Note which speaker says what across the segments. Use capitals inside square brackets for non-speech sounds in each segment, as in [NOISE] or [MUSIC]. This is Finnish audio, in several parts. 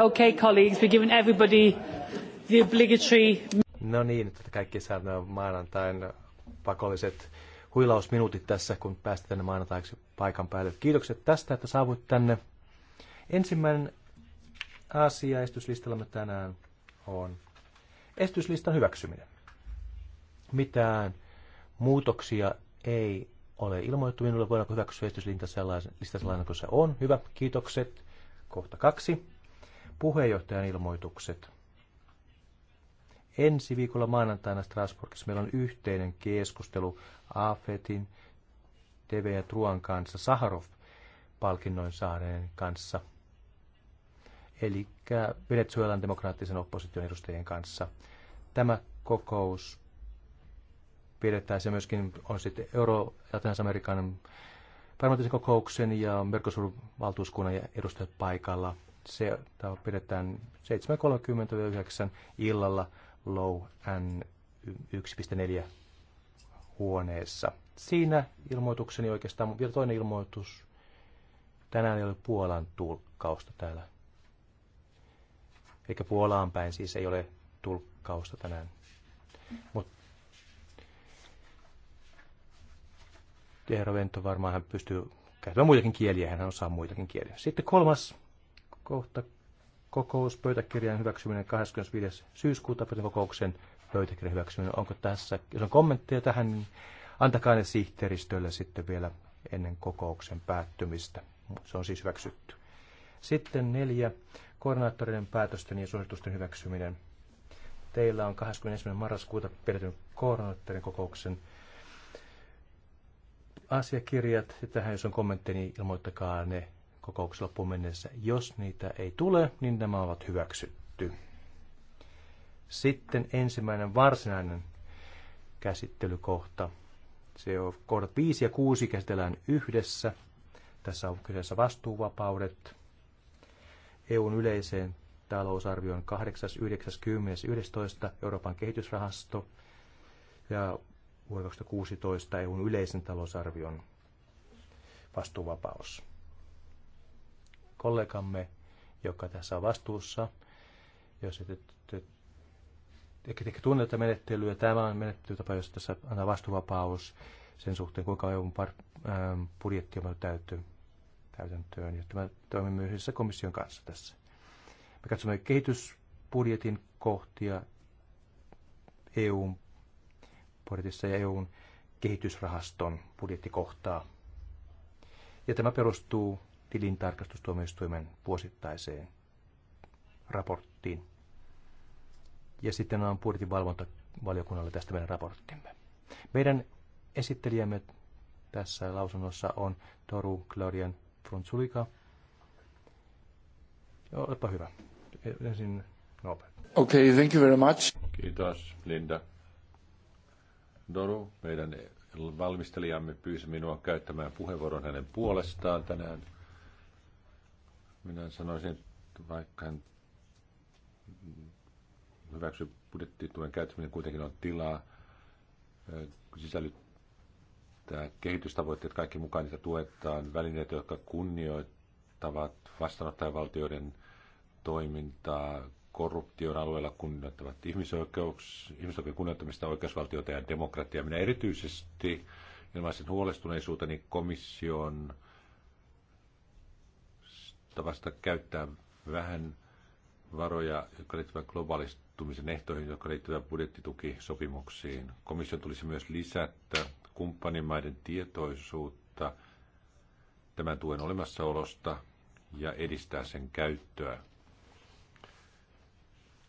Speaker 1: Okay, colleagues, we're giving everybody the obligatory...
Speaker 2: No niin, että kaikki saavat maanantain pakolliset huilausminuutit tässä, kun päästä tänne maanantaiksi paikan päälle. Kiitokset tästä, että saavuit tänne. Ensimmäinen asia estyslistallamme tänään on estyslistan hyväksyminen. Mitään muutoksia ei ole ilmoitettu minulle, voidaanko hyväksyä estyslistan sellaisena kuin se on. Hyvä, kiitokset. Kohta kaksi puheenjohtajan ilmoitukset. Ensi viikolla maanantaina Strasbourgissa meillä on yhteinen keskustelu AFETin, TV ja Truan kanssa, Saharov-palkinnoin saaneen kanssa, eli Venezuelan demokraattisen opposition edustajien kanssa. Tämä kokous pidetään se myöskin on sitten Euro- ja Amerikan parlamentin kokouksen ja Mercosur-valtuuskunnan edustajat paikalla – se pidetään 7.30-9 illalla Low N 1.4 huoneessa. Siinä ilmoitukseni oikeastaan, mutta vielä toinen ilmoitus. Tänään ei ole Puolan tulkkausta täällä. Eikä Puolaan päin siis ei ole tulkkausta tänään. Mut Eero Vento varmaan hän pystyy käyttämään muitakin kieliä, hän osaa muitakin kieliä. Sitten kolmas kohta kokous, pöytäkirjan hyväksyminen 25. syyskuuta kokouksen pöytäkirjan hyväksyminen. Onko tässä, jos on kommentteja tähän, niin antakaa ne sihteeristölle sitten vielä ennen kokouksen päättymistä. Se on siis hyväksytty. Sitten neljä, koordinaattorien päätösten ja suositusten hyväksyminen. Teillä on 21. marraskuuta pidetyn koordinaattorien kokouksen asiakirjat. Ja tähän, jos on kommentteja, niin ilmoittakaa ne kokouksen loppuun mennessä. Jos niitä ei tule, niin nämä ovat hyväksytty. Sitten ensimmäinen varsinainen käsittelykohta. Se on kohdat 5 ja 6 käsitellään yhdessä. Tässä on kyseessä vastuuvapaudet. EUn yleiseen talousarvioon 8, 9, 10, 11 Euroopan kehitysrahasto ja vuoden 2016 EUn yleisen talousarvion vastuuvapaus kollegamme, joka tässä on vastuussa, jos et, et, et et tunne tätä menettelyä, tämä on menettelytapa, jos tässä antaa vastuvapaus sen suhteen, kuinka EUn par, ähm, budjetti on täytty, täytäntöön. Ja tämä toimii myös yhdessä komission kanssa tässä. Me katsomme kehitysbudjetin kohtia EUn budjetissa ja EUn kehitysrahaston budjettikohtaa. Ja tämä perustuu tilintarkastustuomioistuimen vuosittaiseen raporttiin. Ja sitten on budjetin valvontavaliokunnalle tästä meidän raporttimme. Meidän esittelijämme tässä lausunnossa on Toru Claudian Frunzulika. Olepa hyvä. Ensin Norbert.
Speaker 3: Okay, thank you very much. Kiitos, Linda. Doru, meidän valmistelijamme pyysi minua käyttämään puheenvuoron hänen puolestaan tänään. Minä sanoisin, että vaikka en hyväksy budjettituen käyttäminen, kuitenkin on tilaa sisällyttää kehitystavoitteet kaikki mukaan, niitä tuetaan välineitä, jotka kunnioittavat vastaanottajavaltioiden toimintaa, korruption alueella kunnioittavat ihmisoikeuksia, kunnioittamista, oikeusvaltiota ja demokratiaa. Minä erityisesti ilmaisen huolestuneisuuteni komission äh, vasta käyttää vähän varoja, jotka liittyvät globaalistumisen ehtoihin, jotka liittyvät budjettitukisopimuksiin. Komissio tulisi myös lisätä kumppanimaiden tietoisuutta tämän tuen olemassaolosta ja edistää sen käyttöä.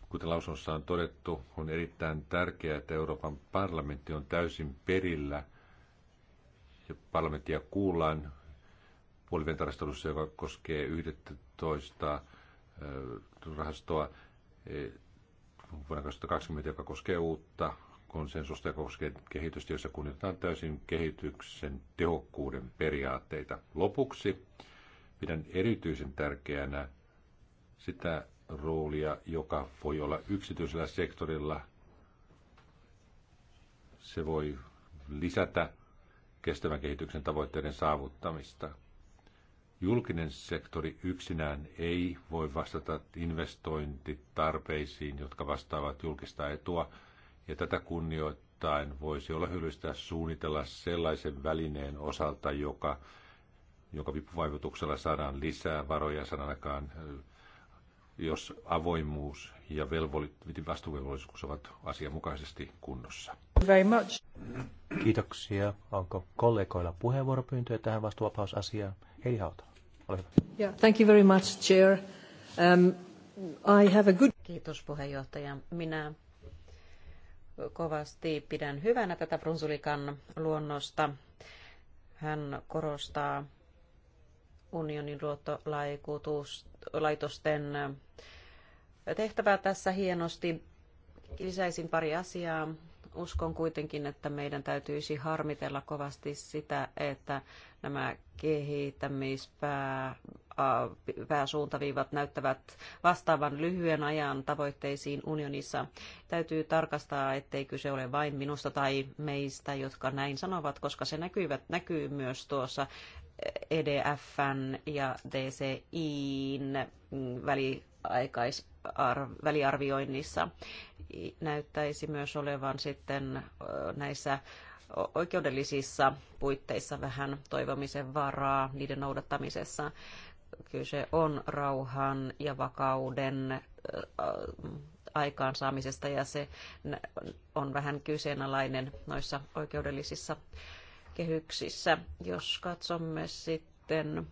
Speaker 3: Kuten lausunnossa on todettu, on erittäin tärkeää, että Euroopan parlamentti on täysin perillä ja parlamenttia kuullaan puolivien tarkastelussa, joka koskee 11 rahastoa e, vuonna 2020, joka koskee uutta konsensusta joka koskee kehitystä, jossa kunnioitetaan täysin kehityksen tehokkuuden periaatteita. Lopuksi pidän erityisen tärkeänä sitä roolia, joka voi olla yksityisellä sektorilla. Se voi lisätä kestävän kehityksen tavoitteiden saavuttamista. Julkinen sektori yksinään ei voi vastata investointitarpeisiin, jotka vastaavat julkista etua, ja tätä kunnioittain voisi olla hyödyllistä suunnitella sellaisen välineen osalta, joka, joka vipuvaikutuksella saadaan lisää varoja, sanakaan jos avoimuus ja vastuuvelvollisuus ovat asianmukaisesti kunnossa.
Speaker 1: Very much.
Speaker 2: Kiitoksia. Onko kollegoilla puheenvuoropyyntöjä tähän vastuuvapausasiaan? Heidi Hautala
Speaker 1: thank you very much, Chair. Um, I have a good...
Speaker 4: Kiitos puheenjohtaja. Minä kovasti pidän hyvänä tätä Brunsulikan luonnosta. Hän korostaa unionin luottolaitosten tehtävää tässä hienosti. Lisäisin pari asiaa. Uskon kuitenkin, että meidän täytyisi harmitella kovasti sitä, että nämä kehittämispääsuuntaviivat näyttävät vastaavan lyhyen ajan tavoitteisiin unionissa. Täytyy tarkastaa, ettei kyse ole vain minusta tai meistä, jotka näin sanovat, koska se näkyvät, näkyy myös tuossa EDFn ja DCIn välillä aikais, väliarvioinnissa näyttäisi myös olevan sitten näissä oikeudellisissa puitteissa vähän toivomisen varaa niiden noudattamisessa. Kyse on rauhan ja vakauden aikaansaamisesta ja se on vähän kyseenalainen noissa oikeudellisissa kehyksissä. Jos katsomme sitten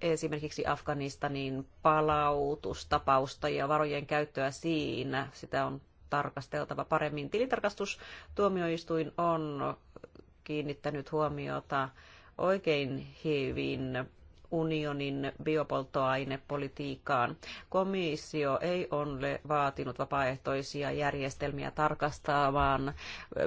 Speaker 4: esimerkiksi Afganistanin palautustapausta ja varojen käyttöä siinä. Sitä on tarkasteltava paremmin. Tilintarkastustuomioistuin on kiinnittänyt huomiota oikein hyvin unionin biopolttoainepolitiikkaan. Komissio ei ole vaatinut vapaaehtoisia järjestelmiä tarkastamaan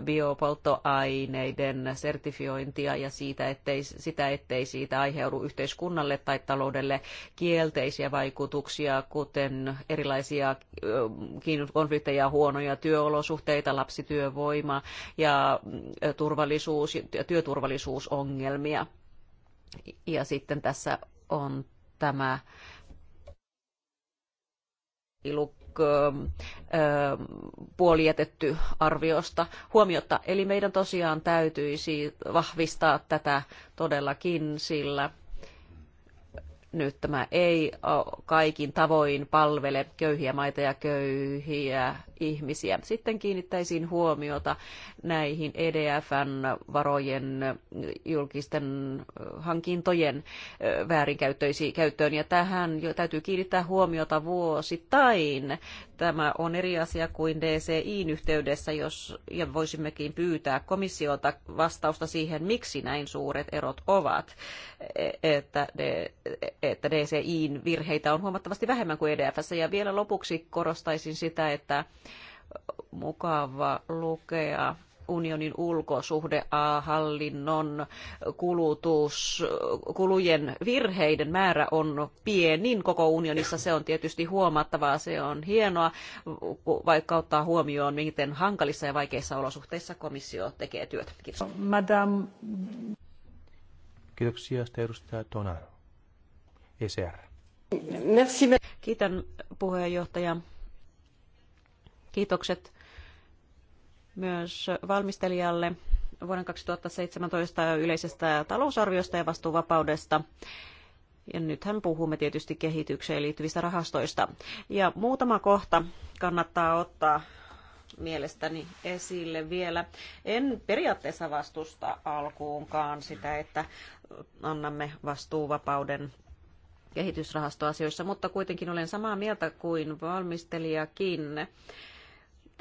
Speaker 4: biopolttoaineiden sertifiointia ja siitä, ettei, sitä, ettei siitä aiheudu yhteiskunnalle tai taloudelle kielteisiä vaikutuksia, kuten erilaisia konflikteja, huonoja työolosuhteita, lapsityövoima ja turvallisuus, työturvallisuusongelmia. Ja sitten tässä on tämä iluk ö, jätetty arviosta huomiota. Eli meidän tosiaan täytyisi vahvistaa tätä todellakin, sillä nyt tämä ei kaikin tavoin palvele köyhiä maita ja köyhiä ihmisiä. Sitten kiinnittäisiin huomiota näihin EDFn varojen julkisten hankintojen väärinkäyttöisiin käyttöön ja tähän jo täytyy kiinnittää huomiota vuosittain. Tämä on eri asia kuin DCIin yhteydessä, jos, ja voisimmekin pyytää komissiota vastausta siihen, miksi näin suuret erot ovat, e, että, että DCIin virheitä on huomattavasti vähemmän kuin EDFssä. Ja vielä lopuksi korostaisin sitä, että mukava lukea unionin ulkosuhdehallinnon kulutus, kulujen virheiden määrä on pienin koko unionissa. Se on tietysti huomattavaa, se on hienoa, vaikka ottaa huomioon, miten hankalissa ja vaikeissa olosuhteissa komissio tekee työtä. Kiitos.
Speaker 1: Madame.
Speaker 2: Kiitoksia, edustaja Donar, ECR.
Speaker 4: Merci. Kiitän puheenjohtaja. Kiitokset myös valmistelijalle vuoden 2017 yleisestä talousarviosta ja vastuuvapaudesta. Ja nythän puhumme tietysti kehitykseen liittyvistä rahastoista. Ja muutama kohta kannattaa ottaa mielestäni esille vielä. En periaatteessa vastusta alkuunkaan sitä, että annamme vastuuvapauden kehitysrahastoasioissa, mutta kuitenkin olen samaa mieltä kuin valmistelijakin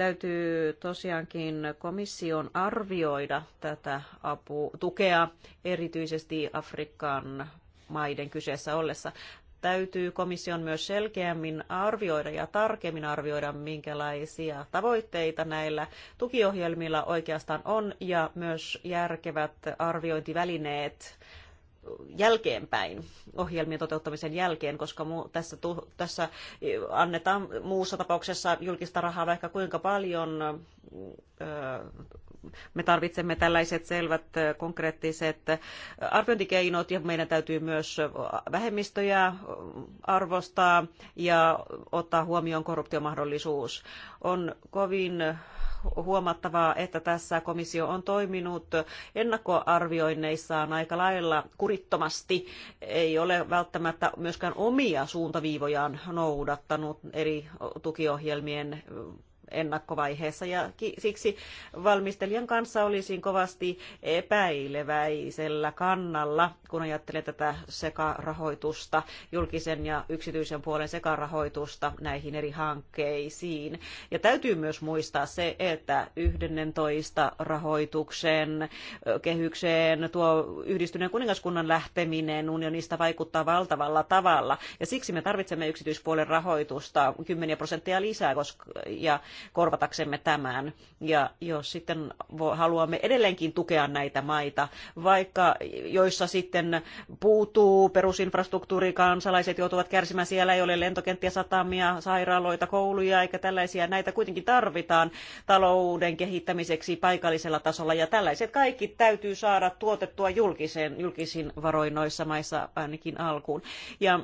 Speaker 4: täytyy tosiaankin komission arvioida tätä apu, tukea erityisesti Afrikan maiden kyseessä ollessa. Täytyy komission myös selkeämmin arvioida ja tarkemmin arvioida, minkälaisia tavoitteita näillä tukiohjelmilla oikeastaan on ja myös järkevät arviointivälineet jälkeenpäin, ohjelmien toteuttamisen jälkeen, koska tässä, tässä e, annetaan muussa tapauksessa julkista rahaa vaikka kuinka paljon. Me tarvitsemme tällaiset selvät konkreettiset arviointikeinot ja meidän täytyy myös vähemmistöjä arvostaa ja ottaa huomioon korruptiomahdollisuus. On kovin huomattavaa, että tässä komissio on toiminut ennakkoarvioinneissaan aika lailla kurittomasti. Ei ole välttämättä myöskään omia suuntaviivojaan noudattanut eri tukiohjelmien ennakkovaiheessa ja siksi valmistelijan kanssa olisin kovasti epäileväisellä kannalla, kun ajattelee tätä sekarahoitusta, julkisen ja yksityisen puolen sekarahoitusta näihin eri hankkeisiin. Ja täytyy myös muistaa se, että 11 rahoituksen kehykseen tuo yhdistyneen kuningaskunnan lähteminen unionista vaikuttaa valtavalla tavalla ja siksi me tarvitsemme yksityispuolen rahoitusta 10 prosenttia lisää koska, ja korvataksemme tämän. Ja jos sitten haluamme edelleenkin tukea näitä maita, vaikka joissa sitten puutuu perusinfrastruktuuri, kansalaiset joutuvat kärsimään, siellä ei ole lentokenttiä, satamia, sairaaloita, kouluja eikä tällaisia. Näitä kuitenkin tarvitaan talouden kehittämiseksi paikallisella tasolla ja tällaiset kaikki täytyy saada tuotettua julkisen, julkisin varoin noissa maissa ainakin alkuun. Ja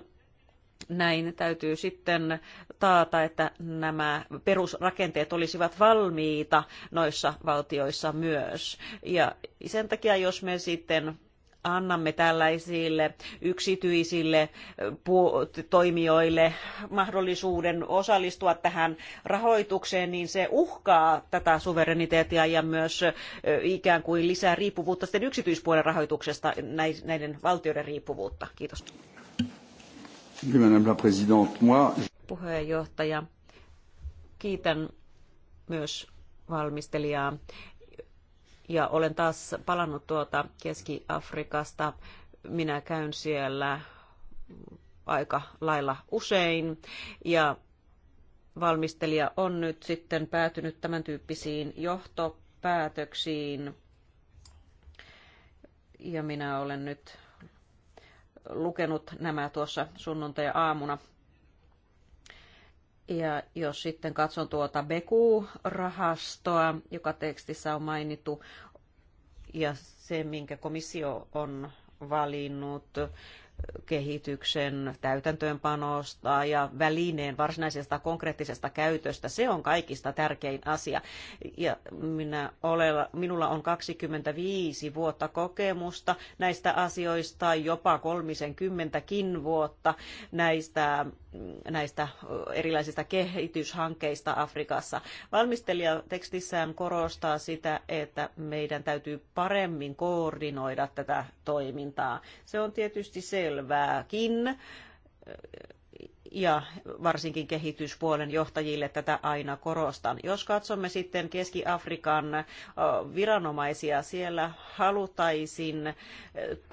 Speaker 4: näin täytyy sitten taata, että nämä perusrakenteet olisivat valmiita noissa valtioissa myös. Ja sen takia, jos me sitten annamme tällaisille yksityisille toimijoille mahdollisuuden osallistua tähän rahoitukseen, niin se uhkaa tätä suvereniteettia ja myös ikään kuin lisää riippuvuutta sitten yksityispuolen rahoituksesta, näiden valtioiden riippuvuutta. Kiitos. Puheenjohtaja, kiitän myös valmistelijaa. Ja olen taas palannut tuota Keski-Afrikasta. Minä käyn siellä aika lailla usein ja valmistelija on nyt sitten päätynyt tämän tyyppisiin johtopäätöksiin. Ja minä olen nyt lukenut nämä tuossa sunnuntai-aamuna. Ja jos sitten katson tuota Beku-rahastoa, joka tekstissä on mainittu, ja se, minkä komissio on valinnut kehityksen täytäntöönpanosta ja välineen varsinaisesta konkreettisesta käytöstä. Se on kaikista tärkein asia. Ja minä olen, minulla on 25 vuotta kokemusta näistä asioista, jopa 30kin vuotta näistä näistä erilaisista kehityshankkeista Afrikassa. Valmistelija tekstissään korostaa sitä, että meidän täytyy paremmin koordinoida tätä toimintaa. Se on tietysti selvääkin ja varsinkin kehityspuolen johtajille tätä aina korostan. Jos katsomme sitten Keski-Afrikan viranomaisia, siellä haluttaisiin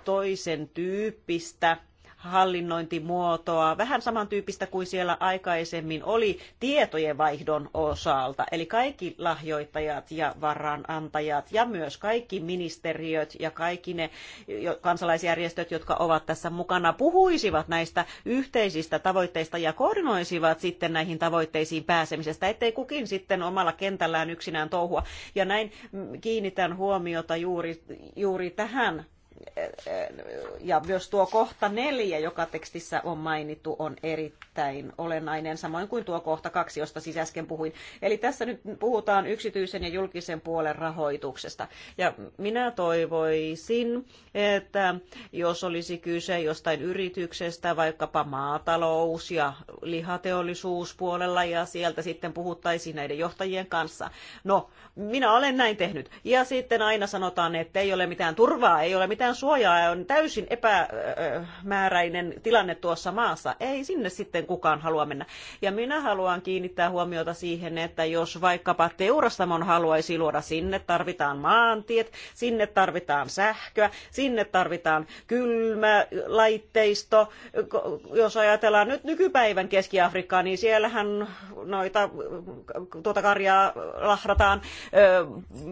Speaker 4: toisen tyyppistä hallinnointimuotoa, vähän samantyyppistä kuin siellä aikaisemmin oli tietojenvaihdon osalta. Eli kaikki lahjoittajat ja varanantajat ja myös kaikki ministeriöt ja kaikki ne kansalaisjärjestöt, jotka ovat tässä mukana, puhuisivat näistä yhteisistä tavoitteista ja koordinoisivat sitten näihin tavoitteisiin pääsemisestä, ettei kukin sitten omalla kentällään yksinään touhua. Ja näin kiinnitän huomiota juuri, juuri tähän ja myös tuo kohta neljä, joka tekstissä on mainittu, on erittäin olennainen, samoin kuin tuo kohta kaksi, josta siis äsken puhuin. Eli tässä nyt puhutaan yksityisen ja julkisen puolen rahoituksesta. Ja minä toivoisin, että jos olisi kyse jostain yrityksestä, vaikkapa maatalous- ja lihateollisuuspuolella, ja sieltä sitten puhuttaisiin näiden johtajien kanssa. No, minä olen näin tehnyt. Ja sitten aina sanotaan, että ei ole mitään turvaa, ei ole mitään mitään suojaa, on täysin epämääräinen tilanne tuossa maassa. Ei sinne sitten kukaan halua mennä. Ja minä haluan kiinnittää huomiota siihen, että jos vaikkapa teurastamon haluaisi luoda, sinne tarvitaan maantiet, sinne tarvitaan sähköä, sinne tarvitaan kylmä laitteisto. Jos ajatellaan nyt nykypäivän Keski-Afrikkaa, niin siellähän noita tuota karjaa lahrataan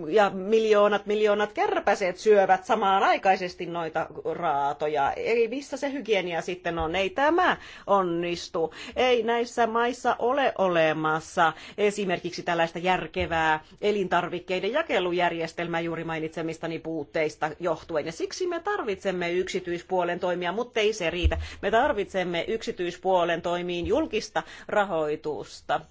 Speaker 4: ja miljoonat miljoonat kärpäset syövät samaan aikaan mukaisesti noita raatoja. Eli missä se hygienia sitten on? Ei tämä onnistu. Ei näissä maissa ole olemassa esimerkiksi tällaista järkevää elintarvikkeiden jakelujärjestelmää juuri mainitsemistani puutteista johtuen. Ja siksi me tarvitsemme yksityispuolen toimia, mutta ei se riitä. Me tarvitsemme yksityispuolen toimiin julkista rahoitusta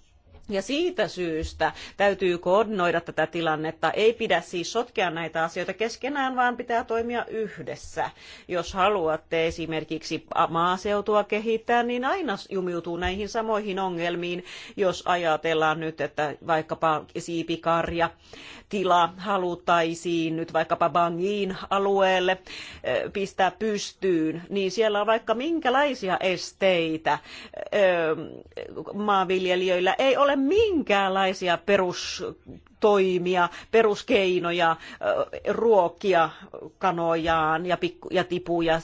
Speaker 4: ja siitä syystä täytyy koordinoida tätä tilannetta. Ei pidä siis sotkea näitä asioita keskenään, vaan pitää toimia yhdessä. Jos haluatte esimerkiksi maaseutua kehittää, niin aina jumiutuu näihin samoihin ongelmiin, jos ajatellaan nyt, että vaikkapa siipikarja tila haluttaisiin nyt vaikkapa Bangin alueelle eh, pistää pystyyn, niin siellä on vaikka minkälaisia esteitä eh, maanviljelijöillä ei ole minkäänlaisia perus toimia, peruskeinoja, ruokia kanojaan ja, pikku, ja tipuja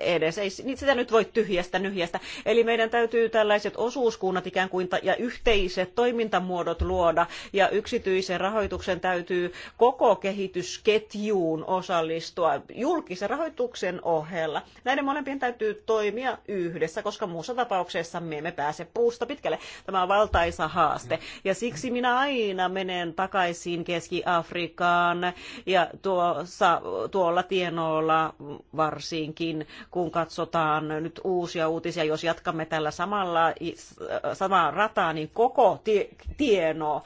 Speaker 4: edes. Ei niin sitä nyt voi tyhjästä nyhjästä. Eli meidän täytyy tällaiset osuuskunnat ikään kuin ja yhteiset toimintamuodot luoda ja yksityisen rahoituksen täytyy koko kehitysketjuun osallistua julkisen rahoituksen ohella. Näiden molempien täytyy toimia yhdessä, koska muussa tapauksessa me emme pääse puusta pitkälle. Tämä on valtaisa haaste ja siksi minä aina menen takaisin Keski-Afrikaan ja tuossa, tuolla tienoilla varsinkin, kun katsotaan nyt uusia uutisia, jos jatkamme tällä samalla samaa rataa, niin koko tie, tieno,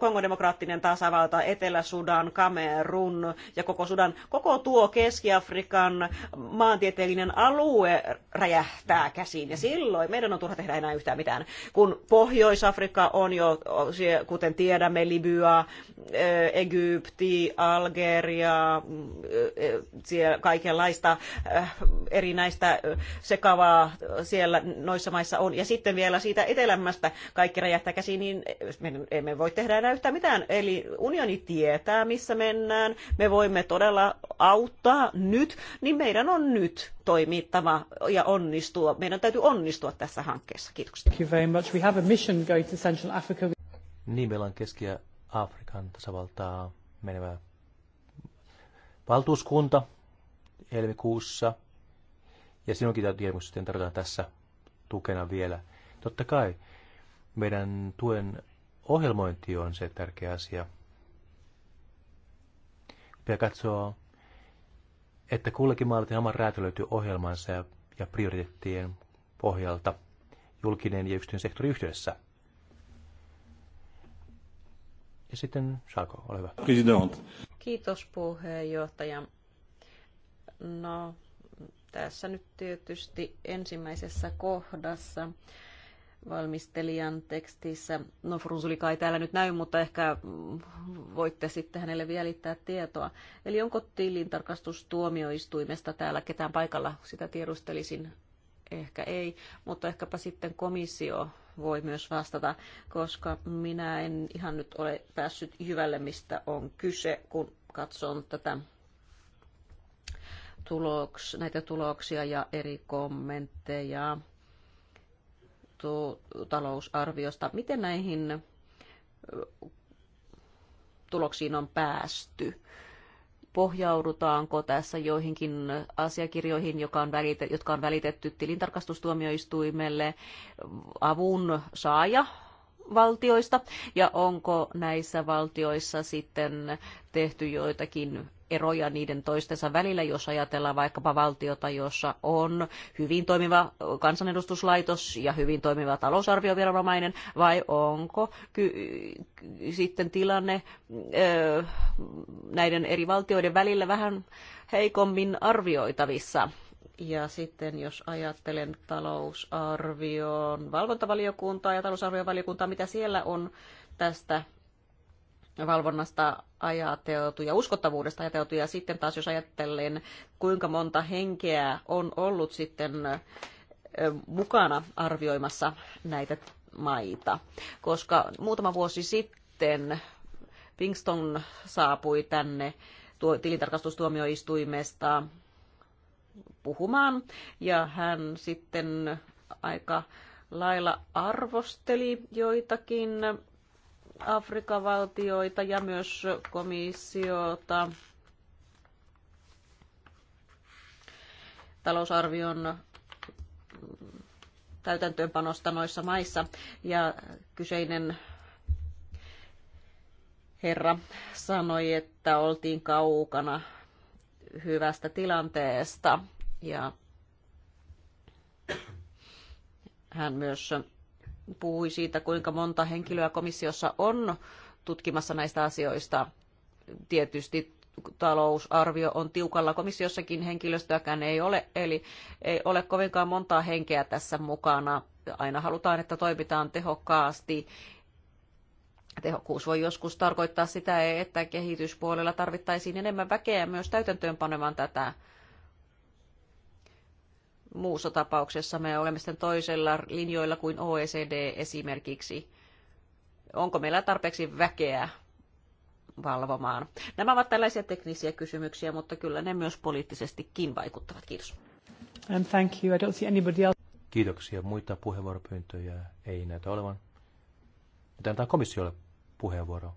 Speaker 4: Kongodemokraattinen tasavalta, Etelä-Sudan, Kamerun ja koko Sudan, koko tuo Keski-Afrikan maantieteellinen alue räjähtää käsiin ja silloin meidän on turha tehdä enää yhtään mitään, kun Pohjois-Afrikka on jo, kuten tiedämme, Libya Libya, eh, Egypti, Algeria, eh, siellä kaikenlaista eh, erinäistä sekavaa siellä noissa maissa on. Ja sitten vielä siitä etelämmästä kaikki räjähtää käsiin, niin me emme voi tehdä enää yhtään mitään. Eli unioni tietää, missä mennään. Me voimme todella auttaa nyt, niin meidän on nyt toimittava ja onnistua. Meidän täytyy onnistua tässä hankkeessa. Kiitoksia.
Speaker 1: Thank you very much. We have a mission going to Central Africa. Niin, meillä
Speaker 2: on Keski- ja Afrikan tasavaltaa menevä valtuuskunta helmikuussa. Ja sinunkin tietysti sitten tarvitaan tässä tukena vielä. Totta kai meidän tuen ohjelmointi on se tärkeä asia. Pitää katsoa, että kullekin maalle tehdään oman räätälöity ohjelmansa ja, ja prioriteettien pohjalta julkinen ja yksityinen sektori yhdessä – ja sitten Saako, ole hyvä. President.
Speaker 4: Kiitos puheenjohtaja. No, tässä nyt tietysti ensimmäisessä kohdassa valmistelijan tekstissä. No Frusulika kai täällä nyt näy, mutta ehkä voitte sitten hänelle vielittää tietoa. Eli onko tilintarkastustuomioistuimesta täällä ketään paikalla? Sitä tiedustelisin. Ehkä ei, mutta ehkäpä sitten komissio voi myös vastata, koska minä en ihan nyt ole päässyt jyvälle, mistä on kyse, kun katson tätä tuloks, näitä tuloksia ja eri kommentteja talousarviosta. Miten näihin tuloksiin on päästy? pohjaudutaanko tässä joihinkin asiakirjoihin, joka on välitetty, jotka on välitetty tilintarkastustuomioistuimelle avun saaja valtioista ja onko näissä valtioissa sitten tehty joitakin eroja niiden toistensa välillä, jos ajatellaan vaikkapa valtiota, jossa on hyvin toimiva kansanedustuslaitos ja hyvin toimiva talousarvioviranomainen, vai onko sitten tilanne ö, näiden eri valtioiden välillä vähän heikommin arvioitavissa? Ja sitten jos ajattelen talousarvion valvontavaliokuntaa ja talousarviovaliokuntaa, mitä siellä on tästä valvonnasta ajateltu ja uskottavuudesta ajateltu. Ja sitten taas jos ajattelen, kuinka monta henkeä on ollut sitten mukana arvioimassa näitä maita. Koska muutama vuosi sitten Pinkston saapui tänne tilintarkastustuomioistuimesta puhumaan ja hän sitten aika lailla arvosteli joitakin Afrikan valtioita ja myös komissiota talousarvion täytäntöönpanosta noissa maissa. Ja kyseinen herra sanoi, että oltiin kaukana hyvästä tilanteesta. Ja hän myös puhui siitä, kuinka monta henkilöä komissiossa on tutkimassa näistä asioista. Tietysti talousarvio on tiukalla. Komissiossakin henkilöstöäkään ei ole, eli ei ole kovinkaan montaa henkeä tässä mukana. Aina halutaan, että toimitaan tehokkaasti Tehokkuus voi joskus tarkoittaa sitä, että kehityspuolella tarvittaisiin enemmän väkeä myös täytäntöönpanemaan tätä. Muussa tapauksessa me olemme sitten toisella linjoilla kuin OECD esimerkiksi. Onko meillä tarpeeksi väkeä valvomaan? Nämä ovat tällaisia teknisiä kysymyksiä, mutta kyllä ne myös poliittisestikin vaikuttavat. Kiitos.
Speaker 1: And thank you. I don't see anybody else. Kiitoksia.
Speaker 2: Muita puheenvuoropyyntöjä ei näytä olevan. Nyt antaa komissiolle puheenvuoro.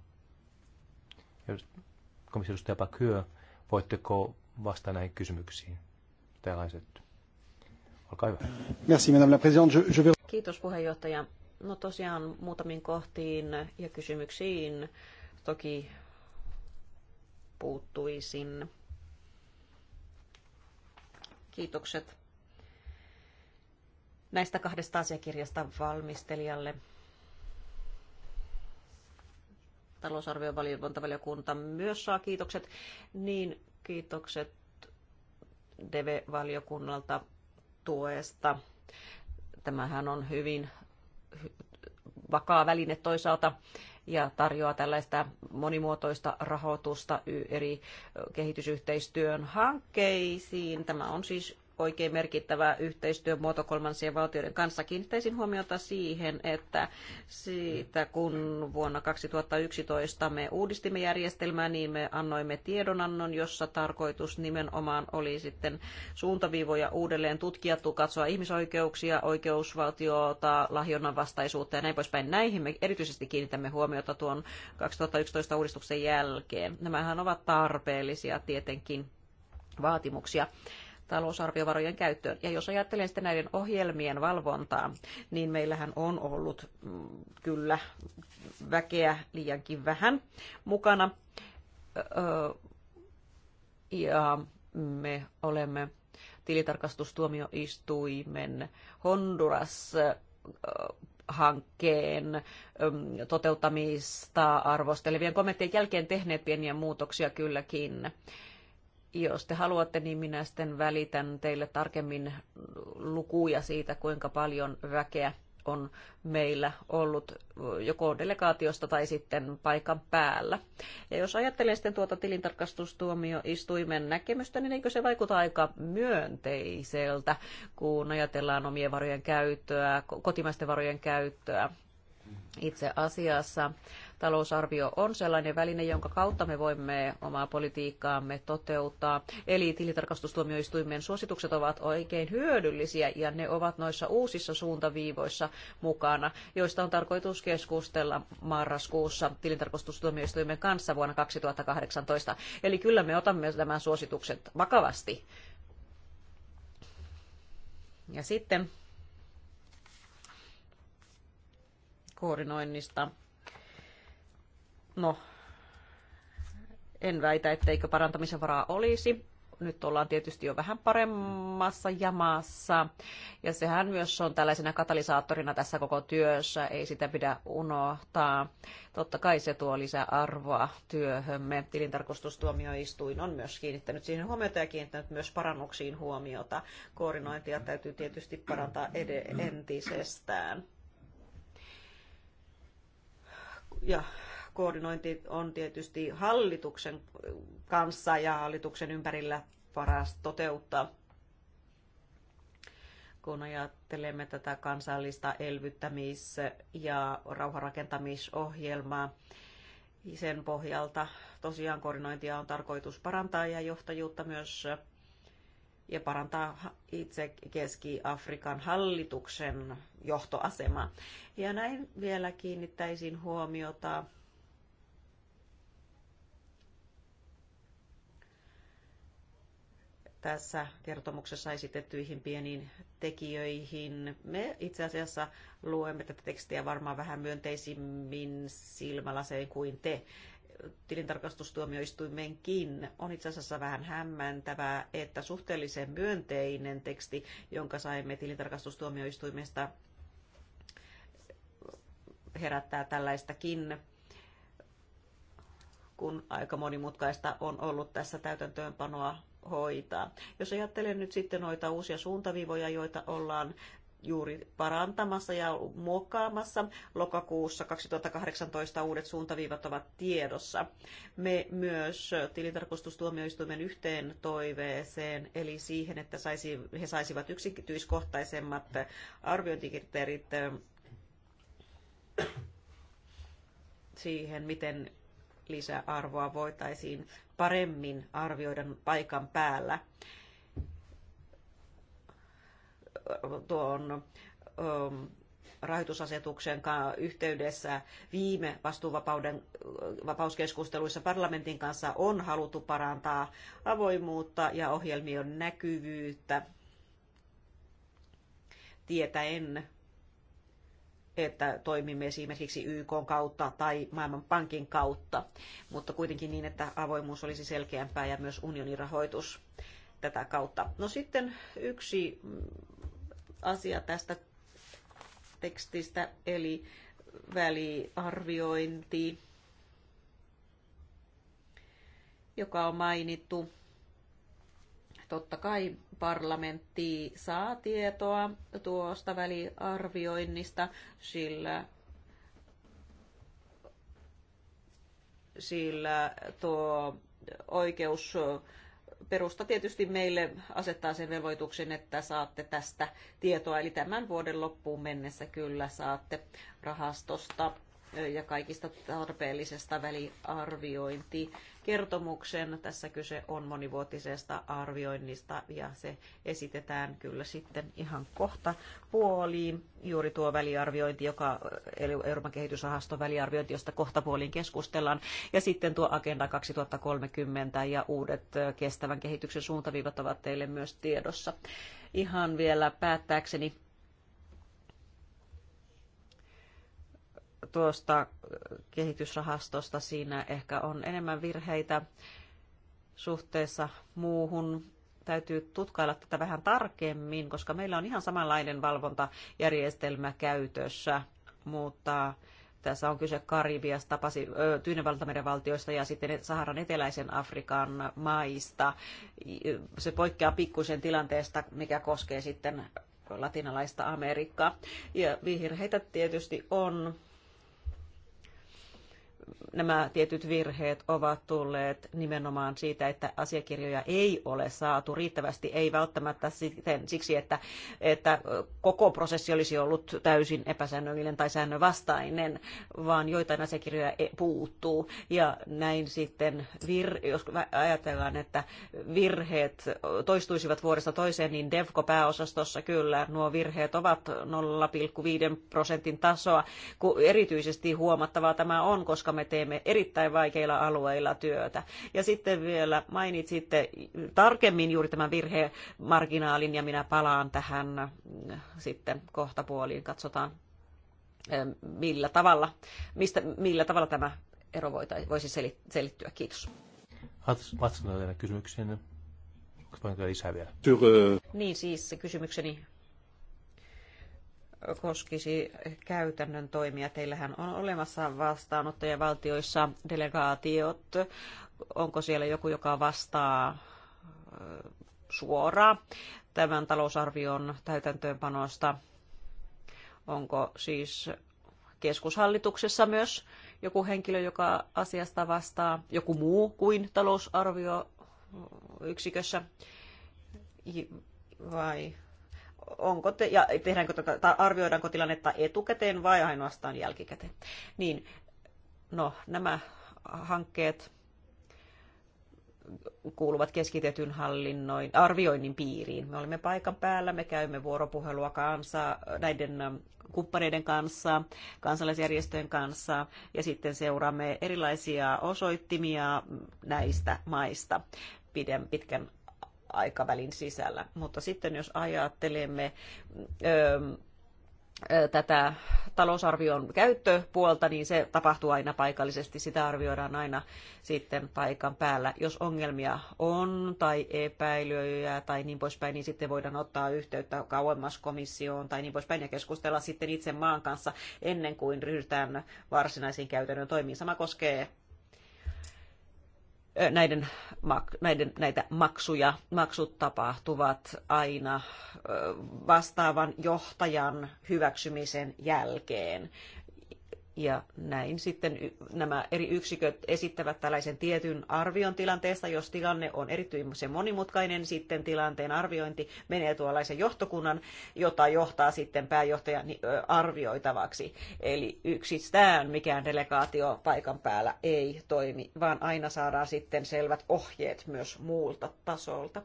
Speaker 2: Komissiodustaja Pakyö, voitteko vastata näihin kysymyksiin täällä esitetty. Olkaa hyvä.
Speaker 4: Merci, madame la
Speaker 1: présidente. Je, je...
Speaker 4: Kiitos puheenjohtaja. No tosiaan muutamiin kohtiin ja kysymyksiin toki puuttuisin. Kiitokset näistä kahdesta asiakirjasta valmistelijalle talousarviovalvontavaliokunta myös saa kiitokset, niin kiitokset DEVE-valiokunnalta tuesta. Tämähän on hyvin vakaa väline toisaalta ja tarjoaa tällaista monimuotoista rahoitusta eri kehitysyhteistyön hankkeisiin. Tämä on siis oikein merkittävä yhteistyömuoto kolmansien valtioiden kanssa. Kiinnittäisin huomiota siihen, että siitä kun vuonna 2011 me uudistimme järjestelmää, niin me annoimme tiedonannon, jossa tarkoitus nimenomaan oli sitten suuntaviivoja uudelleen tutkia, katsoa ihmisoikeuksia, oikeusvaltiota, lahjonnan vastaisuutta ja näin poispäin. Näihin me erityisesti kiinnitämme huomiota tuon 2011 uudistuksen jälkeen. Nämähän ovat tarpeellisia tietenkin vaatimuksia talousarviovarojen käyttöön. Ja jos ajattelen sitten näiden ohjelmien valvontaa, niin meillähän on ollut mm, kyllä väkeä liiankin vähän mukana. ja me olemme tilitarkastustuomioistuimen Honduras hankkeen mm, toteuttamista arvostelevien kommenttien jälkeen tehneet pieniä muutoksia kylläkin. Jos te haluatte, niin minä sitten välitän teille tarkemmin lukuja siitä, kuinka paljon väkeä on meillä ollut joko delegaatiosta tai sitten paikan päällä. Ja jos ajattelee sitten tuota tilintarkastustuomioistuimen näkemystä, niin eikö se vaikuta aika myönteiseltä, kun ajatellaan omien varojen käyttöä, kotimaisten varojen käyttöä itse asiassa talousarvio on sellainen väline, jonka kautta me voimme omaa politiikkaamme toteuttaa. Eli tilitarkastustuomioistuimen suositukset ovat oikein hyödyllisiä ja ne ovat noissa uusissa suuntaviivoissa mukana, joista on tarkoitus keskustella marraskuussa tilintarkastustuomioistuimen kanssa vuonna 2018. Eli kyllä me otamme nämä suositukset vakavasti. Ja sitten koordinoinnista. No, en väitä, etteikö parantamisen varaa olisi. Nyt ollaan tietysti jo vähän paremmassa jamassa, ja sehän myös on tällaisena katalysaattorina tässä koko työssä, ei sitä pidä unohtaa. Totta kai se tuo lisäarvoa työhömme. Tilintarkastustuomioistuin on myös kiinnittänyt siihen huomiota ja kiinnittänyt myös parannuksiin huomiota. Koordinointia täytyy tietysti parantaa ed- entisestään ja koordinointi on tietysti hallituksen kanssa ja hallituksen ympärillä paras toteuttaa. Kun ajattelemme tätä kansallista elvyttämis- ja rauhanrakentamisohjelmaa, sen pohjalta tosiaan koordinointia on tarkoitus parantaa ja johtajuutta myös ja parantaa itse Keski-Afrikan hallituksen johtoasema Ja näin vielä kiinnittäisin huomiota tässä kertomuksessa esitettyihin pieniin tekijöihin. Me itse asiassa luemme tätä tekstiä varmaan vähän myönteisimmin silmälasein kuin te tilintarkastustuomioistuimenkin. On itse asiassa vähän hämmentävää, että suhteellisen myönteinen teksti, jonka saimme tilintarkastustuomioistuimesta, herättää tällaistakin kun aika monimutkaista on ollut tässä täytäntöönpanoa hoitaa. Jos ajattelen nyt sitten noita uusia suuntaviivoja, joita ollaan juuri parantamassa ja muokkaamassa. Lokakuussa 2018 uudet suuntaviivat ovat tiedossa. Me myös tilintarkastustuomioistuimen yhteen toiveeseen, eli siihen, että saisi, he saisivat yksityiskohtaisemmat arviointikriteerit siihen, miten lisäarvoa voitaisiin paremmin arvioida paikan päällä tuon ähm, rahoitusasetuksen yhteydessä viime vastuuvapauden äh, vapauskeskusteluissa parlamentin kanssa on haluttu parantaa avoimuutta ja ohjelmien näkyvyyttä tietäen, että toimimme esimerkiksi YK kautta tai Maailmanpankin kautta, mutta kuitenkin niin, että avoimuus olisi selkeämpää ja myös unionin rahoitus tätä kautta. No sitten yksi asia tästä tekstistä, eli väliarviointi, joka on mainittu. Totta kai parlamentti saa tietoa tuosta väliarvioinnista, sillä sillä tuo oikeus perusta tietysti meille asettaa sen velvoituksen, että saatte tästä tietoa. Eli tämän vuoden loppuun mennessä kyllä saatte rahastosta ja kaikista tarpeellisesta väliarviointi kertomuksen. Tässä kyse on monivuotisesta arvioinnista ja se esitetään kyllä sitten ihan kohta puoliin. Juuri tuo väliarviointi, joka Euroopan kehitysrahaston väliarviointi, josta kohta puoliin keskustellaan. Ja sitten tuo Agenda 2030 ja uudet kestävän kehityksen suuntaviivat ovat teille myös tiedossa. Ihan vielä päättääkseni tuosta kehitysrahastosta. Siinä ehkä on enemmän virheitä suhteessa muuhun. Täytyy tutkailla tätä vähän tarkemmin, koska meillä on ihan samanlainen valvontajärjestelmä käytössä, mutta tässä on kyse Karibiasta, Tyynenvaltameren valtioista ja sitten Saharan eteläisen Afrikan maista. Se poikkeaa pikkuisen tilanteesta, mikä koskee sitten latinalaista Amerikkaa. Ja virheitä tietysti on, nämä tietyt virheet ovat tulleet nimenomaan siitä, että asiakirjoja ei ole saatu riittävästi, ei välttämättä siten, siksi, että, että koko prosessi olisi ollut täysin epäsäännöllinen tai säännönvastainen, vaan joitain asiakirjoja e- puuttuu. Ja näin sitten, vir, jos ajatellaan, että virheet toistuisivat vuodesta toiseen, niin DEVCO-pääosastossa kyllä nuo virheet ovat 0,5 prosentin tasoa, kun erityisesti huomattavaa tämä on, koska me teemme erittäin vaikeilla alueilla työtä. Ja sitten vielä mainitsitte tarkemmin juuri tämän virhemarginaalin ja minä palaan tähän sitten kohtapuoliin. Katsotaan millä tavalla, mistä, millä tavalla tämä ero voisi selittyä. Kiitos.
Speaker 2: Vastataan kysymykseen. Onko lisää
Speaker 4: vielä? Niin siis kysymykseni koskisi käytännön toimia. Teillähän on olemassa vastaanottajavaltioissa delegaatiot. Onko siellä joku, joka vastaa suoraan tämän talousarvion täytäntöönpanosta? Onko siis keskushallituksessa myös joku henkilö, joka asiasta vastaa, joku muu kuin talousarvio yksikössä vai onko te, ja tehdäänkö, tai arvioidaanko tilannetta etukäteen vai ainoastaan jälkikäteen. Niin, no, nämä hankkeet kuuluvat keskitetyn hallinnoin, arvioinnin piiriin. Me olemme paikan päällä, me käymme vuoropuhelua kanssa, näiden ähm, kumppaneiden kanssa, kansalaisjärjestöjen kanssa ja sitten seuraamme erilaisia osoittimia näistä maista pitkän aikavälin sisällä. Mutta sitten jos ajattelemme tätä talousarvion käyttöpuolta, niin se tapahtuu aina paikallisesti, sitä arvioidaan aina sitten paikan päällä. Jos ongelmia on tai epäilyjä tai niin poispäin, niin sitten voidaan ottaa yhteyttä kauemmas komissioon tai niin poispäin ja keskustella sitten itse maan kanssa ennen kuin ryhdytään varsinaisiin käytännön toimiin. Sama koskee näiden, näiden, näitä maksuja, maksut tapahtuvat aina vastaavan johtajan hyväksymisen jälkeen. Ja näin sitten nämä eri yksiköt esittävät tällaisen tietyn arvion tilanteesta. Jos tilanne on erityisen monimutkainen, sitten tilanteen arviointi menee tuollaisen johtokunnan, jota johtaa sitten pääjohtajan niin, arvioitavaksi. Eli yksistään mikään delegaatio paikan päällä ei toimi, vaan aina saadaan sitten selvät ohjeet myös muulta tasolta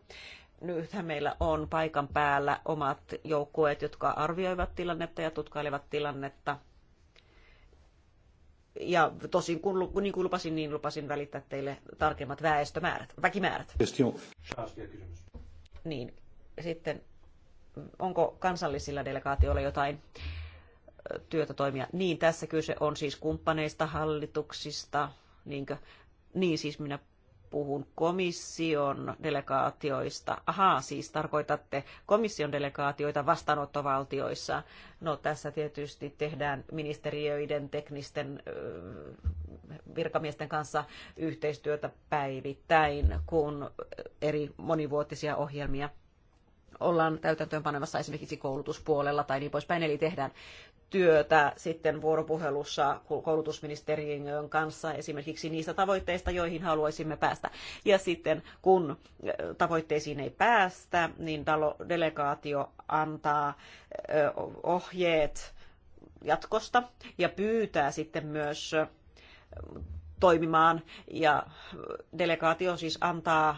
Speaker 4: nythän meillä on paikan päällä omat joukkueet, jotka arvioivat tilannetta ja tutkailevat tilannetta ja tosin kun, niin kuin lupasin, niin lupasin välittää teille tarkemmat väestömäärät, väkimäärät. Niin, sitten onko kansallisilla delegaatioilla jotain työtä toimia? Niin, tässä kyse on siis kumppaneista, hallituksista, niinkö? Niin siis minä puhun komission delegaatioista. Ahaa, siis tarkoitatte komission delegaatioita vastaanottovaltioissa. No tässä tietysti tehdään ministeriöiden teknisten virkamiesten kanssa yhteistyötä päivittäin, kun eri monivuotisia ohjelmia ollaan täytäntöönpanemassa esimerkiksi koulutuspuolella tai niin poispäin, eli tehdään työtä sitten vuoropuhelussa koulutusministeriön kanssa esimerkiksi niistä tavoitteista, joihin haluaisimme päästä. Ja sitten kun äh, tavoitteisiin ei päästä, niin delegaatio antaa äh, ohjeet jatkosta ja pyytää sitten myös äh, toimimaan ja delegaatio siis antaa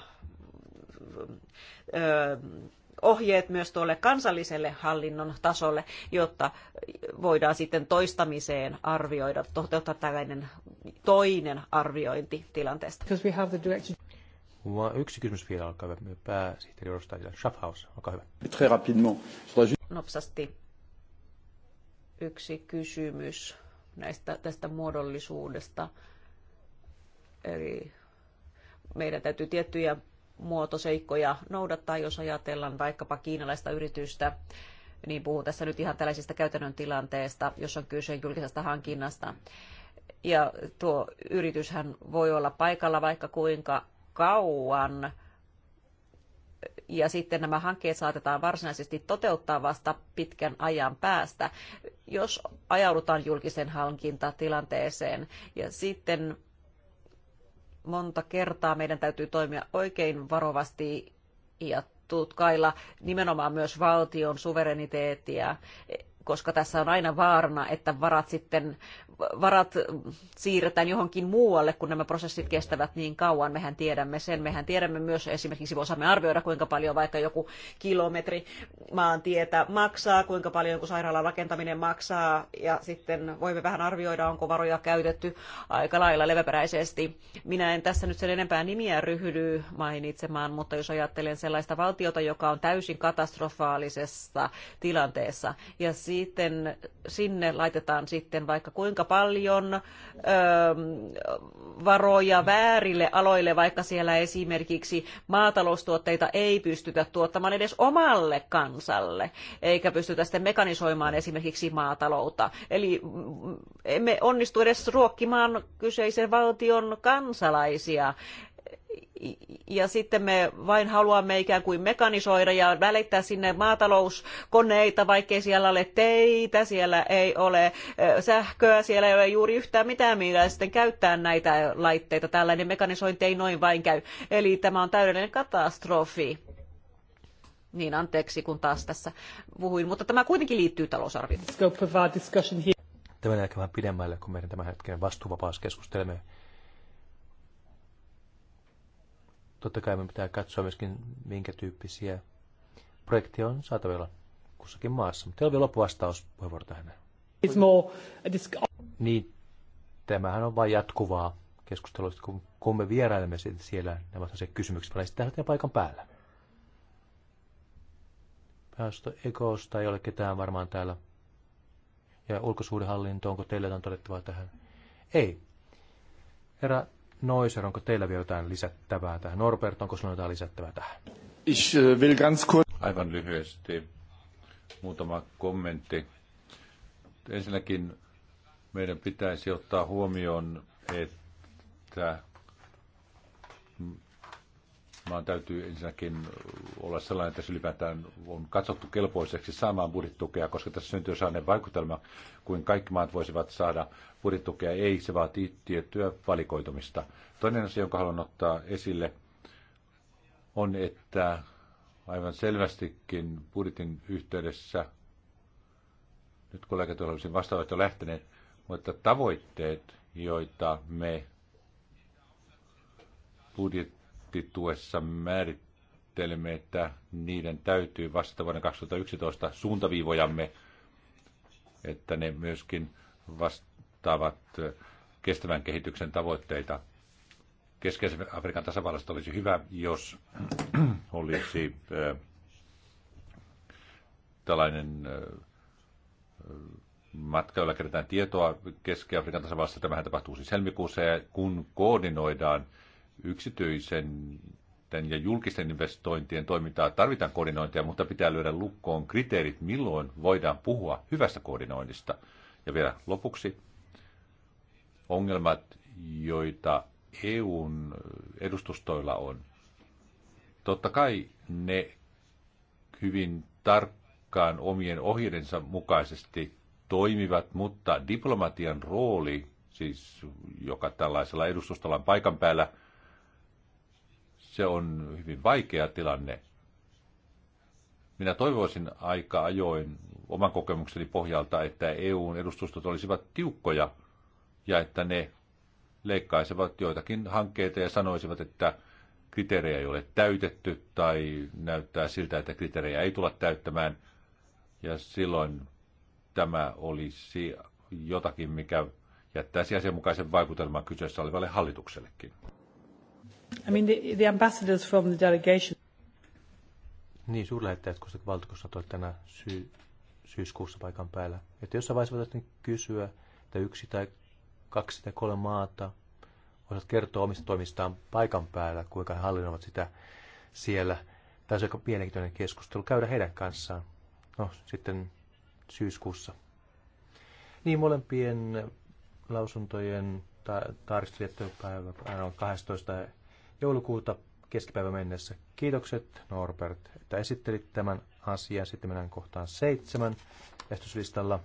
Speaker 4: ohjeet myös tuolle kansalliselle hallinnon tasolle, jotta voidaan sitten toistamiseen arvioida, toteuttaa tällainen toinen arviointi tilanteesta.
Speaker 2: yksi kysymys vielä, olkaa hyvä. Pääsihteeri Rostaisilla. Schaffhaus, olkaa hyvä. Très rapidement.
Speaker 4: Nopsasti yksi kysymys näistä, tästä muodollisuudesta. Eli meidän täytyy tiettyjä muotoseikkoja noudattaa, jos ajatellaan vaikkapa kiinalaista yritystä, niin puhun tässä nyt ihan tällaisista käytännön tilanteesta, jos on kyse julkisesta hankinnasta. Ja tuo yrityshän voi olla paikalla vaikka kuinka kauan, ja sitten nämä hankkeet saatetaan varsinaisesti toteuttaa vasta pitkän ajan päästä, jos ajaudutaan julkisen hankintatilanteeseen. Ja sitten monta kertaa meidän täytyy toimia oikein varovasti ja tutkailla nimenomaan myös valtion suvereniteettia koska tässä on aina vaarana, että varat sitten varat siirretään johonkin muualle, kun nämä prosessit kestävät niin kauan. Mehän tiedämme sen. Mehän tiedämme myös esimerkiksi, osaamme arvioida, kuinka paljon vaikka joku kilometri maantietä maksaa, kuinka paljon joku sairaalan rakentaminen maksaa, ja sitten voimme vähän arvioida, onko varoja käytetty aika lailla leväperäisesti. Minä en tässä nyt sen enempää nimiä ryhdy mainitsemaan, mutta jos ajattelen sellaista valtiota, joka on täysin katastrofaalisessa tilanteessa, ja si- sitten sinne laitetaan sitten vaikka kuinka paljon ö, varoja väärille aloille, vaikka siellä esimerkiksi maataloustuotteita ei pystytä tuottamaan edes omalle kansalle, eikä pystytä sitten mekanisoimaan esimerkiksi maataloutta. Eli mm, emme onnistu edes ruokkimaan kyseisen valtion kansalaisia ja sitten me vain haluamme ikään kuin mekanisoida ja välittää sinne maatalouskoneita, vaikkei siellä ole teitä, siellä ei ole sähköä, siellä ei ole juuri yhtään mitään, millä sitten käyttää näitä laitteita. Tällainen mekanisointi ei noin vain käy. Eli tämä on täydellinen katastrofi. Niin, anteeksi, kun taas tässä puhuin, mutta tämä kuitenkin liittyy talousarvioon.
Speaker 2: Tämä menee vähän pidemmälle, kun meidän tämän hetken vastuuvapauskeskustelemme totta kai me pitää katsoa myöskin, minkä tyyppisiä projekteja on saatavilla kussakin maassa. Mutta teillä on vielä puheenvuoro tähän. Niin, tämähän on vain jatkuvaa keskustelua, kun, kun me vierailemme siellä, nämä ovat se kysymykset, vaan sitten paikan päällä. Päästö Ekosta ei ole ketään varmaan täällä. Ja ulkosuudenhallinto, onko teillä jotain todettavaa tähän? Ei. Herra Noiser, onko teillä vielä jotain lisättävää tähän? Norbert, onko sinulla jotain lisättävää tähän?
Speaker 3: Ich äh, will ganz kurz... Aivan lyhyesti muutama kommentti. Ensinnäkin meidän pitäisi ottaa huomioon, että maan täytyy ensinnäkin olla sellainen, että se ylipäätään on katsottu kelpoiseksi saamaan budjettitukea, koska tässä syntyy sellainen vaikutelma, kuin kaikki maat voisivat saada budjettitukea. Ei, se vaatii tiettyä valikoitumista. Toinen asia, jonka haluan ottaa esille, on, että aivan selvästikin budjetin yhteydessä, nyt kollegat olisin vastaavat jo lähteneet, mutta tavoitteet, joita me budjetti budjettituessa määrittelemme, että niiden täytyy vastata vuoden 2011 suuntaviivojamme, että ne myöskin vastaavat kestävän kehityksen tavoitteita. Keskeisen Afrikan tasavallasta olisi hyvä, jos [CLEARS THROAT] olisi tällainen matka, jolla kerätään tietoa Keski-Afrikan tasavallassa. Tämähän tapahtuu siis helmikuussa ja kun koordinoidaan yksityisen ja julkisten investointien toimintaa tarvitaan koordinointia, mutta pitää lyödä lukkoon kriteerit, milloin voidaan puhua hyvästä koordinoinnista. Ja vielä lopuksi ongelmat, joita EUn edustustoilla on. Totta kai ne hyvin tarkkaan omien ohjeidensa mukaisesti toimivat, mutta diplomatian rooli, siis joka tällaisella edustustolla on paikan päällä – se on hyvin vaikea tilanne. Minä toivoisin aika ajoin oman kokemukseni pohjalta, että EUn edustustot olisivat tiukkoja ja että ne leikkaisivat joitakin hankkeita ja sanoisivat, että kriteerejä ei ole täytetty tai näyttää siltä, että kriteerejä ei tulla täyttämään. Ja silloin tämä olisi jotakin, mikä jättäisi asianmukaisen vaikutelman kyseessä olevalle
Speaker 2: hallituksellekin.
Speaker 1: I mean the, the ambassadors from the delegation.
Speaker 2: Niin, suurlähettäjät, koska valtuuskunnat olivat tänä sy- syyskuussa paikan päällä. Että jossain vaiheessa voitaisiin kysyä, että yksi tai kaksi tai kolme maata osaat kertoa omista toimistaan paikan päällä, kuinka he hallinnoivat sitä siellä. Tämä on aika keskustelu käydä heidän kanssaan. No, sitten syyskuussa. Niin, molempien lausuntojen ta- tarkistelijoiden päivä äh, on no, 12 joulukuuta keskipäivä mennessä. Kiitokset Norbert, että esittelit tämän asian. Sitten mennään kohtaan seitsemän estyslistalla.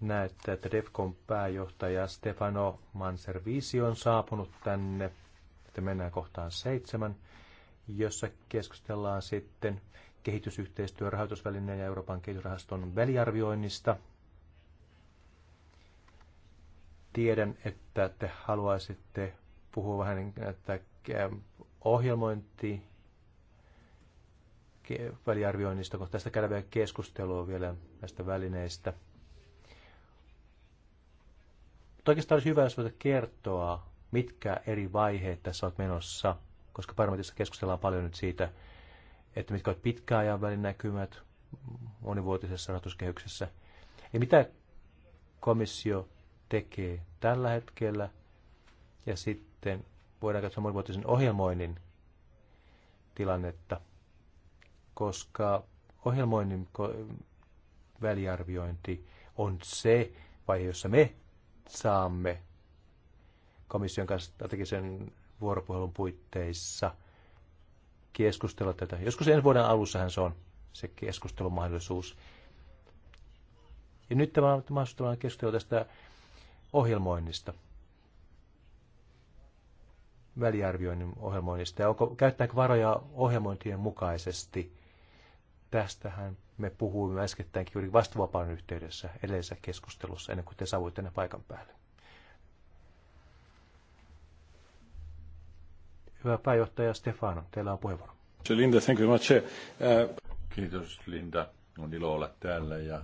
Speaker 2: Näette, että DEFCON pääjohtaja Stefano Manservisi on saapunut tänne. Sitten mennään kohtaan seitsemän, jossa keskustellaan sitten kehitysyhteistyörahoitusvälineen ja Euroopan kehitysrahaston väliarvioinnista – Tiedän, että te haluaisitte puhua vähän että ähm, ohjelmointi väliarvioinnista, kun tästä käydään vielä keskustelua vielä näistä välineistä. Mutta oikeastaan olisi hyvä, jos voit kertoa, mitkä eri vaiheet tässä olet menossa, koska parlamentissa keskustellaan paljon nyt siitä, että mitkä ovat pitkän ajan välin näkymät monivuotisessa rahoituskehyksessä. Ja mitä komissio tekee tällä hetkellä. Ja sitten voidaan katsoa monivuotisen ohjelmoinnin tilannetta, koska ohjelmoinnin väliarviointi on se vaihe, jossa me saamme komission kanssa strategisen vuoropuhelun puitteissa keskustella tätä. Joskus ensi vuoden alussahan se on se keskustelumahdollisuus. Ja nyt tämä, tämä keskustelu tästä ohjelmoinnista, väliarvioinnin ohjelmoinnista ja onko, käyttääkö varoja ohjelmointien mukaisesti. Tästähän me puhuimme äskettäinkin juuri vastuvapaan yhteydessä edellisessä keskustelussa ennen kuin te saavuitte ne paikan päälle. Hyvä pääjohtaja Stefano, teillä on puheenvuoro.
Speaker 3: Linda, thank you much. Uh, Kiitos Linda, on ilo olla täällä ja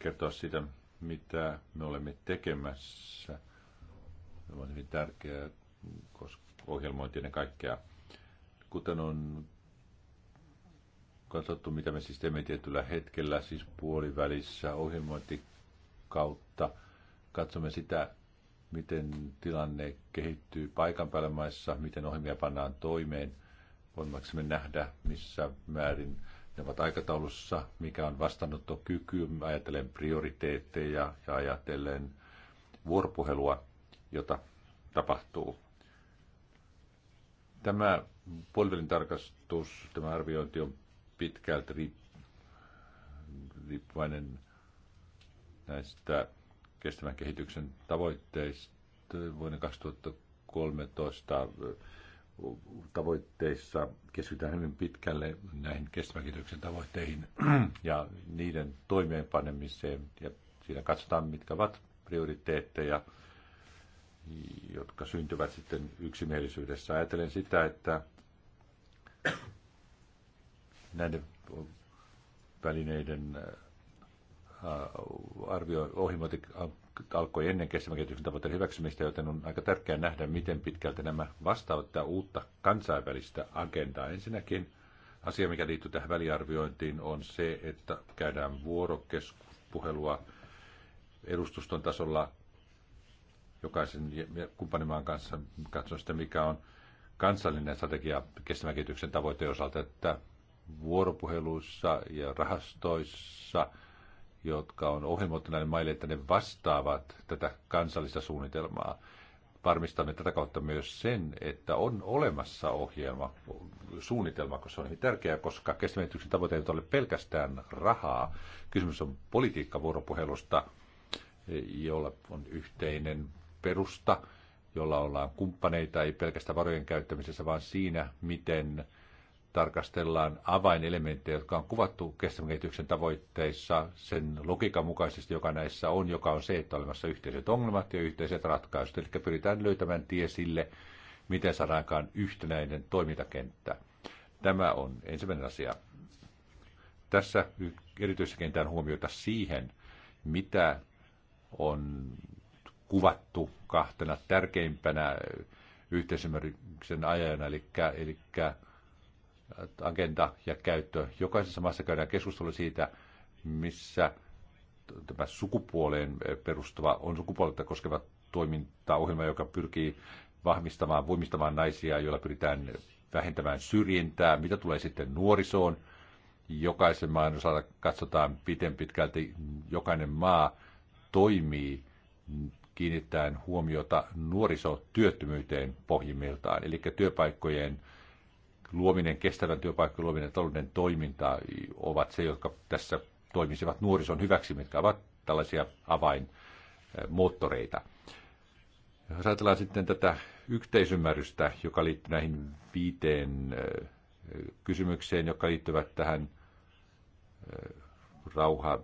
Speaker 3: kertoa siitä, mitä me olemme tekemässä. Se on hyvin tärkeää, koska ohjelmointi ennen kaikkea, kuten on katsottu, mitä me siis teemme tietyllä hetkellä, siis puolivälissä kautta, katsomme sitä, miten tilanne kehittyy paikan päällä maissa, miten ohjelmia pannaan toimeen, voimmeko me nähdä, missä määrin ne ovat aikataulussa, mikä on vastaanottokyky, ajatellen prioriteetteja ja ajatellen vuoropuhelua, jota tapahtuu. Tämä puolivälin tarkastus, tämä arviointi on pitkälti riippuvainen näistä kestävän kehityksen tavoitteista vuoden 2013 tavoitteissa keskitytään hyvin pitkälle näihin kestävän kehityksen tavoitteihin [CLEARS THROAT] ja niiden toimeenpanemiseen. Ja siinä katsotaan, mitkä ovat prioriteetteja, jotka syntyvät sitten yksimielisyydessä. Ajattelen sitä, että [CLEARS THROAT] näiden välineiden äh, arvio, ohjelmointi äh, alkoi ennen kestävän kehityksen tavoitteiden hyväksymistä, joten on aika tärkeää nähdä, miten pitkälti nämä vastaavat uutta kansainvälistä agendaa. Ensinnäkin asia, mikä liittyy tähän väliarviointiin, on se, että käydään vuorokeskuspuhelua edustuston tasolla jokaisen kumppanimaan kanssa katsoa sitä, mikä on kansallinen strategia kestävän kehityksen tavoitteen osalta, että vuoropuheluissa ja rahastoissa – jotka on ohjelmoitu näille maille, että ne vastaavat tätä kansallista suunnitelmaa. Varmistamme tätä kautta myös sen, että on olemassa ohjelma, suunnitelma, koska se on hyvin tärkeää, koska kestävän tavoite ei ole pelkästään rahaa. Kysymys on politiikkavuoropuhelusta, jolla on yhteinen perusta, jolla ollaan kumppaneita, ei pelkästään varojen käyttämisessä, vaan siinä, miten tarkastellaan avainelementtejä, jotka on kuvattu kestävän kehityksen tavoitteissa sen logiikan mukaisesti, joka näissä on, joka on se, että on olemassa yhteiset ongelmat ja yhteiset ratkaisut. Eli pyritään löytämään tie sille, miten saadaan yhtenäinen toimintakenttä. Tämä on ensimmäinen asia. Tässä erityisesti kentään huomiota siihen, mitä on kuvattu kahtena tärkeimpänä yhteisymmärryksen ajana, eli, eli agenda ja käyttö. Jokaisessa maassa käydään keskustelu siitä, missä tämä sukupuoleen perustuva on sukupuolta koskeva toimintaohjelma, joka pyrkii vahvistamaan, voimistamaan naisia, joilla pyritään vähentämään syrjintää. Mitä tulee sitten nuorisoon, jokaisen maan osalta katsotaan, miten pitkälti jokainen maa toimii kiinnittäen huomiota nuorisotyöttömyyteen pohjimmiltaan, eli työpaikkojen luominen, kestävän työpaikkojen luominen ja talouden toiminta ovat se, jotka tässä toimisivat nuorison hyväksi, mitkä ovat tällaisia avainmoottoreita. Jos ajatellaan sitten tätä yhteisymmärrystä, joka liittyy näihin viiteen eh, kysymykseen, jotka liittyvät tähän eh, rauha,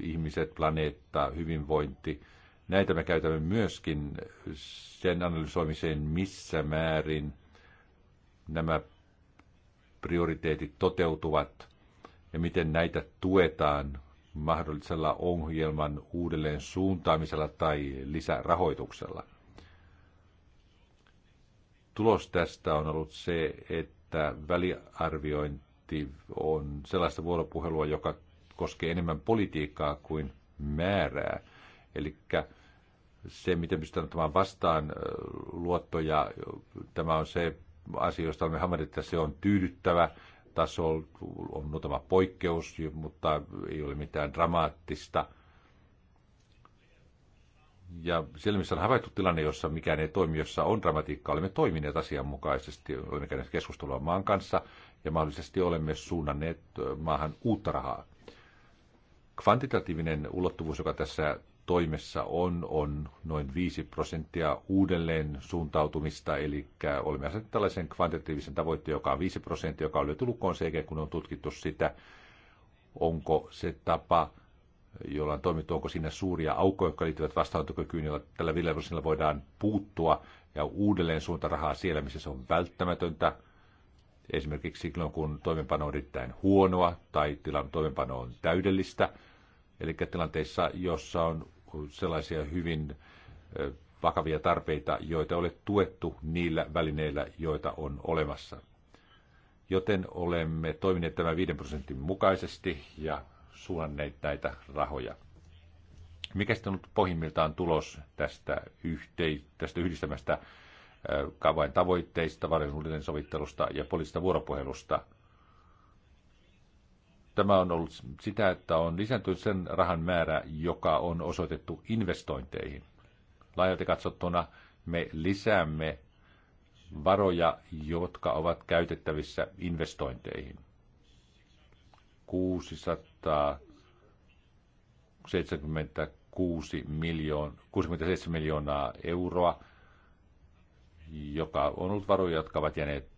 Speaker 3: ihmiset, planeetta, hyvinvointi. Näitä me käytämme myöskin sen analysoimiseen, missä määrin nämä prioriteetit toteutuvat ja miten näitä tuetaan mahdollisella ohjelman uudelleen suuntaamisella tai lisärahoituksella. Tulos tästä on ollut se, että väliarviointi on sellaista vuoropuhelua, joka koskee enemmän politiikkaa kuin määrää. Eli se, miten pystytään ottamaan vastaan luottoja, tämä on se asioista olemme hämärät, että se on tyydyttävä taso, on muutama poikkeus, mutta ei ole mitään dramaattista. Ja siellä, missä on havaittu tilanne, jossa mikään ei toimi, jossa on dramatiikkaa, olemme toimineet asianmukaisesti, olemme käyneet keskustelua maan kanssa ja mahdollisesti olemme suunnanneet maahan uutta rahaa. Kvantitatiivinen ulottuvuus, joka tässä toimessa on, on noin 5 prosenttia uudelleen suuntautumista, eli olemme asettaneet tällaisen kvantitatiivisen tavoitteen, joka on 5 prosenttia, joka on löyty lukkoon sen jälkeen, kun on tutkittu sitä, onko se tapa, jolla on toimittu, onko siinä suuria aukkoja, jotka liittyvät vastaanottokykyyn, joilla tällä viljelyllä voidaan puuttua ja uudelleen suunta rahaa siellä, missä se on välttämätöntä, esimerkiksi silloin, kun toimenpano on erittäin huonoa tai tilan toimenpano on täydellistä, eli tilanteissa, jossa on sellaisia hyvin vakavia tarpeita, joita ole tuettu niillä välineillä, joita on olemassa. Joten olemme toimineet tämän 5 prosentin mukaisesti ja suunnanneet näitä rahoja. Mikä sitten on pohjimmiltaan tulos tästä, yhtei, tästä yhdistämästä kaavain tavoitteista, varallisuuden sovittelusta ja poliittisesta vuoropuhelusta – Tämä on ollut sitä, että on lisääntynyt sen rahan määrä, joka on osoitettu investointeihin. Laajalti katsottuna me lisäämme varoja, jotka ovat käytettävissä investointeihin. 676 miljoon, 67 miljoonaa euroa, joka on ollut varoja, jotka ovat jääneet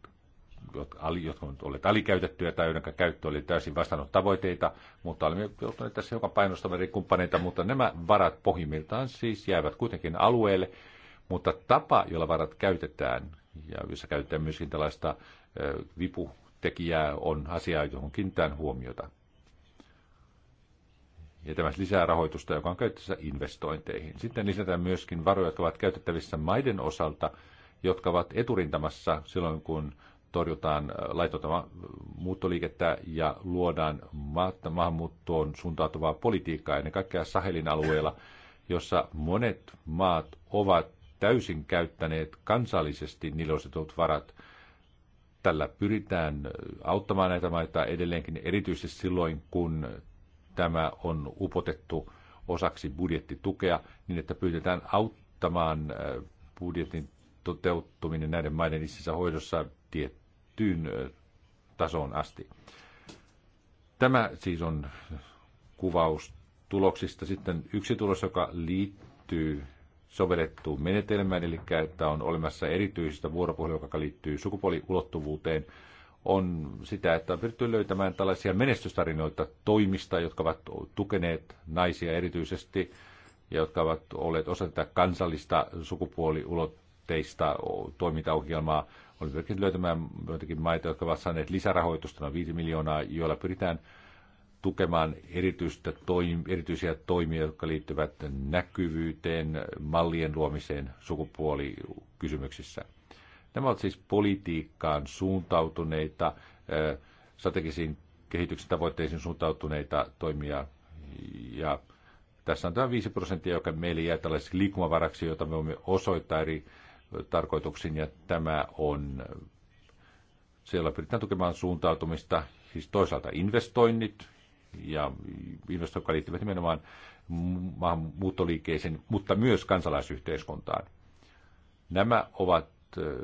Speaker 3: jotka ovat olleet alikäytettyjä tai joiden käyttö oli täysin vastannut tavoitteita, mutta olemme joutuneet tässä joka painostamaan eri kumppaneita, mutta nämä varat pohjimmiltaan siis jäävät kuitenkin alueelle, mutta tapa, jolla varat käytetään, ja jossa käytetään myöskin tällaista vipu vipu-tekijää, on asia, johon kiinnitään huomiota. Ja tämä lisää rahoitusta, joka on käytössä investointeihin. Sitten lisätään myöskin varoja, jotka ovat käytettävissä maiden osalta, jotka ovat eturintamassa silloin, kun torjutaan äh, laitonta muuttoliikettä ja luodaan maahanmuuttoon suuntautuvaa politiikkaa ennen kaikkea Sahelin alueella, jossa monet maat ovat täysin käyttäneet kansallisesti niille osetut varat. Tällä pyritään äh, auttamaan näitä maita edelleenkin, erityisesti silloin, kun tämä on upotettu osaksi budjettitukea, niin että pyydetään auttamaan äh, budjetin toteuttuminen näiden maiden itsensä hoidossa tiettyyn tasoon asti. Tämä siis on kuvaus tuloksista. Sitten yksi tulos, joka liittyy sovellettuun menetelmään, eli että on olemassa erityisistä vuoropuhelua, joka liittyy sukupuoliulottuvuuteen, on sitä, että on pyritty löytämään tällaisia menestystarinoita toimista, jotka ovat tukeneet naisia erityisesti ja jotka ovat olleet osa tätä kansallista sukupuoliulotteista toimintaohjelmaa oli pyrkinyt löytämään joitakin maita, jotka ovat saaneet lisärahoitusta noin 5 miljoonaa, joilla pyritään tukemaan erityistä toim, erityisiä toimia, jotka liittyvät näkyvyyteen, mallien luomiseen sukupuolikysymyksissä. Nämä ovat siis politiikkaan suuntautuneita, strategisiin kehityksen tavoitteisiin suuntautuneita toimia. Ja tässä on tämä 5 prosenttia, joka meille jää tällaisiksi liikkumavaraksi, jota me voimme osoittaa eri tarkoituksiin ja tämä on, siellä pyritään tukemaan suuntautumista, siis toisaalta investoinnit ja investoinnit, jotka liittyvät nimenomaan maahanmuuttoliikkeeseen, mutta myös kansalaisyhteiskuntaan. Nämä ovat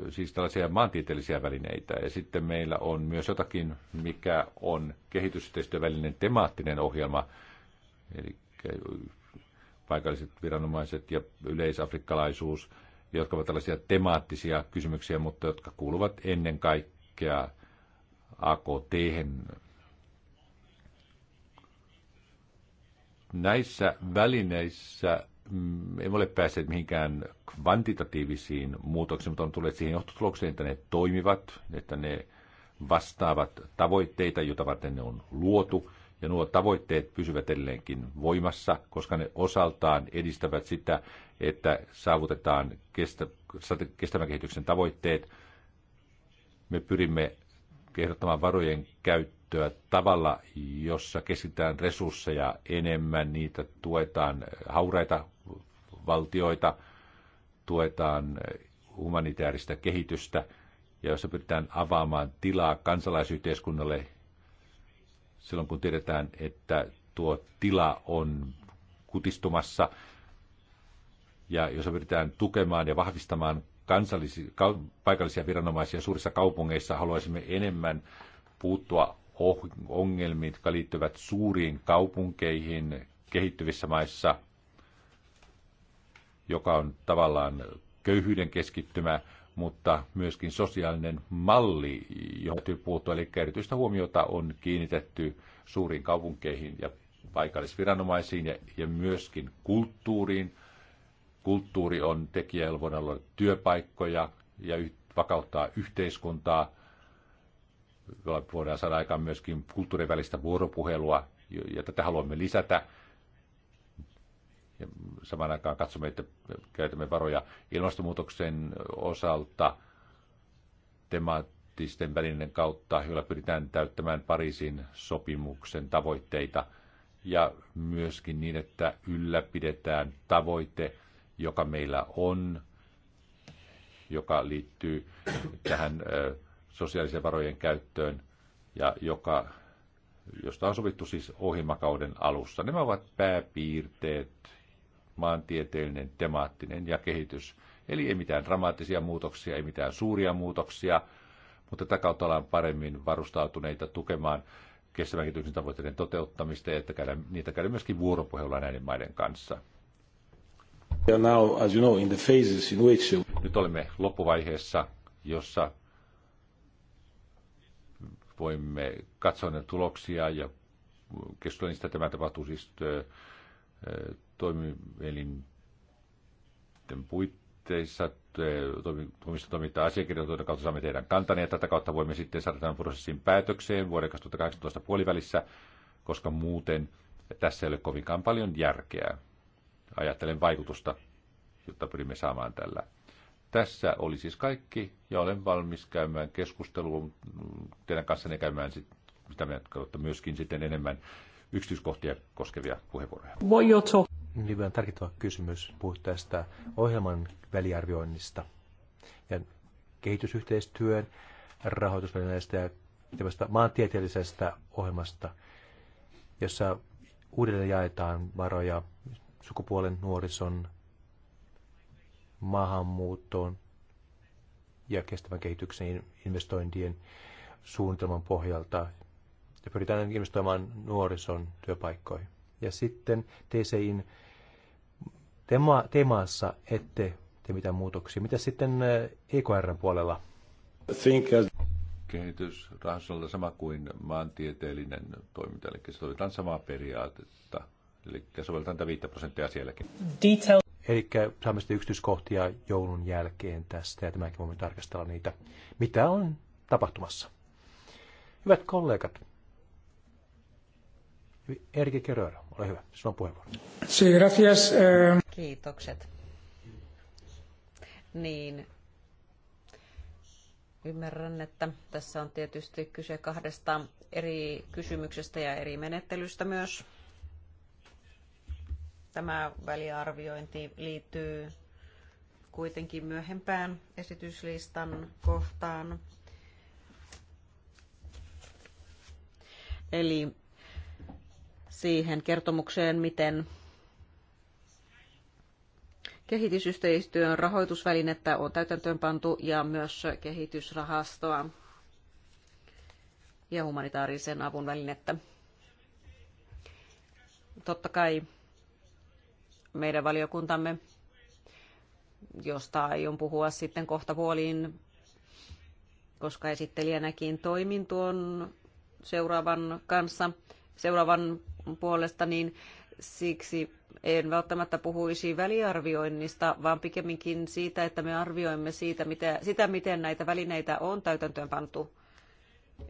Speaker 3: siis tällaisia maantieteellisiä välineitä. Ja sitten meillä on myös jotakin, mikä on kehitysyhteistyövälinen temaattinen ohjelma, eli paikalliset viranomaiset ja yleisafrikkalaisuus – jotka ovat tällaisia temaattisia kysymyksiä, mutta jotka kuuluvat ennen kaikkea AKT. -hän. Näissä välineissä mm, emme ole päässeet mihinkään kvantitatiivisiin muutoksiin, mutta on tullut siihen johtotulokseen, että ne toimivat, että ne vastaavat tavoitteita, joita varten ne on luotu – ja nuo tavoitteet pysyvät edelleenkin voimassa, koska ne osaltaan edistävät sitä, että saavutetaan kestävän kehityksen tavoitteet. Me pyrimme kehdottamaan varojen käyttöä tavalla, jossa keskitään resursseja enemmän, niitä tuetaan hauraita valtioita, tuetaan humanitaarista kehitystä ja jossa pyritään avaamaan tilaa kansalaisyhteiskunnalle silloin kun tiedetään, että tuo tila on kutistumassa. Ja jos pyritään tukemaan ja vahvistamaan kansallisia, paikallisia viranomaisia suurissa kaupungeissa, haluaisimme enemmän puuttua ongelmiin, jotka liittyvät suuriin kaupunkeihin kehittyvissä maissa, joka on tavallaan köyhyyden keskittymä, mutta myöskin sosiaalinen malli, johon täytyy puuttua. Eli erityistä huomiota on kiinnitetty suuriin kaupunkeihin ja paikallisviranomaisiin ja, ja myöskin kulttuuriin. Kulttuuri on tekijä, jolla voidaan luoda työpaikkoja ja yh, vakauttaa yhteiskuntaa. Voidaan saada aikaan myöskin kulttuurivälistä vuoropuhelua ja tätä haluamme lisätä. Ja samaan aikaan katsomme, että käytämme varoja ilmastonmuutoksen osalta temaattisten välinen kautta, joilla pyritään täyttämään Pariisin sopimuksen tavoitteita ja myöskin niin, että ylläpidetään tavoite, joka meillä on, joka liittyy tähän sosiaalisen varojen käyttöön ja joka, josta on sovittu siis ohjelmakauden alussa. Nämä ovat pääpiirteet, maantieteellinen, temaattinen ja kehitys. Eli ei mitään dramaattisia muutoksia, ei mitään suuria muutoksia, mutta tätä kautta ollaan paremmin varustautuneita tukemaan kestävän kehityksen tavoitteiden toteuttamista ja että käydään, niitä käydään myöskin vuoropuhelua näiden maiden kanssa.
Speaker 2: Now, as you know, in the phases in which you...
Speaker 3: Nyt olemme loppuvaiheessa, jossa voimme katsoa ne tuloksia ja keskustella niistä. Tämä tapahtuu siis toimielinten puitteissa toimista toimittaa asiakirjoja, joiden kautta saamme teidän kantani, ja tätä kautta voimme sitten saada tämän prosessin päätökseen vuoden 2018 puolivälissä, koska muuten tässä ei ole kovinkaan paljon järkeä. Ajattelen vaikutusta, jotta pyrimme saamaan tällä. Tässä oli siis kaikki, ja olen valmis käymään keskustelua teidän kanssanne käymään sit, sitä myöskin sitten enemmän
Speaker 2: yksityiskohtia koskevia puheenvuoroja. Hyvä niin, tarkittava kysymys. Puhut tästä ohjelman väliarvioinnista ja kehitysyhteistyön rahoitusvälineestä ja tämmöistä maantieteellisestä ohjelmasta, jossa uudelleen jaetaan varoja sukupuolen, nuorison, maahanmuuttoon ja kestävän kehityksen investointien suunnitelman pohjalta. Ja pyritään investoimaan nuorison työpaikkoihin ja sitten TCIin tema, temaassa ette te mitä muutoksia. Mitä sitten EKR eh, e puolella? Kehitysrahastolla sama kuin maantieteellinen toiminta, eli
Speaker 3: sovitaan samaa periaatetta. Eli sovelletaan tätä 5 prosenttia sielläkin.
Speaker 1: Detail.
Speaker 2: Eli saamme sitten yksityiskohtia joulun jälkeen tästä, ja tämäkin voimme tarkastella niitä, mitä on tapahtumassa. Hyvät kollegat, Erki Keröro. Ole hyvä, puheenvuoro. Sí, gracias. Eh.
Speaker 4: Kiitokset. Niin, Ymmärrän, että tässä on tietysti kyse kahdesta eri kysymyksestä ja eri menettelystä myös. Tämä väliarviointi liittyy kuitenkin myöhempään esityslistan kohtaan. Eli siihen kertomukseen, miten kehitysyhteistyön rahoitusvälinettä on täytäntöön pantu ja myös kehitysrahastoa ja humanitaarisen avun välinettä. Totta kai meidän valiokuntamme, josta aion puhua sitten kohta puoliin, koska esittelijänäkin toimin tuon seuraavan kanssa, seuraavan puolesta, niin siksi en välttämättä puhuisi väliarvioinnista, vaan pikemminkin siitä, että me arvioimme siitä, mitä, sitä, miten näitä välineitä on täytäntöön pantu.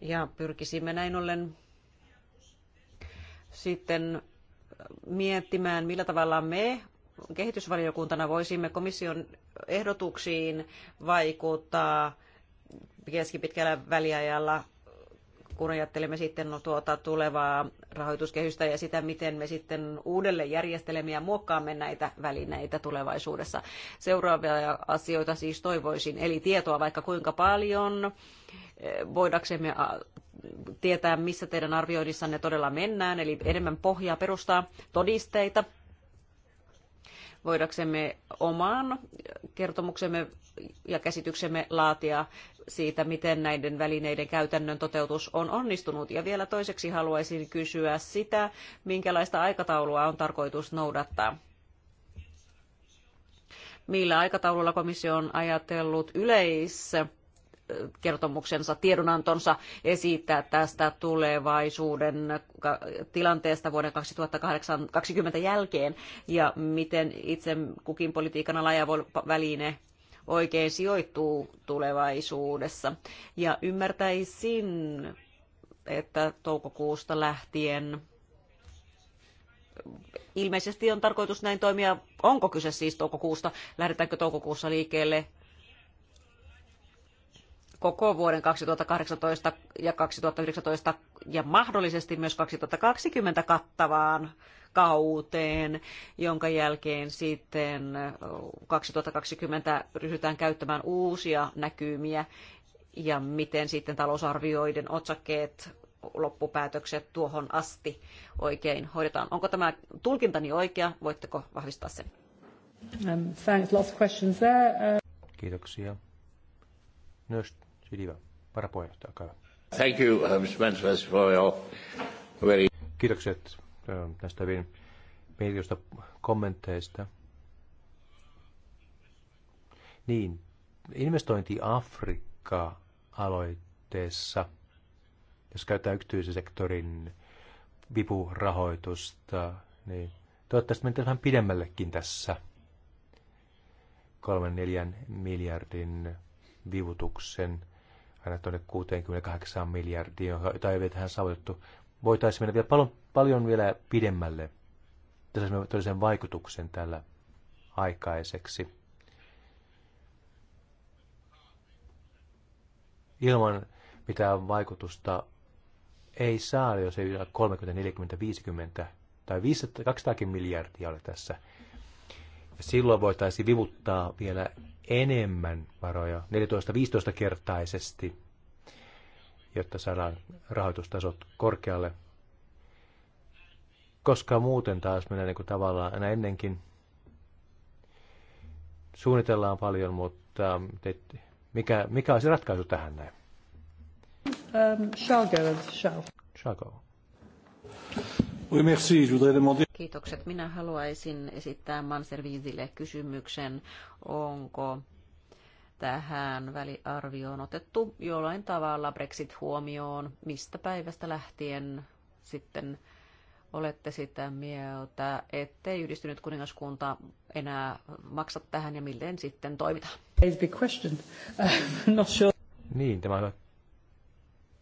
Speaker 4: Ja pyrkisimme näin ollen sitten miettimään, millä tavalla me kehitysvaliokuntana voisimme komission ehdotuksiin vaikuttaa keskipitkällä väliajalla kun ajattelemme sitten no, tuota tulevaa rahoituskehystä ja sitä, miten me sitten uudelleen järjestelemme ja muokkaamme näitä välineitä tulevaisuudessa. Seuraavia asioita siis toivoisin, eli tietoa vaikka kuinka paljon, eh, voidaksemme tietää, missä teidän arvioinnissanne todella mennään, eli enemmän pohjaa perustaa todisteita, voidaksemme omaan kertomuksemme ja käsityksemme laatia siitä, miten näiden välineiden käytännön toteutus on onnistunut. Ja vielä toiseksi haluaisin kysyä sitä, minkälaista aikataulua on tarkoitus noudattaa millä aikataululla komissio on ajatellut yleis kertomuksensa, tiedonantonsa esittää tästä tulevaisuuden tilanteesta vuoden 2020 jälkeen ja miten itse kukin politiikan ala ja väline oikein sijoittuu tulevaisuudessa. Ja ymmärtäisin, että toukokuusta lähtien ilmeisesti on tarkoitus näin toimia. Onko kyse siis toukokuusta? Lähdetäänkö toukokuussa liikkeelle koko vuoden 2018 ja 2019 ja mahdollisesti myös 2020 kattavaan kauteen, jonka jälkeen sitten 2020 ryhdytään käyttämään uusia näkymiä ja miten sitten talousarvioiden otsakkeet loppupäätökset tuohon asti oikein hoidetaan. Onko tämä tulkintani oikea? Voitteko vahvistaa sen?
Speaker 1: Um, thanks. Lots of questions there. Uh...
Speaker 2: Kiitoksia. Ylivä, varapuheenjohtaja, olkaa
Speaker 3: Thank you, uh, Mr. for your
Speaker 2: very... Kiitokset uh, tästä hyvin mietitystä kommenteista. Niin, investointi Afrikka-aloitteessa, jos käytetään yksityisen sektorin vipurahoitusta, niin toivottavasti mennään vähän pidemmällekin tässä kolmen neljän miljardin vivutuksen aina tuonne 68 miljardia, jota ei vielä tähän saavutettu. Voitaisiin mennä vielä paljon, paljon vielä pidemmälle. Tässä me todellisen vaikutuksen tällä aikaiseksi. Ilman mitään vaikutusta ei saa, jos ei 30, 40, 50 tai 200 miljardia ole tässä silloin voitaisiin vivuttaa vielä enemmän varoja, 14-15 kertaisesti, jotta saadaan rahoitustasot korkealle. Koska muuten taas mennään niin kuin tavallaan aina ennenkin. Suunnitellaan paljon, mutta mikä, mikä olisi ratkaisu tähän näin?
Speaker 4: Um, shall go, shall.
Speaker 2: Shall go. Oui, merci. Je voudrais demander...
Speaker 4: Kiitokset. Minä haluaisin esittää Manserviisille kysymyksen, onko tähän väliarvioon otettu jollain tavalla Brexit huomioon, mistä päivästä lähtien sitten olette sitä mieltä, ettei yhdistynyt kuningaskunta enää maksa tähän ja miten sitten toimitaan?
Speaker 1: Uh, [LAUGHS] sure. Niin,
Speaker 2: tämä on hyvä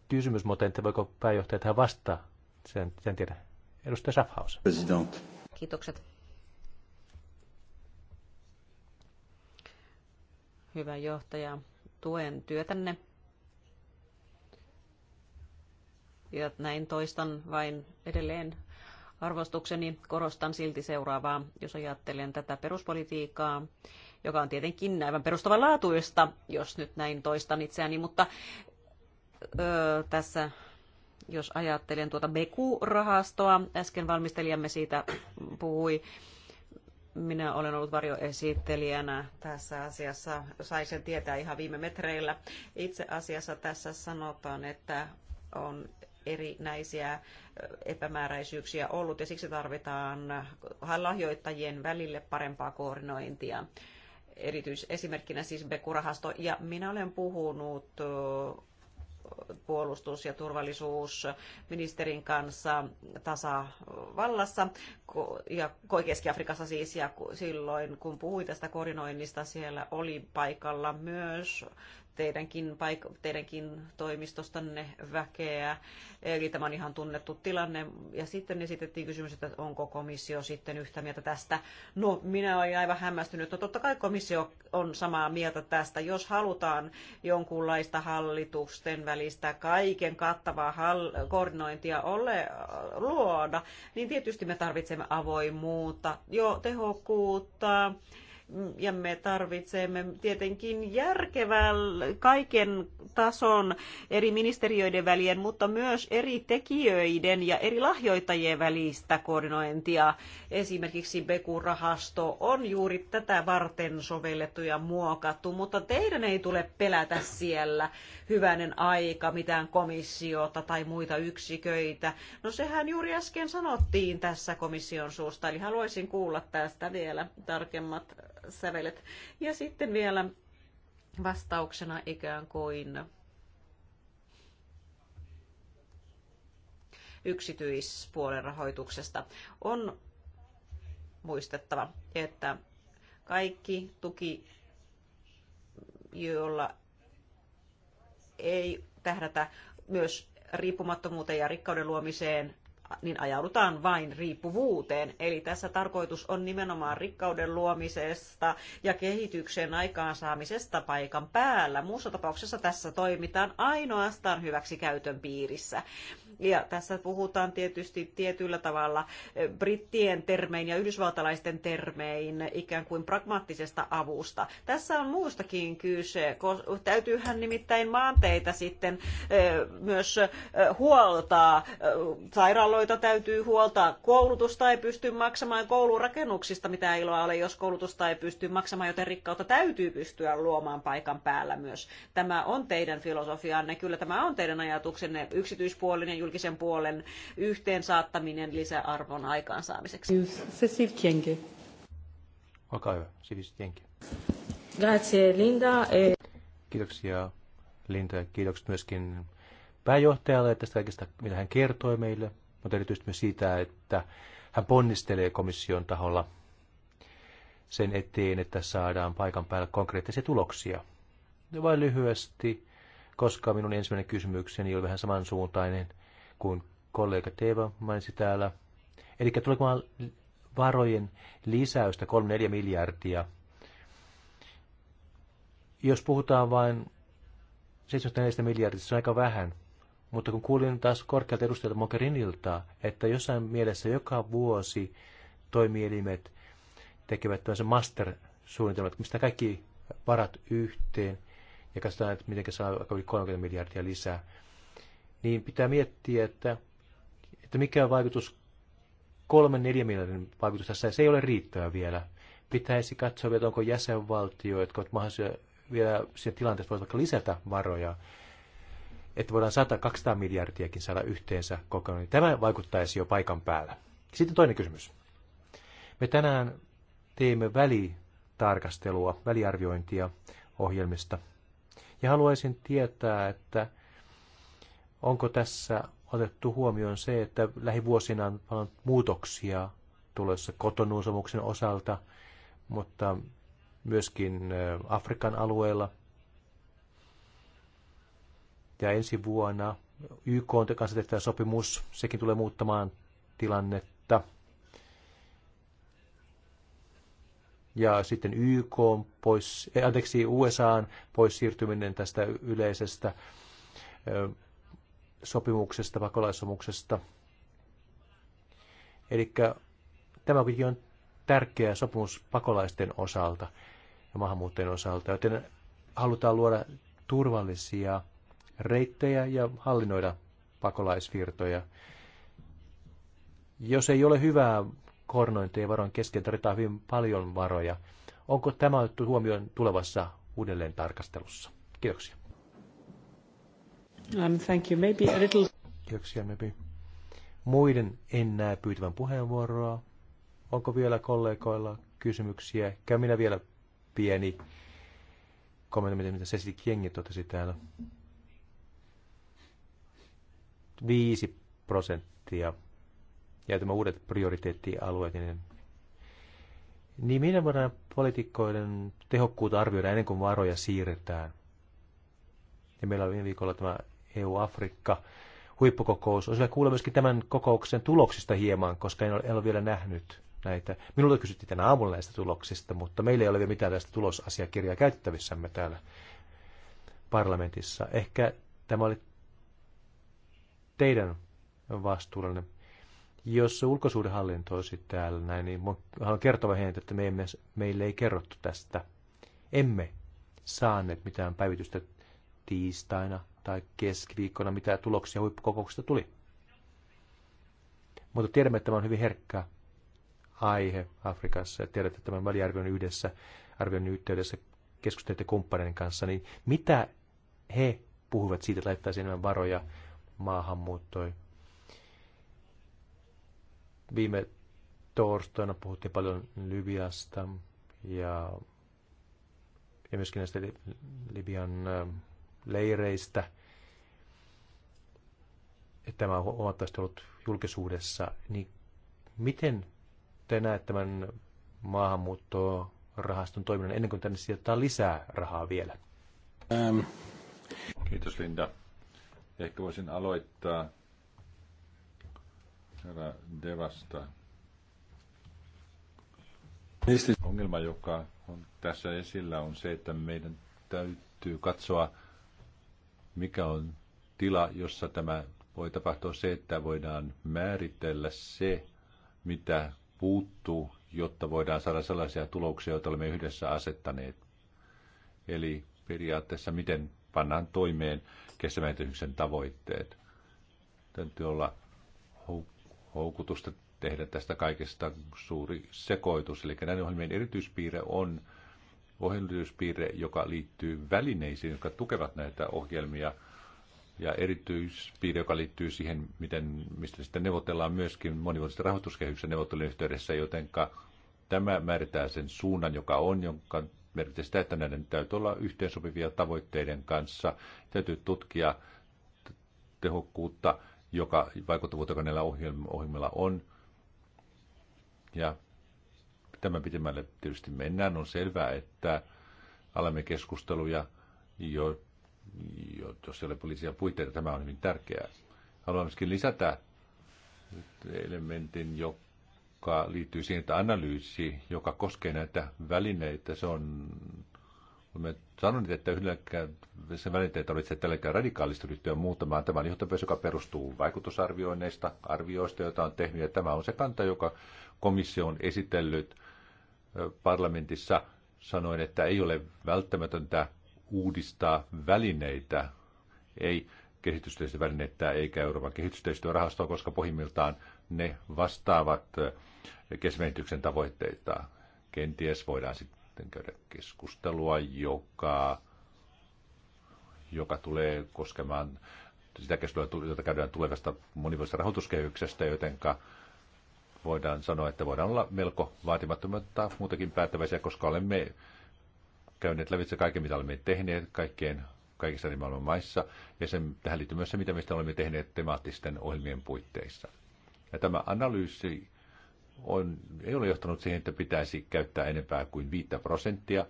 Speaker 2: kysymys, mutta entä voiko pääjohtaja tähän vastaa? Sen, sen tiedä. Edustaja Schaffhaus. President.
Speaker 4: Kiitokset. Hyvä johtaja, tuen työtänne. Ja näin toistan vain edelleen arvostukseni. Korostan silti seuraavaa, jos ajattelen tätä peruspolitiikkaa, joka on tietenkin aivan perustavanlaatuista, jos nyt näin toistan itseäni, mutta öö, tässä jos ajattelen tuota Beku-rahastoa, äsken valmistelijamme siitä puhui, minä olen ollut varjoesittelijänä tässä asiassa. sai sen tietää ihan viime metreillä. Itse asiassa tässä sanotaan, että on erinäisiä epämääräisyyksiä ollut ja siksi tarvitaan lahjoittajien välille parempaa koordinointia. Erityisesimerkkinä siis beku Beku-rahasto Ja minä olen puhunut puolustus- ja turvallisuusministerin kanssa tasavallassa ja Keski-Afrikassa siis, ja silloin kun puhuin tästä koordinoinnista, siellä oli paikalla myös teidänkin, paik- teidänkin toimistostanne väkeä. Eli tämä on ihan tunnettu tilanne. Ja sitten esitettiin kysymys, että onko komissio sitten yhtä mieltä tästä. No, minä olin aivan hämmästynyt. No totta kai komissio on samaa mieltä tästä. Jos halutaan jonkunlaista hallitusten välistä kaiken kattavaa hall- koordinointia ole, luoda, niin tietysti me tarvitsemme avoimuutta, jo tehokkuutta, ja me tarvitsemme tietenkin järkevän kaiken tason eri ministeriöiden välien, mutta myös eri tekijöiden ja eri lahjoittajien välistä koordinointia. Esimerkiksi Beku-rahasto on juuri tätä varten sovellettu ja muokattu, mutta teidän ei tule pelätä siellä hyvänen aika mitään komissiota tai muita yksiköitä. No sehän juuri äsken sanottiin tässä komission suusta, eli haluaisin kuulla tästä vielä tarkemmat sävelet. Ja sitten vielä vastauksena ikään kuin yksityispuolen rahoituksesta. On muistettava, että kaikki tuki, jolla ei tähdätä myös riippumattomuuteen ja rikkauden luomiseen niin ajaudutaan vain riippuvuuteen. Eli tässä tarkoitus on nimenomaan rikkauden luomisesta ja kehityksen aikaansaamisesta paikan päällä. Muussa tapauksessa tässä toimitaan ainoastaan hyväksi käytön piirissä. Ja tässä puhutaan tietysti tietyllä tavalla eh, brittien termein ja yhdysvaltalaisten termein ikään kuin pragmaattisesta avusta. Tässä on muustakin kyse. Täytyyhän nimittäin maanteita sitten eh, myös eh, huoltaa sairaaloita joita täytyy huoltaa. Koulutusta ei pysty maksamaan koulurakennuksista, mitä iloa ole, jos koulutusta ei pysty maksamaan, joten rikkautta täytyy pystyä luomaan paikan päällä myös. Tämä on teidän filosofianne, kyllä tämä on teidän ajatuksenne yksityispuolen ja julkisen puolen yhteen saattaminen lisäarvon aikaansaamiseksi. Cecil Kienke.
Speaker 1: Olkaa hyvä,
Speaker 2: Sivis Kienke.
Speaker 4: Grazie Linda. Eh,
Speaker 2: Kiitoksia Linda ja kiitokset myöskin pääjohtajalle tästä kaikesta, mitä hän kertoi meille mutta erityisesti myös siitä, että hän ponnistelee komission taholla sen eteen, että saadaan paikan päällä konkreettisia tuloksia. Vain lyhyesti, koska minun ensimmäinen kysymykseni oli vähän samansuuntainen kuin kollega Teeva mainitsi täällä. Eli tuleeko varojen lisäystä 3-4 miljardia? Jos puhutaan vain 74 miljardista, se on aika vähän. Mutta kun kuulin taas korkealta edustajalta Mogherinilta, että jossain mielessä joka vuosi toimielimet tekevät tämmöisen master-suunnitelmat, mistä kaikki varat yhteen ja katsotaan, että miten saa 30 miljardia lisää, niin pitää miettiä, että, että mikä on vaikutus kolmen 4 miljardin vaikutus tässä, se ei ole riittävä vielä. Pitäisi katsoa vielä, onko jäsenvaltio, jotka ovat mahdollisia vielä siinä tilanteessa voisi vaikka lisätä varoja että voidaan 100-200 miljardiakin saada yhteensä kokonaan, niin tämä vaikuttaisi jo paikan päällä. Sitten toinen kysymys. Me tänään teemme välitarkastelua, väliarviointia ohjelmista. Ja haluaisin tietää, että onko tässä otettu huomioon se, että lähivuosina on paljon muutoksia tulossa kotonuusomuksen osalta, mutta myöskin Afrikan alueella – ja ensi vuonna YK on kanssa tehtävä sopimus, sekin tulee muuttamaan tilannetta. Ja sitten YK pois, eh, anteeksi, on pois siirtyminen tästä yleisestä sopimuksesta, pakolaissopimuksesta. Eli tämä kuitenkin on tärkeä sopimus pakolaisten osalta ja maahanmuuttajien osalta, joten halutaan luoda turvallisia reittejä ja hallinnoida pakolaisvirtoja. Jos ei ole hyvää koordinointia varon kesken, tarvitaan hyvin paljon varoja. Onko tämä otettu huomioon tulevassa uudelleen tarkastelussa? Kiitoksia.
Speaker 1: Um, thank you. Maybe a little...
Speaker 2: Kiitoksia, maybe. Muiden en näe pyytävän puheenvuoroa. Onko vielä kollegoilla kysymyksiä? Käy minä vielä pieni kommentti, mitä Sesi Kiengi totesi täällä. 5 prosenttia ja tämä uudet prioriteettialueet, niin, niin minä voidaan poliitikkoiden tehokkuutta arvioida ennen kuin varoja siirretään. Ja meillä on viime viikolla tämä EU-Afrikka huippukokous. Olisi kuulla myöskin tämän kokouksen tuloksista hieman, koska en ole, en ole vielä nähnyt näitä. Minulta kysyttiin tänä aamulla näistä tuloksista, mutta meillä ei ole vielä mitään tästä tulosasiakirjaa käyttävissämme täällä parlamentissa. Ehkä tämä oli teidän vastuullanne. Jos se ulkosuudenhallinto olisi täällä näin, niin haluan kertoa heille, että me emme, meille ei kerrottu tästä. Emme saaneet mitään päivitystä tiistaina tai keskiviikkona, mitä tuloksia huippukokouksesta tuli. Mutta tiedämme, että tämä on hyvin herkkä aihe Afrikassa ja tiedätte tämän väliarvion yhdessä, arvion yhteydessä keskustelette kumppaneiden kanssa, niin mitä he puhuvat siitä, että laittaisiin enemmän varoja muuttoi Viime torstaina puhuttiin paljon Libiasta ja, ja myöskin näistä Libian leireistä. Tämä on huomattavasti ollut julkisuudessa. Niin miten te näette tämän maahanmuuttorahaston toiminnan ennen kuin tänne sijoitetaan lisää rahaa vielä? Ähm. Kiitos
Speaker 3: Linda. Ehkä voisin aloittaa herra Devasta. Ongelma, joka on tässä esillä, on se, että meidän täytyy katsoa, mikä on tila, jossa tämä voi tapahtua se, että voidaan määritellä se, mitä puuttuu, jotta voidaan saada sellaisia tuloksia, joita olemme yhdessä asettaneet. Eli periaatteessa, miten pannaan toimeen kestävän tavoitteet. Täytyy olla houkutusta tehdä tästä kaikesta suuri sekoitus. Eli näiden ohjelmien erityispiirre on ohjelmityspiirre, joka liittyy välineisiin, jotka tukevat näitä ohjelmia, ja erityispiirre, joka liittyy siihen, miten, mistä sitten neuvotellaan myöskin monivuotisen rahoituskehyksen neuvottelun yhteydessä, jotenka tämä määrittää sen suunnan, joka on, jonka merkitse sitä, että näiden täytyy olla yhteensopivia tavoitteiden kanssa. Täytyy tutkia tehokkuutta, joka vaikuttavuutta, joka näillä ohjelmilla on. Ja tämän pitemmälle tietysti mennään. On selvää, että alamme keskusteluja, jo, jo, jos ei ole poliisia puitteita, tämä on hyvin tärkeää. Haluan myöskin lisätä elementin, joka joka liittyy siihen, että analyysi, joka koskee näitä välineitä, se on... Me sanon, että yhdelläkään se välineitä ei tarvitse tälläkään radikaalisti ryhtyä muuttamaan. Tämä on johtopäätös, joka perustuu vaikutusarvioinneista, arvioista, joita on tehnyt. Ja tämä on se kanta, joka komissio on esitellyt parlamentissa. Sanoin, että ei ole välttämätöntä uudistaa välineitä, ei välineitä eikä Euroopan rahastoa, koska pohjimmiltaan ne vastaavat kesmehityksen tavoitteita. Kenties voidaan sitten käydä keskustelua, joka, joka tulee koskemaan sitä keskustelua, jota käydään tulevasta monivuotisesta rahoituskehyksestä, jotenka voidaan sanoa, että voidaan olla melko vaatimattomatta muutakin päättäväisiä, koska olemme käyneet lävitse kaiken, mitä olemme tehneet kaikkeen kaikissa eri maailman maissa, ja sen, tähän liittyy myös se, mitä mistä olemme tehneet temaattisten ohjelmien puitteissa. Ja tämä analyysi on, ei ole johtanut siihen, että pitäisi käyttää enempää kuin 5 prosenttia.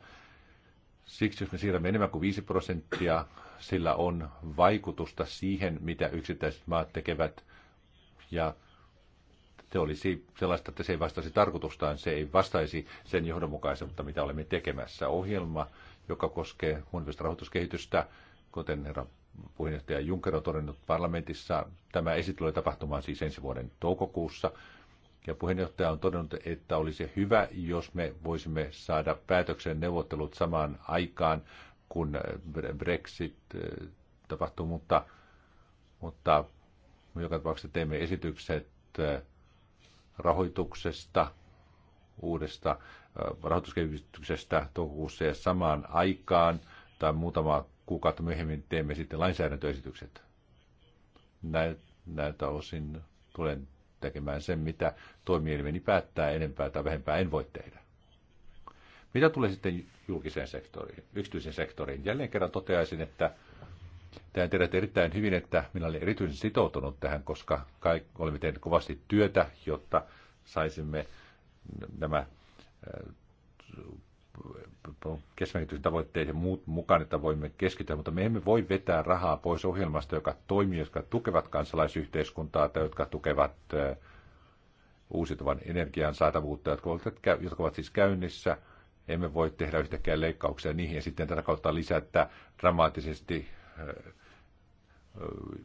Speaker 3: Siksi jos me siirrämme enemmän kuin 5 prosenttia, sillä on vaikutusta siihen, mitä yksittäiset maat tekevät. Ja se olisi sellaista, että se ei vastaisi tarkoitustaan, se ei vastaisi sen johdonmukaisuutta, mitä olemme tekemässä. Ohjelma, joka koskee huonoista rahoituskehitystä, kuten herra puheenjohtaja Juncker on todennut parlamentissa, tämä esittely tapahtumaan siis ensi vuoden toukokuussa. Ja puheenjohtaja on todennut, että olisi hyvä, jos me voisimme saada päätöksen neuvottelut samaan aikaan, kun eh, Brexit eh, tapahtuu, mutta, mutta joka tapauksessa teemme esitykset eh, rahoituksesta, uudesta rahoituskehityksestä toukokuussa ja samaan aikaan tai muutama kuukautta myöhemmin teemme sitten lainsäädäntöesitykset. Näiltä osin tulen tekemään sen, mitä toimielimeni päättää enempää tai vähempää en voi tehdä. Mitä tulee sitten julkiseen sektoriin, yksityisen sektoriin? Jälleen kerran toteaisin, että Tämä tiedät erittäin hyvin, että minä olen erityisen sitoutunut tähän, koska kaikki, olemme tehneet kovasti työtä, jotta saisimme nämä äh, kestävän tavoitteiden muut mukaan, että voimme keskittyä, mutta me emme voi vetää rahaa pois ohjelmasta, joka toimii, jotka tukevat kansalaisyhteiskuntaa tai jotka tukevat eh, uusiutuvan energian saatavuutta, jotka ovat, jotka ovat siis käynnissä. Emme voi tehdä yhtäkkiä leikkauksia niihin ja sitten tätä kautta lisätä dramaattisesti eh, eh,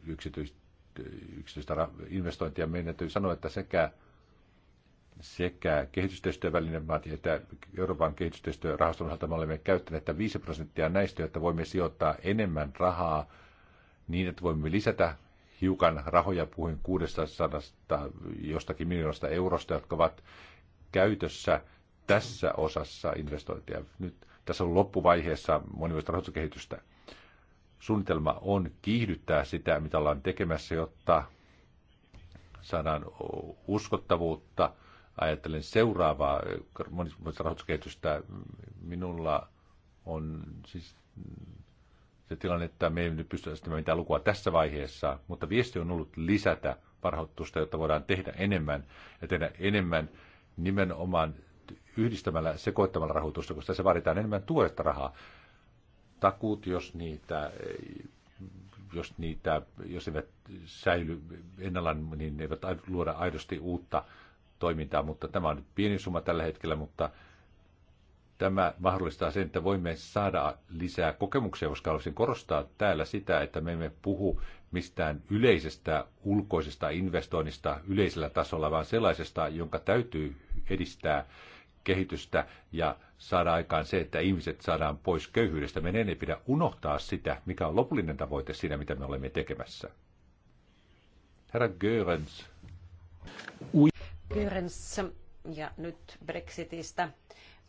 Speaker 3: yksityistä, yksityistä investointia. Meidän täytyy sanoa, että sekä sekä kehitystyöstövälinen että Euroopan kehitystyöstörahaston osalta me olemme käyttäneet että 5 prosenttia näistä, jotta voimme sijoittaa enemmän rahaa niin, että voimme lisätä hiukan rahoja, puhuin 600 jostakin miljoonasta eurosta, jotka ovat käytössä tässä osassa investointia. Nyt tässä on loppuvaiheessa monivuotista rahoituskehitystä. Suunnitelma on kiihdyttää sitä, mitä ollaan tekemässä, jotta saadaan uskottavuutta – ajattelen seuraavaa monimuotoista rahoituskehitystä, minulla on siis se tilanne, että me ei nyt pysty esittämään mitään lukua tässä vaiheessa, mutta viesti on ollut lisätä varhoitusta, jotta voidaan tehdä enemmän ja tehdä enemmän nimenomaan yhdistämällä, sekoittamalla rahoitusta, koska se vaaditaan enemmän tuoretta rahaa. Takuut, jos niitä, jos niitä, jos eivät säily ennallaan, niin ne eivät luoda aidosti uutta toimintaa, mutta tämä on nyt pieni summa tällä hetkellä, mutta tämä mahdollistaa sen, että voimme saada lisää kokemuksia, koska haluaisin korostaa täällä sitä, että me emme puhu mistään yleisestä ulkoisesta investoinnista yleisellä tasolla, vaan sellaisesta, jonka täytyy edistää kehitystä ja saada aikaan se, että ihmiset saadaan pois köyhyydestä. Meidän ei pidä unohtaa sitä, mikä on lopullinen tavoite siinä, mitä me olemme tekemässä. Herra Görens.
Speaker 4: Ui. Kyrens ja nyt Brexitistä.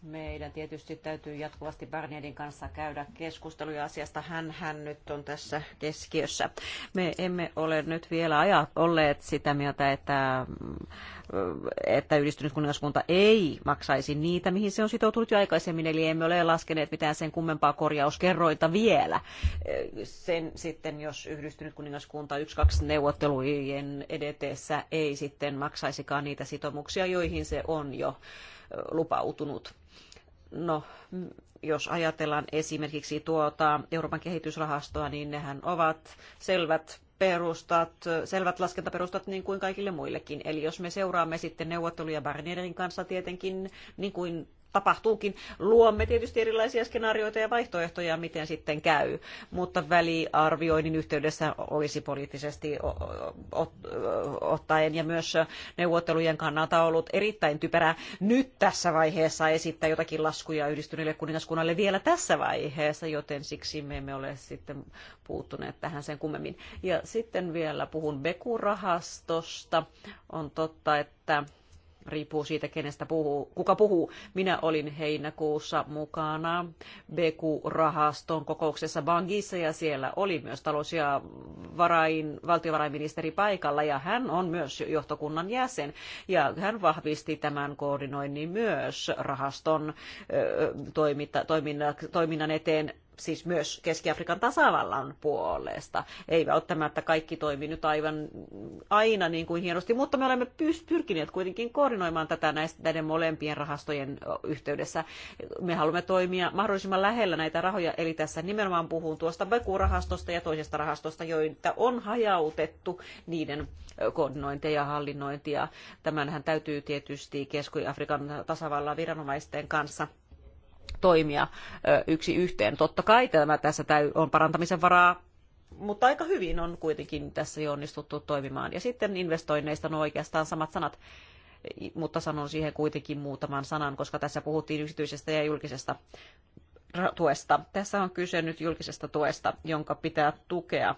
Speaker 4: Meidän tietysti täytyy jatkuvasti Barnierin kanssa käydä keskusteluja asiasta. Hän, hän nyt on tässä keskiössä. Me emme ole nyt vielä ajat olleet sitä mieltä, että, että yhdistynyt kuningaskunta ei maksaisi niitä, mihin se on sitoutunut jo aikaisemmin. Eli emme ole laskeneet mitään sen kummempaa korjauskerroita vielä. Sen sitten, jos yhdistynyt kuningaskunta 1-2 neuvottelujen edetessä ei sitten maksaisikaan niitä sitoumuksia, joihin se on jo lupautunut. No, jos ajatellaan esimerkiksi tuota Euroopan kehitysrahastoa, niin nehän ovat selvät perustat, selvät laskentaperustat niin kuin kaikille muillekin. Eli jos me seuraamme sitten neuvotteluja Barnierin kanssa tietenkin, niin kuin tapahtuukin. Luomme tietysti erilaisia skenaarioita ja vaihtoehtoja, miten sitten käy, mutta väliarvioinnin yhteydessä olisi poliittisesti ottaen ja myös neuvottelujen kannalta ollut erittäin typerää nyt tässä vaiheessa esittää jotakin laskuja yhdistyneille kuningaskunnalle vielä tässä vaiheessa, joten siksi me emme ole sitten puuttuneet tähän sen kummemmin. Ja sitten vielä puhun Beku-rahastosta. On totta, että riippuu siitä, kenestä puhuu, kuka puhuu. Minä olin heinäkuussa mukana BQ-rahaston kokouksessa Bangissa ja siellä oli myös talous- ja varain, valtiovarainministeri paikalla ja hän on myös johtokunnan jäsen ja hän vahvisti tämän koordinoinnin myös rahaston toiminnan eteen siis myös Keski-Afrikan tasavallan puolesta. Ei välttämättä kaikki toimi nyt aivan aina niin kuin hienosti, mutta me olemme pyrkineet kuitenkin koordinoimaan tätä näiden molempien rahastojen yhteydessä. Me haluamme toimia mahdollisimman lähellä näitä rahoja, eli tässä nimenomaan puhun tuosta Baku-rahastosta ja toisesta rahastosta, joita on hajautettu niiden koordinointia ja hallinnointia. Tämänhän täytyy tietysti Keski-Afrikan tasavallan viranomaisten kanssa toimia yksi yhteen. Totta kai tämä tässä on parantamisen varaa, mutta aika hyvin on kuitenkin tässä jo onnistuttu toimimaan. Ja sitten investoinneista, on no oikeastaan samat sanat, mutta sanon siihen kuitenkin muutaman sanan, koska tässä puhuttiin yksityisestä ja julkisesta tuesta. Tässä on kyse nyt julkisesta tuesta, jonka pitää tukea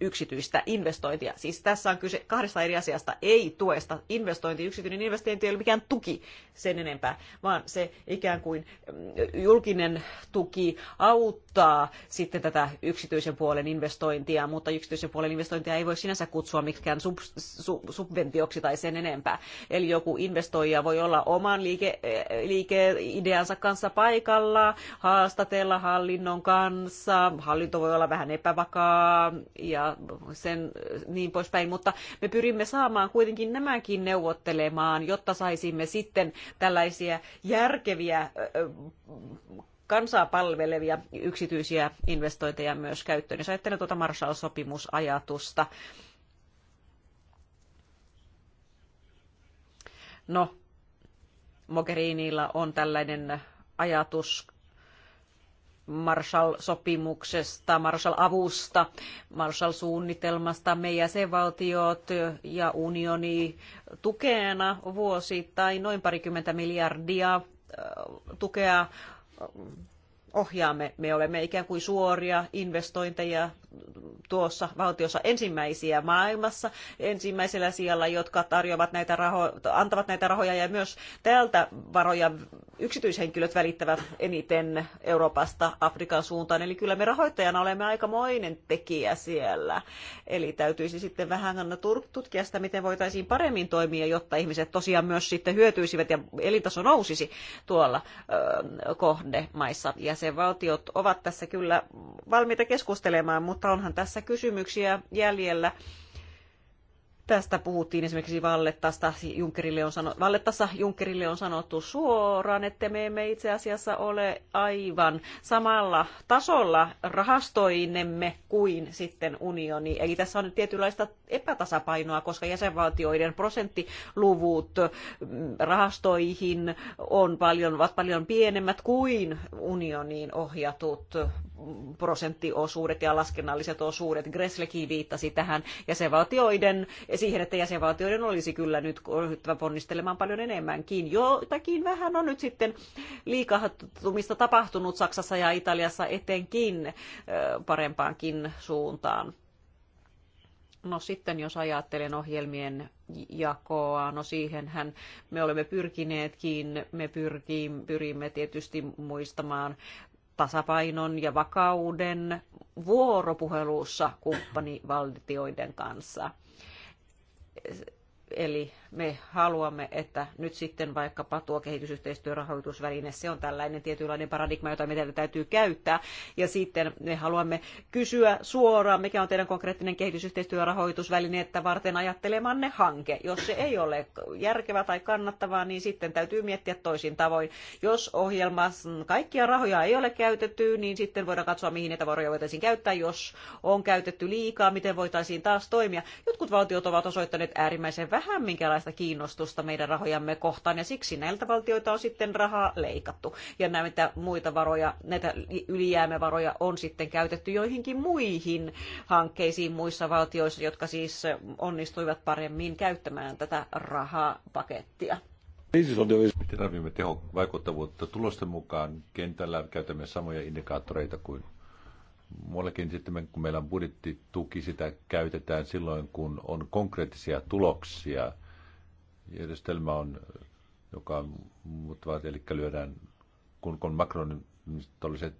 Speaker 4: yksityistä investointia. Siis tässä on kyse kahdesta eri asiasta, ei tuesta. Investointi, yksityinen investointi ei ole mikään tuki sen enempää, vaan se ikään kuin mm, julkinen tuki auttaa sitten tätä yksityisen puolen investointia, mutta yksityisen puolen investointia ei voi sinänsä kutsua mikään sub, sub, subventioksi tai sen enempää. Eli joku investoija voi olla oman liike, eh, liikeideansa kanssa paikalla, haastatella hallinnon kanssa, hallinto voi olla vähän epävakaa ja sen niin poispäin, mutta me pyrimme saamaan kuitenkin nämäkin neuvottelemaan, jotta saisimme sitten tällaisia järkeviä kansaa palvelevia yksityisiä investointeja myös käyttöön. Jos ajattelen tuota Marshall-sopimusajatusta, No, Mogherinilla on tällainen ajatus Marshall-sopimuksesta, Marshall-avusta, Marshall-suunnitelmasta. Me jäsenvaltiot ja unioni tukena vuosittain noin parikymmentä miljardia tukea ohjaamme. Me olemme ikään kuin suoria investointeja tuossa valtiossa ensimmäisiä maailmassa, ensimmäisellä sijalla, jotka tarjoavat näitä raho- antavat näitä rahoja ja myös täältä varoja yksityishenkilöt välittävät eniten Euroopasta Afrikan suuntaan. Eli kyllä me rahoittajana olemme aikamoinen tekijä siellä. Eli täytyisi sitten vähän anna tutkia sitä, miten voitaisiin paremmin toimia, jotta ihmiset tosiaan myös sitten hyötyisivät ja elintaso nousisi tuolla kohdemaissa. Jäsenvaltiot ovat tässä kyllä valmiita keskustelemaan, mutta mutta onhan tässä kysymyksiä jäljellä. Tästä puhuttiin esimerkiksi Vallettasta. Junckerille on sano, Vallettassa Junckerille on sanottu suoraan, että me emme itse asiassa ole aivan samalla tasolla rahastoinemme kuin sitten unioni. Eli tässä on nyt tietynlaista epätasapainoa, koska jäsenvaltioiden prosenttiluvut rahastoihin on paljon, ovat paljon pienemmät kuin unioniin ohjatut prosenttiosuudet ja laskennalliset osuudet. Gresleki viittasi tähän jäsenvaltioiden, siihen, että jäsenvaltioiden olisi kyllä nyt ryhtyvä ponnistelemaan paljon enemmänkin. Jotakin vähän on nyt sitten liikahtumista tapahtunut Saksassa ja Italiassa etenkin parempaankin suuntaan. No sitten jos ajattelen ohjelmien jakoa, no siihenhän me olemme pyrkineetkin, me pyrkiin, pyrimme tietysti muistamaan tasapainon ja vakauden vuoropuhelussa kumppanivaltioiden kanssa. Eli me haluamme, että nyt sitten vaikkapa tuo kehitysyhteistyörahoitusväline, se on tällainen tietynlainen paradigma, jota meidän täytyy käyttää. Ja sitten me haluamme kysyä suoraan, mikä on teidän konkreettinen kehitysyhteistyörahoitusväline, että varten ajattelemanne hanke. Jos se ei ole järkevä tai kannattavaa, niin sitten täytyy miettiä toisin tavoin. Jos ohjelmassa kaikkia rahoja ei ole käytetty, niin sitten voidaan katsoa, mihin niitä varoja voitaisiin käyttää. Jos on käytetty liikaa, miten voitaisiin taas toimia. Jotkut valtiot ovat osoittaneet äärimmäisen vähän, minkälaisia minkäänlaista kiinnostusta meidän rahojamme kohtaan ja siksi näiltä valtioita on sitten rahaa leikattu. Ja näitä muita varoja, näitä ylijäämävaroja on sitten käytetty joihinkin muihin hankkeisiin muissa valtioissa, jotka siis onnistuivat paremmin käyttämään tätä rahapakettia.
Speaker 3: Miten arvioimme teho vaikuttavuutta tulosten mukaan kentällä käytämme samoja indikaattoreita kuin muillakin sitten, kun meillä on budjettituki, sitä käytetään silloin, kun on konkreettisia tuloksia – järjestelmä on, joka on muuttuva, eli lyödään, kun, kun Macronin niin tolliset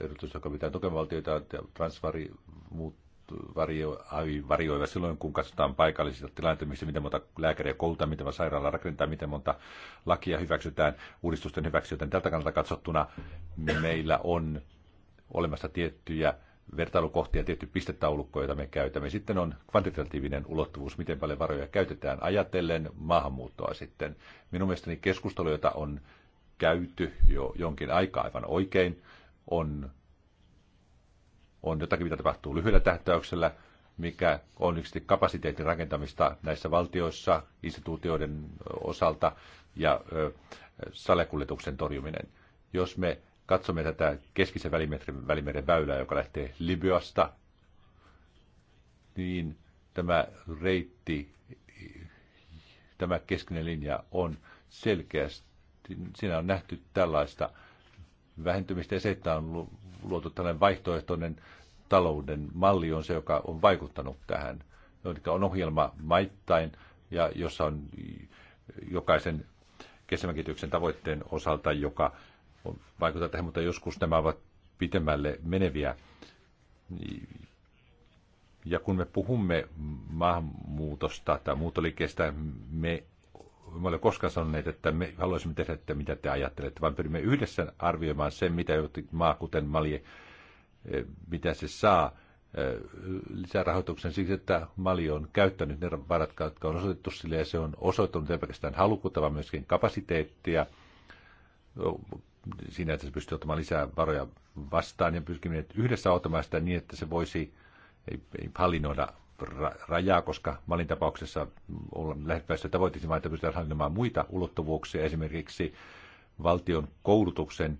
Speaker 3: ehdotus, joka pitää valtioita, ja transvari muut varioi silloin, kun katsotaan paikallisista tilanteista, miten monta lääkäriä koulutaan, miten monta sairaalaa rakennetaan, miten monta lakia hyväksytään, uudistusten hyväksytään tältä kannalta katsottuna meillä on olemassa tiettyjä vertailukohtia, tietty pistetaulukko, jota me käytämme. Sitten on kvantitatiivinen ulottuvuus, miten paljon varoja käytetään ajatellen maahanmuuttoa sitten. Minun mielestäni keskustelu, jota on käyty jo jonkin aikaa aivan oikein, on, on jotakin, mitä tapahtuu lyhyellä tähtäyksellä, mikä on yksi kapasiteetin rakentamista näissä valtioissa, instituutioiden osalta ja ö, salekuljetuksen torjuminen. Jos me katsomme tätä keskisen välimeren, välimeren väylää, joka lähtee Libyasta, niin tämä reitti, tämä keskinen linja on selkeästi, siinä on nähty tällaista vähentymistä ja se, että on luotu tällainen vaihtoehtoinen talouden malli on se, joka on vaikuttanut tähän. Eli on ohjelma maittain, ja jossa on jokaisen kesämäkityksen tavoitteen osalta, joka vaikuttaa tähän, mutta joskus nämä ovat pitemmälle meneviä. Ja kun me puhumme maahanmuutosta tai muuttoliikkeestä, me emme ole koskaan sanoneet, että me haluaisimme tehdä, että mitä te ajattelette, vaan pyrimme yhdessä arvioimaan sen, mitä maa, kuten Mali, eh, mitä se saa eh, lisärahoituksen siksi, että Mali on käyttänyt ne varat, jotka on osoitettu sille, ja se on osoittanut ei pelkästään halukkuutta, vaan myöskin kapasiteettia siinä, että se pystyy ottamaan lisää varoja vastaan ja pyrkiminen yhdessä ottamaan sitä niin, että se voisi ei, ei hallinnoida rajaa, koska Malin tapauksessa ollaan lähdetty tavoitteisiin, vaan että pystytään hallinnoimaan muita ulottuvuuksia, esimerkiksi valtion koulutuksen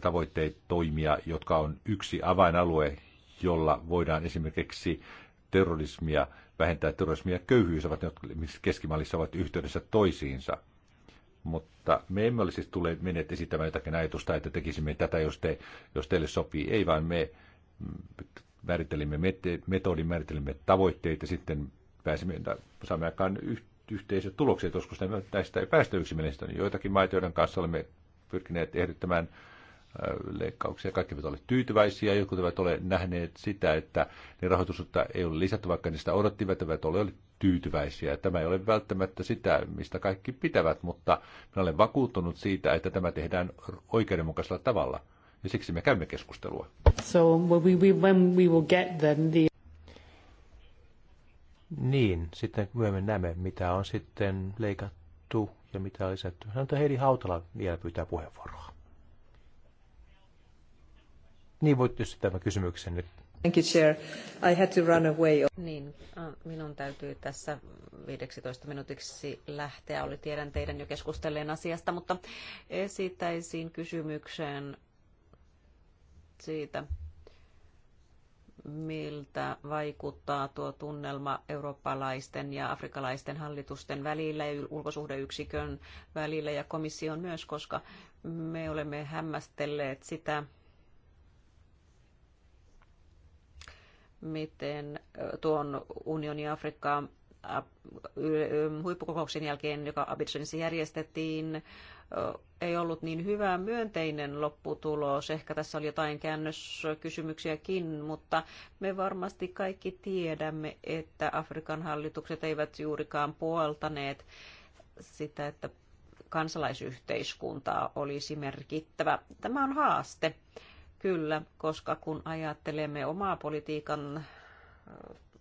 Speaker 3: tavoitteet toimia, jotka on yksi avainalue, jolla voidaan esimerkiksi terrorismia vähentää terrorismia ja köyhyys ovat ne, keskimallissa ovat yhteydessä toisiinsa mutta me emme ole siis tule menet esittämään jotakin ajatusta, että tekisimme tätä, jos, te, jos teille sopii. Ei vaan me määrittelimme metodin, määrittelimme tavoitteita, sitten pääsimme, saamme aikaan yhteiset tulokset. koska näistä ei päästä yksimielisesti. Niin joitakin maita, joiden kanssa olemme pyrkineet ehdyttämään äh, leikkauksia. Kaikki eivät ole tyytyväisiä, jotkut eivät ole nähneet sitä, että ne rahoitusutta ei ole lisätty, vaikka niistä odottivat, eivät ole tyytyväisiä. Tämä ei ole välttämättä sitä, mistä kaikki pitävät, mutta minä olen vakuuttunut siitä, että tämä tehdään
Speaker 2: oikeudenmukaisella tavalla. Ja siksi me käymme keskustelua.
Speaker 1: So when we, when we will get them, the...
Speaker 2: Niin, sitten myöhemmin näemme, mitä on sitten leikattu ja mitä on lisätty. Sanotaan Heidi Hautala vielä pyytää puheenvuoroa. Niin voit tietysti tämän kysymyksen nyt
Speaker 4: Thank you, Chair. I had to run away. Niin, minun täytyy tässä 15 minuutiksi lähteä. Oli tiedän teidän jo keskustelleen asiasta, mutta esittäisin kysymyksen siitä, miltä vaikuttaa tuo tunnelma eurooppalaisten ja afrikalaisten hallitusten välillä ja ulkosuhdeyksikön välillä ja komission myös, koska me olemme hämmästelleet sitä, miten tuon unioni Afrikkaan huippukokouksen jälkeen, joka Abidjanissa järjestettiin, ei ollut niin hyvä myönteinen lopputulos. Ehkä tässä oli jotain käännöskysymyksiäkin, mutta me varmasti kaikki tiedämme, että Afrikan hallitukset eivät juurikaan puoltaneet sitä, että kansalaisyhteiskuntaa olisi merkittävä. Tämä on haaste kyllä, koska kun ajattelemme omaa politiikan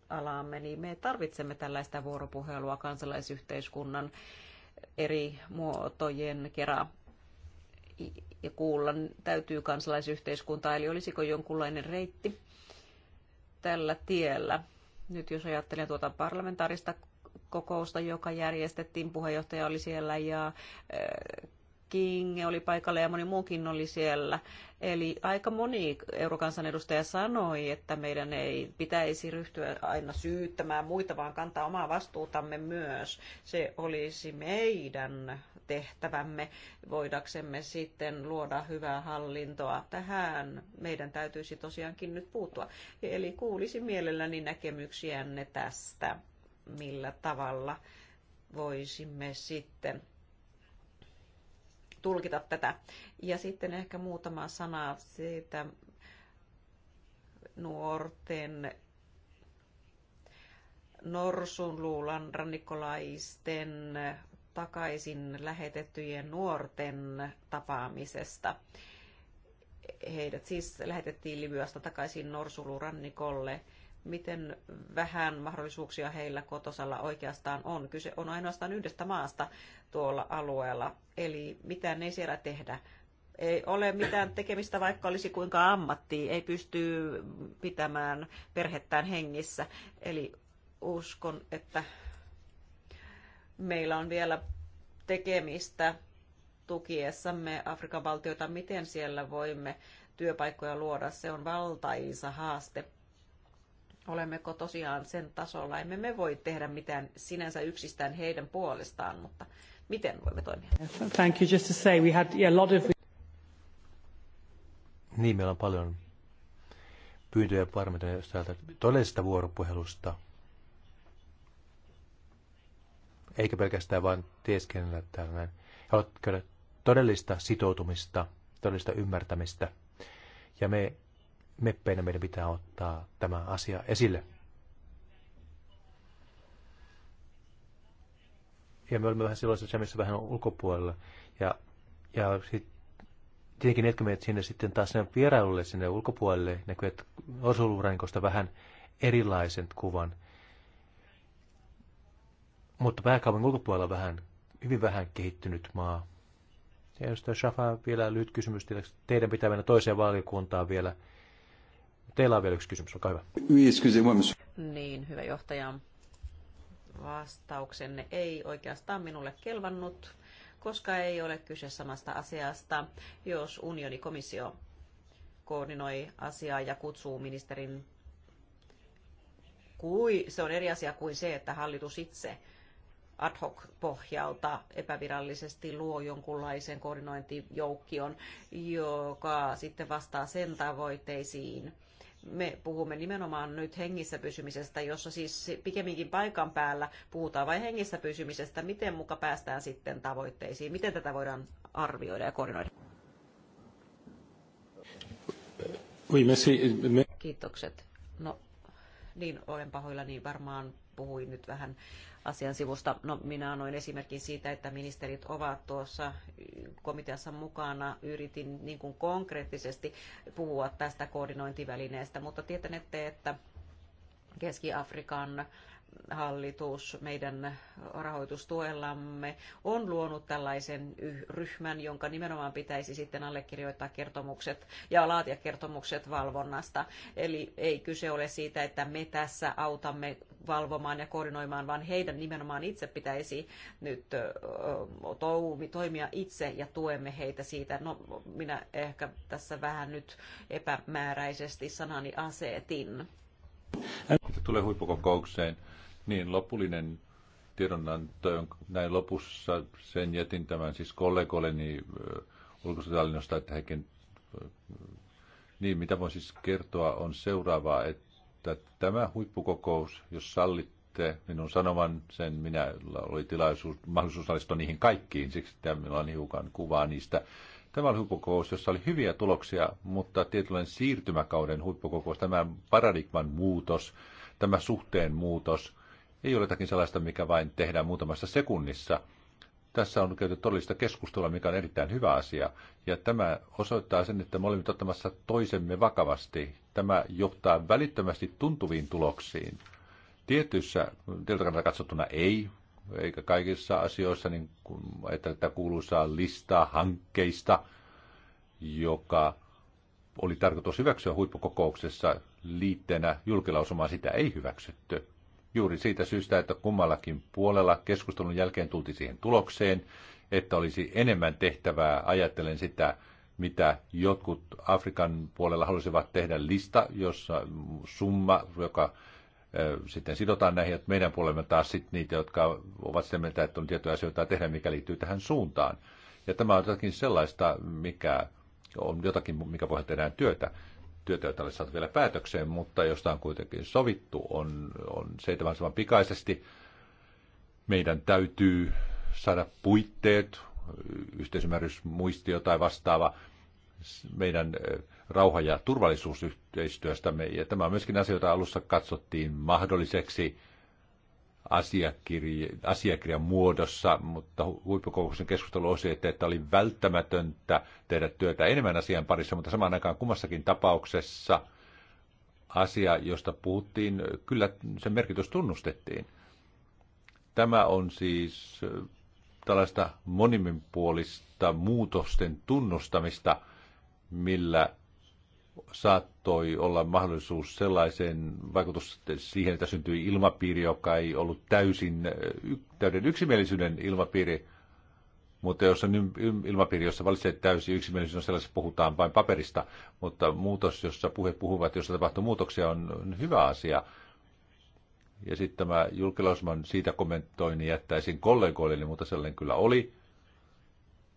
Speaker 4: alaamme, niin me tarvitsemme tällaista vuoropuhelua kansalaisyhteiskunnan eri muotojen kera ja kuulla täytyy kansalaisyhteiskuntaa, eli olisiko jonkunlainen reitti tällä tiellä. Nyt jos ajattelen tuota parlamentaarista kokousta, joka järjestettiin, puheenjohtaja oli siellä ja King oli paikalla ja moni muukin oli siellä. Eli aika moni eurokansanedustaja sanoi, että meidän ei pitäisi ryhtyä aina syyttämään muita, vaan kantaa omaa vastuutamme myös. Se olisi meidän tehtävämme, voidaksemme sitten luoda hyvää hallintoa. Tähän meidän täytyisi tosiaankin nyt puuttua. Eli kuulisin mielelläni näkemyksiänne tästä, millä tavalla voisimme sitten tulkita tätä. Ja sitten ehkä muutama sana siitä nuorten norsunluulan rannikkolaisten takaisin lähetettyjen nuorten tapaamisesta. Heidät siis lähetettiin Libyasta takaisin norsulurannikolle rannikolle miten vähän mahdollisuuksia heillä kotosalla oikeastaan on. Kyse on ainoastaan yhdestä maasta tuolla alueella, eli mitään ei siellä tehdä. Ei ole mitään tekemistä, vaikka olisi kuinka ammatti, ei pysty pitämään perhettään hengissä. Eli uskon, että meillä on vielä tekemistä tukiessamme Afrikan valtioita, miten siellä voimme työpaikkoja luoda. Se on valtaisa haaste olemmeko tosiaan sen tasolla. Emme me voi tehdä mitään sinänsä yksistään heidän puolestaan, mutta miten voimme toimia? Thank
Speaker 1: you. Just to say, we had a lot of...
Speaker 2: Niin, meillä on paljon pyyntöjä parlamentin täältä todellisesta vuoropuhelusta, eikä pelkästään vain tieskennellä tällainen. Haluat käydä todellista sitoutumista, todellista ymmärtämistä. Ja me meppeinä meidän pitää ottaa tämä asia esille. Ja me olemme vähän silloin missä vähän ulkopuolella. Ja, ja sitten tietenkin ne, jotka menet sinne sitten taas sinne vierailulle sinne ulkopuolelle, että osuulurankosta vähän erilaisen kuvan. Mutta pääkaupungin ulkopuolella vähän, hyvin vähän kehittynyt maa. Ja jos Shafa, vielä lyhyt kysymys. Teidän pitää mennä toiseen valiokuntaan vielä Teillä on vielä yksi kysymys, olkaa hyvä.
Speaker 4: Niin, hyvä johtaja. Vastauksenne ei oikeastaan minulle kelvannut, koska ei ole kyse samasta asiasta. Jos unionikomissio koordinoi asiaa ja kutsuu ministerin, kui, se on eri asia kuin se, että hallitus itse ad hoc pohjalta epävirallisesti luo jonkunlaisen koordinointijoukkion, joka sitten vastaa sen tavoitteisiin me puhumme nimenomaan nyt hengissä pysymisestä, jossa siis pikemminkin paikan päällä puhutaan vai hengissä pysymisestä, miten muka päästään sitten tavoitteisiin, miten tätä voidaan arvioida ja koordinoida. Kiitokset. No, niin, olen pahoillani varmaan puhuin nyt vähän asian sivusta. No, minä annoin esimerkin siitä, että ministerit ovat tuossa komiteassa mukana. Yritin niin kuin konkreettisesti puhua tästä koordinointivälineestä, mutta tietänette, että Keski-Afrikan hallitus meidän rahoitustuellamme on luonut tällaisen ryhmän, jonka nimenomaan pitäisi sitten allekirjoittaa kertomukset ja laatia kertomukset valvonnasta. Eli ei kyse ole siitä, että me tässä autamme valvomaan ja koordinoimaan, vaan heidän nimenomaan itse pitäisi nyt toimia itse ja tuemme heitä siitä. No, minä ehkä tässä vähän nyt epämääräisesti sanani asetin.
Speaker 3: Tulee huippukokoukseen niin, lopullinen tiedonanto, näin lopussa sen jätin tämän siis kollegoilleni ulkosuhdehallinnosta, että hekin, niin mitä voin siis kertoa on seuraavaa, että tämä huippukokous, jos sallitte minun sanovan sen, minä oli tilaisuus, mahdollisuus osallistua niihin kaikkiin, siksi minulla on hiukan kuvaa niistä. Tämä oli huippukokous, jossa oli hyviä tuloksia, mutta tietynlainen siirtymäkauden huippukokous, tämä paradigman muutos, tämä suhteen muutos – ei ole jotakin sellaista, mikä vain tehdään muutamassa sekunnissa. Tässä on käyty todellista keskustelua, mikä on erittäin hyvä asia. Ja tämä osoittaa sen, että me olemme ottamassa toisemme vakavasti. Tämä johtaa välittömästi tuntuviin tuloksiin. Tietyissä, tietokannalla katsottuna ei, eikä kaikissa asioissa, niin kun että tätä kuuluisaa listaa hankkeista, joka oli tarkoitus hyväksyä huippukokouksessa liitteenä julkilausumaan, sitä ei hyväksytty juuri siitä syystä, että kummallakin puolella keskustelun jälkeen tulti siihen tulokseen, että olisi enemmän tehtävää ajatellen sitä, mitä jotkut Afrikan puolella halusivat tehdä lista, jossa summa, joka sitten sidotaan näihin, että meidän puolemme taas sitten niitä, jotka ovat sitä mieltä, että on tiettyjä asioita tehdä, mikä liittyy tähän suuntaan. Ja tämä on jotakin sellaista, mikä on jotakin, mikä voi tehdä työtä työtä, jota saatu vielä päätökseen, mutta josta on kuitenkin sovittu, on, on se, että mahdollisimman pikaisesti meidän täytyy saada puitteet, yhteisymmärrysmuistio tai vastaava meidän rauha- ja turvallisuusyhteistyöstämme. Ja tämä on myöskin asia, jota alussa katsottiin mahdolliseksi asiakirja, asiakirjan muodossa, mutta huippukokouksen keskustelu osoitti, että oli välttämätöntä tehdä työtä enemmän asian parissa, mutta samaan aikaan kummassakin tapauksessa asia, josta puhuttiin, kyllä sen merkitys tunnustettiin. Tämä on siis tällaista monimipuolista muutosten tunnustamista, millä saattoi olla mahdollisuus sellaiseen vaikutus siihen, että syntyi ilmapiiri, joka ei ollut täysin täyden yksimielisyyden ilmapiiri, mutta jos on ilmapiiri, jossa valitsee täysin yksimielisyys, on sellaisessa puhutaan vain paperista, mutta muutos, jossa puhe puhuvat, jossa tapahtuu muutoksia, on hyvä asia. Ja sitten tämä julkilausman siitä kommentoin niin jättäisin kollegoille, mutta sellainen kyllä oli.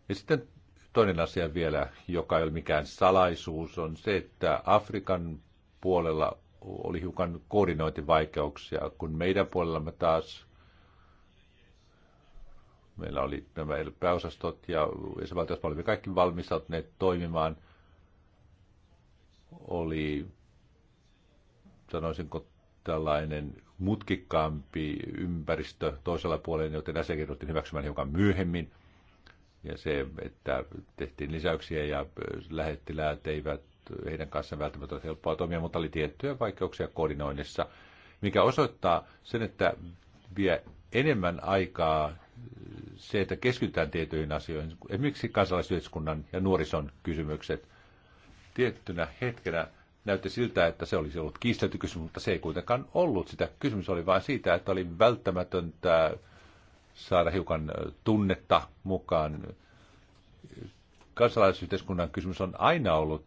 Speaker 3: Ja sitten Toinen asia vielä, joka ei ole mikään salaisuus, on se, että Afrikan puolella oli hiukan koordinointivaikeuksia, kun meidän puolellamme taas meillä oli nämä pääosastot ja esimerkiksi olimme kaikki valmistautuneet toimimaan. Oli, sanoisinko, tällainen mutkikkaampi ympäristö toisella puolella, joten asiakirjoitin hyväksymään hiukan myöhemmin ja se, että tehtiin lisäyksiä ja lähettiläät eivät heidän kanssaan välttämättä ole helppoa toimia, mutta oli tiettyjä vaikeuksia koordinoinnissa, mikä osoittaa sen, että vie enemmän aikaa se, että keskitytään tiettyihin asioihin, esimerkiksi kansalaisyhteiskunnan ja nuorison kysymykset. Tiettynä hetkenä näytti siltä, että se olisi ollut kiistelty kysymys, mutta se ei kuitenkaan ollut sitä. Kysymys oli vain siitä, että oli välttämätöntä saada hiukan tunnetta mukaan. Kansalaisyhteiskunnan kysymys on aina ollut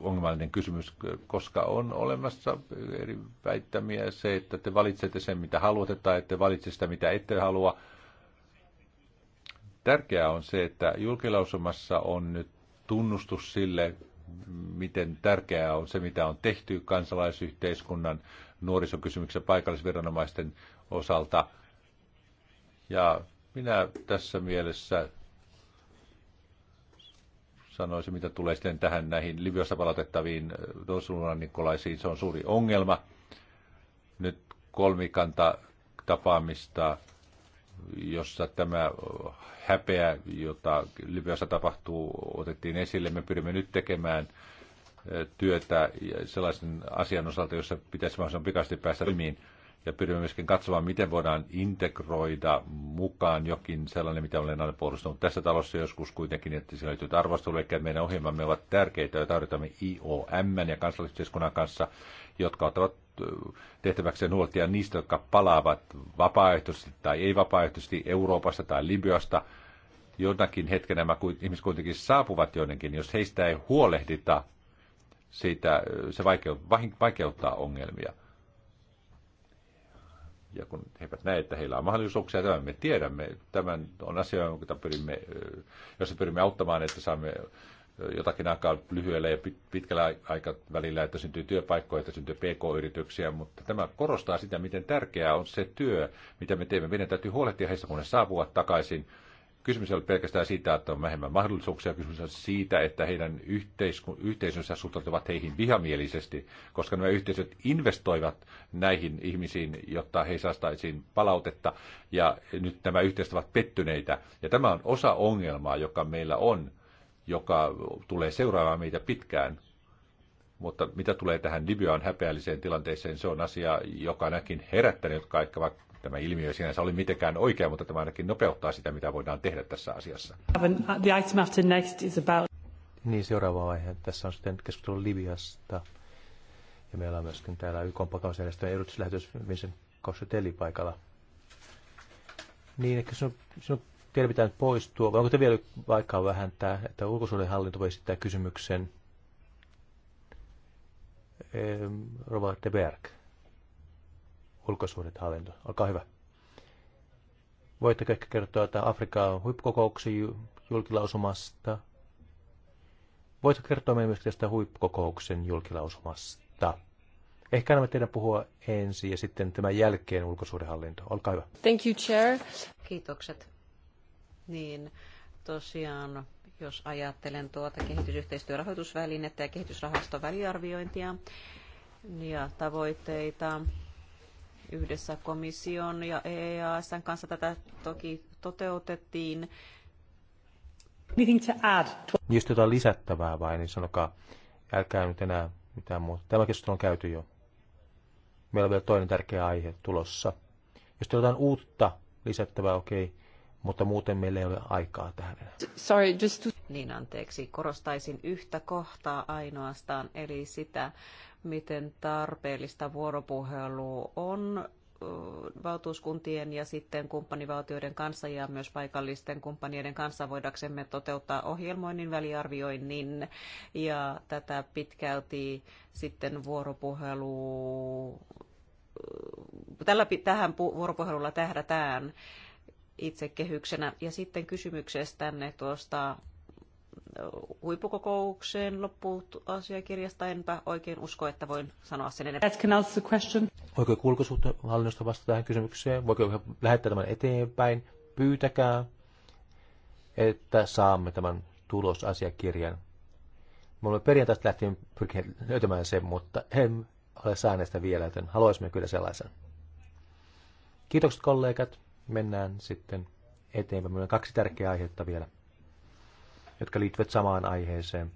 Speaker 3: ongelmallinen kysymys, koska on olemassa eri väittämiä se, että te valitsette sen, mitä haluatte, tai te valitsette sitä, mitä ette halua. Tärkeää on se, että julkilausumassa on nyt tunnustus sille, miten tärkeää on se, mitä on tehty kansalaisyhteiskunnan nuorisokysymyksen paikallisviranomaisten osalta – ja minä tässä mielessä sanoisin, mitä tulee sitten tähän näihin Libyassa palautettaviin äh, dosunanikolaisiin, se on suuri ongelma. Nyt kolmikanta tapaamista, jossa tämä häpeä, jota Libyassa tapahtuu, otettiin esille. Me pyrimme nyt tekemään äh, työtä sellaisen asian osalta, jossa pitäisi mahdollisimman pikaisesti päästä toimiin ja pyrimme myöskin katsomaan, miten voidaan integroida mukaan jokin sellainen, mitä olen aina puolustanut tässä talossa joskus kuitenkin, että se löytyy arvostelu, eli meidän ohjelmamme ovat tärkeitä joita tarjotamme IOM ja kansallisyhteiskunnan kanssa, jotka ottavat tehtäväkseen huoltia niistä, jotka palaavat vapaaehtoisesti tai ei-vapaaehtoisesti Euroopasta tai Libyasta. Jotakin hetken nämä ihmiset kuitenkin saapuvat jonnekin. Jos heistä ei huolehdita, siitä se vaikeuttaa ongelmia. Ja kun he eivät näe, että heillä on mahdollisuuksia, tämän me tiedämme. Tämän on asia, jota pyrimme, jossa pyrimme auttamaan, että saamme jotakin aikaa lyhyellä ja pitkällä aikavälillä, että syntyy työpaikkoja, että syntyy PK-yrityksiä, mutta tämä korostaa sitä, miten tärkeää on se työ, mitä me teemme. Meidän täytyy huolehtia heistä, kun he saapuvat takaisin Kysymys ei ole pelkästään siitä, että on vähemmän mahdollisuuksia, kysymys on siitä, että heidän yhteisku- yhteisönsä suhtautuvat heihin vihamielisesti, koska nämä yhteisöt investoivat näihin ihmisiin, jotta he saastaisiin palautetta, ja nyt nämä yhteisöt ovat pettyneitä. Ja tämä on osa ongelmaa, joka meillä on, joka tulee seuraamaan meitä pitkään. Mutta mitä tulee tähän Libyan häpeälliseen tilanteeseen, se on asia, joka näkin herättänyt kaikki, tämä ilmiö sinänsä oli mitenkään oikea, mutta tämä ainakin nopeuttaa sitä, mitä voidaan tehdä tässä asiassa.
Speaker 2: Niin, seuraava vaihe. Tässä on sitten keskustelu Libiasta. Ja meillä on myöskin täällä YK pakolaisjärjestön edustuslähetys Vincent Kosseteli paikalla. Niin, ehkä sinun, sinun teillä pitää nyt poistua. Vai onko te vielä vaikka vähän tämä, että ulkosuudenhallinto voi esittää kysymyksen? Robert de Berg ulkosuudet hallinto. Olkaa hyvä. Voitteko ehkä kertoa että Afrikan huippukokouksen julkilausumasta? Voitko kertoa meille myös tästä huippukokouksen julkilausumasta? Ehkä annamme teidän puhua ensin ja sitten tämän jälkeen ulkosuudenhallinto. Olkaa hyvä.
Speaker 4: Thank you, Chair. Kiitokset. Niin, tosiaan, jos ajattelen tuota kehitysyhteistyörahoitusvälinettä ja kehitysrahaston väliarviointia ja tavoitteita, Yhdessä komission ja EASn kanssa tätä toki toteutettiin.
Speaker 1: Jos
Speaker 2: to jotain lisättävää vai, niin sanokaa, älkää nyt enää mitään muuta. Tämä keskustelu on käyty jo. Meillä on vielä toinen tärkeä aihe tulossa. Jos teillä on uutta lisättävää, okei, okay, mutta muuten meillä ei ole aikaa tähän enää.
Speaker 4: Sorry, just to... Niin anteeksi, korostaisin yhtä kohtaa ainoastaan, eli sitä, miten tarpeellista vuoropuhelu on valtuuskuntien ja sitten kumppanivaltioiden kanssa ja myös paikallisten kumppanien kanssa voidaksemme toteuttaa ohjelmoinnin väliarvioinnin ja tätä pitkälti sitten vuoropuhelu tällä, tähän vuoropuhelulla tähdätään itse kehyksenä. Ja sitten kysymyksestänne tuosta huippukokoukseen asiakirjasta. Enpä oikein usko, että voin sanoa sen enempää.
Speaker 2: Voiko kulkosuhdehallinnosta vastata tähän kysymykseen? Voiko lähettää tämän eteenpäin? Pyytäkää, että saamme tämän tulosasiakirjan. Me olemme perjantaista lähtien pyrkineet löytämään sen, mutta en ole saaneet sitä vielä, joten haluaisimme kyllä sellaisen. Kiitokset kollegat. Mennään sitten eteenpäin. Meillä on kaksi tärkeää aihetta vielä jotka liittyvät samaan aiheeseen.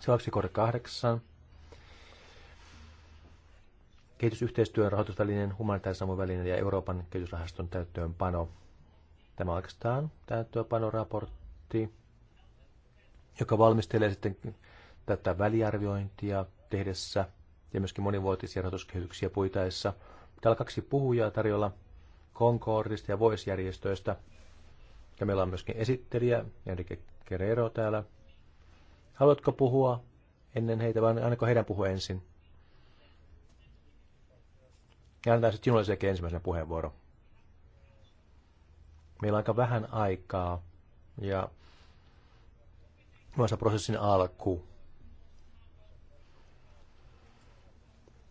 Speaker 2: Seuraavaksi kohde kahdeksan. Kehitysyhteistyön rahoitusvälineen, humanitaarisen välinen ja Euroopan kehitysrahaston täyttöönpano. Tämä on oikeastaan täyttöönpanoraportti, joka valmistelee sitten tätä väliarviointia tehdessä ja myöskin monivuotisia rahoituskehityksiä puitaissa. Täällä on kaksi puhujaa tarjolla Concordista ja Voice-järjestöistä. Ja meillä on myöskin esittelijä Enrique Kerero täällä. Haluatko puhua ennen heitä, vai annako heidän puhua ensin? Ja annetaan sitten sinulle sekin ensimmäisenä puheenvuoro. Meillä on aika vähän aikaa ja muassa prosessin alku.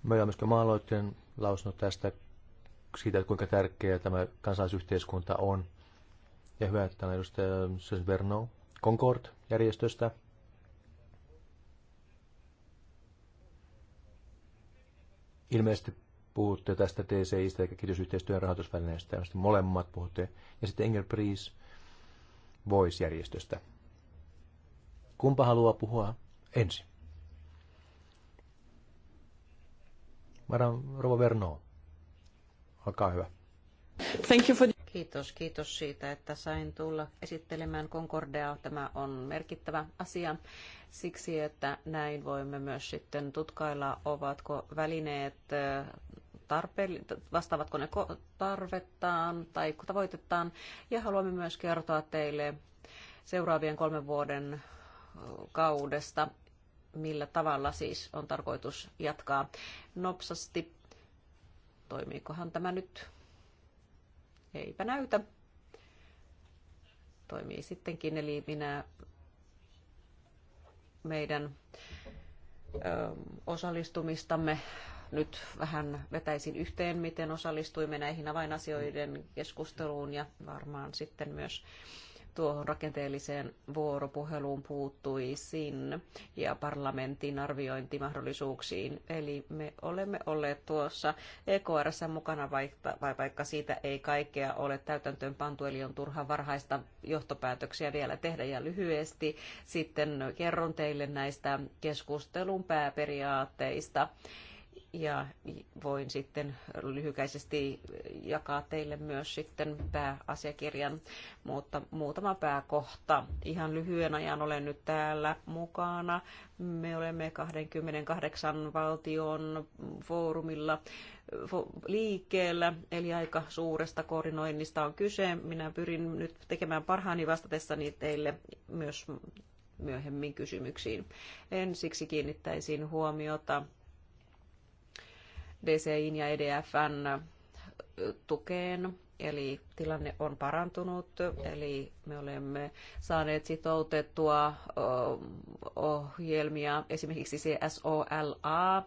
Speaker 2: Meillä on myöskin maaloitteen lausunut tästä siitä, kuinka tärkeä tämä kansalaisyhteiskunta on. Ja hyvä, että täällä edustaja Verno Concord-järjestöstä. Ilmeisesti puhutte tästä TCIstä, eli kehitysyhteistyön rahoitusvälineestä, josta molemmat puhutte, ja sitten Engel Priis Voice-järjestöstä. Kumpa haluaa puhua ensin? Madame Rova Verno, olkaa hyvä.
Speaker 4: Thank you for Kiitos, kiitos siitä, että sain tulla esittelemään Concordia. Tämä on merkittävä asia siksi, että näin voimme myös sitten tutkailla, ovatko välineet tarpeelli- vastaavatko ne tarvettaan tai tavoitettaan. Ja haluamme myös kertoa teille seuraavien kolmen vuoden kaudesta, millä tavalla siis on tarkoitus jatkaa nopsasti. Toimiikohan tämä nyt eipä näytä. Toimii sittenkin, eli minä meidän ö, ähm, osallistumistamme nyt vähän vetäisin yhteen, miten osallistuimme näihin avainasioiden keskusteluun ja varmaan sitten myös tuohon rakenteelliseen vuoropuheluun puuttuisin ja parlamentin arviointimahdollisuuksiin. Eli me olemme olleet tuossa EKRssä mukana, vaikka, vai vaikka siitä ei kaikkea ole täytäntöön pantu, eli on turha varhaista johtopäätöksiä vielä tehdä. Ja lyhyesti sitten kerron teille näistä keskustelun pääperiaatteista ja voin sitten lyhykäisesti jakaa teille myös sitten pääasiakirjan, mutta muutama pääkohta. Ihan lyhyen ajan olen nyt täällä mukana. Me olemme 28 valtion foorumilla liikkeellä, eli aika suuresta koordinoinnista on kyse. Minä pyrin nyt tekemään parhaani vastatessani teille myös myöhemmin kysymyksiin. Ensiksi kiinnittäisin huomiota DCI ja EDFn tukeen. Eli tilanne on parantunut, eli me olemme saaneet sitoutettua ohjelmia, esimerkiksi SOLA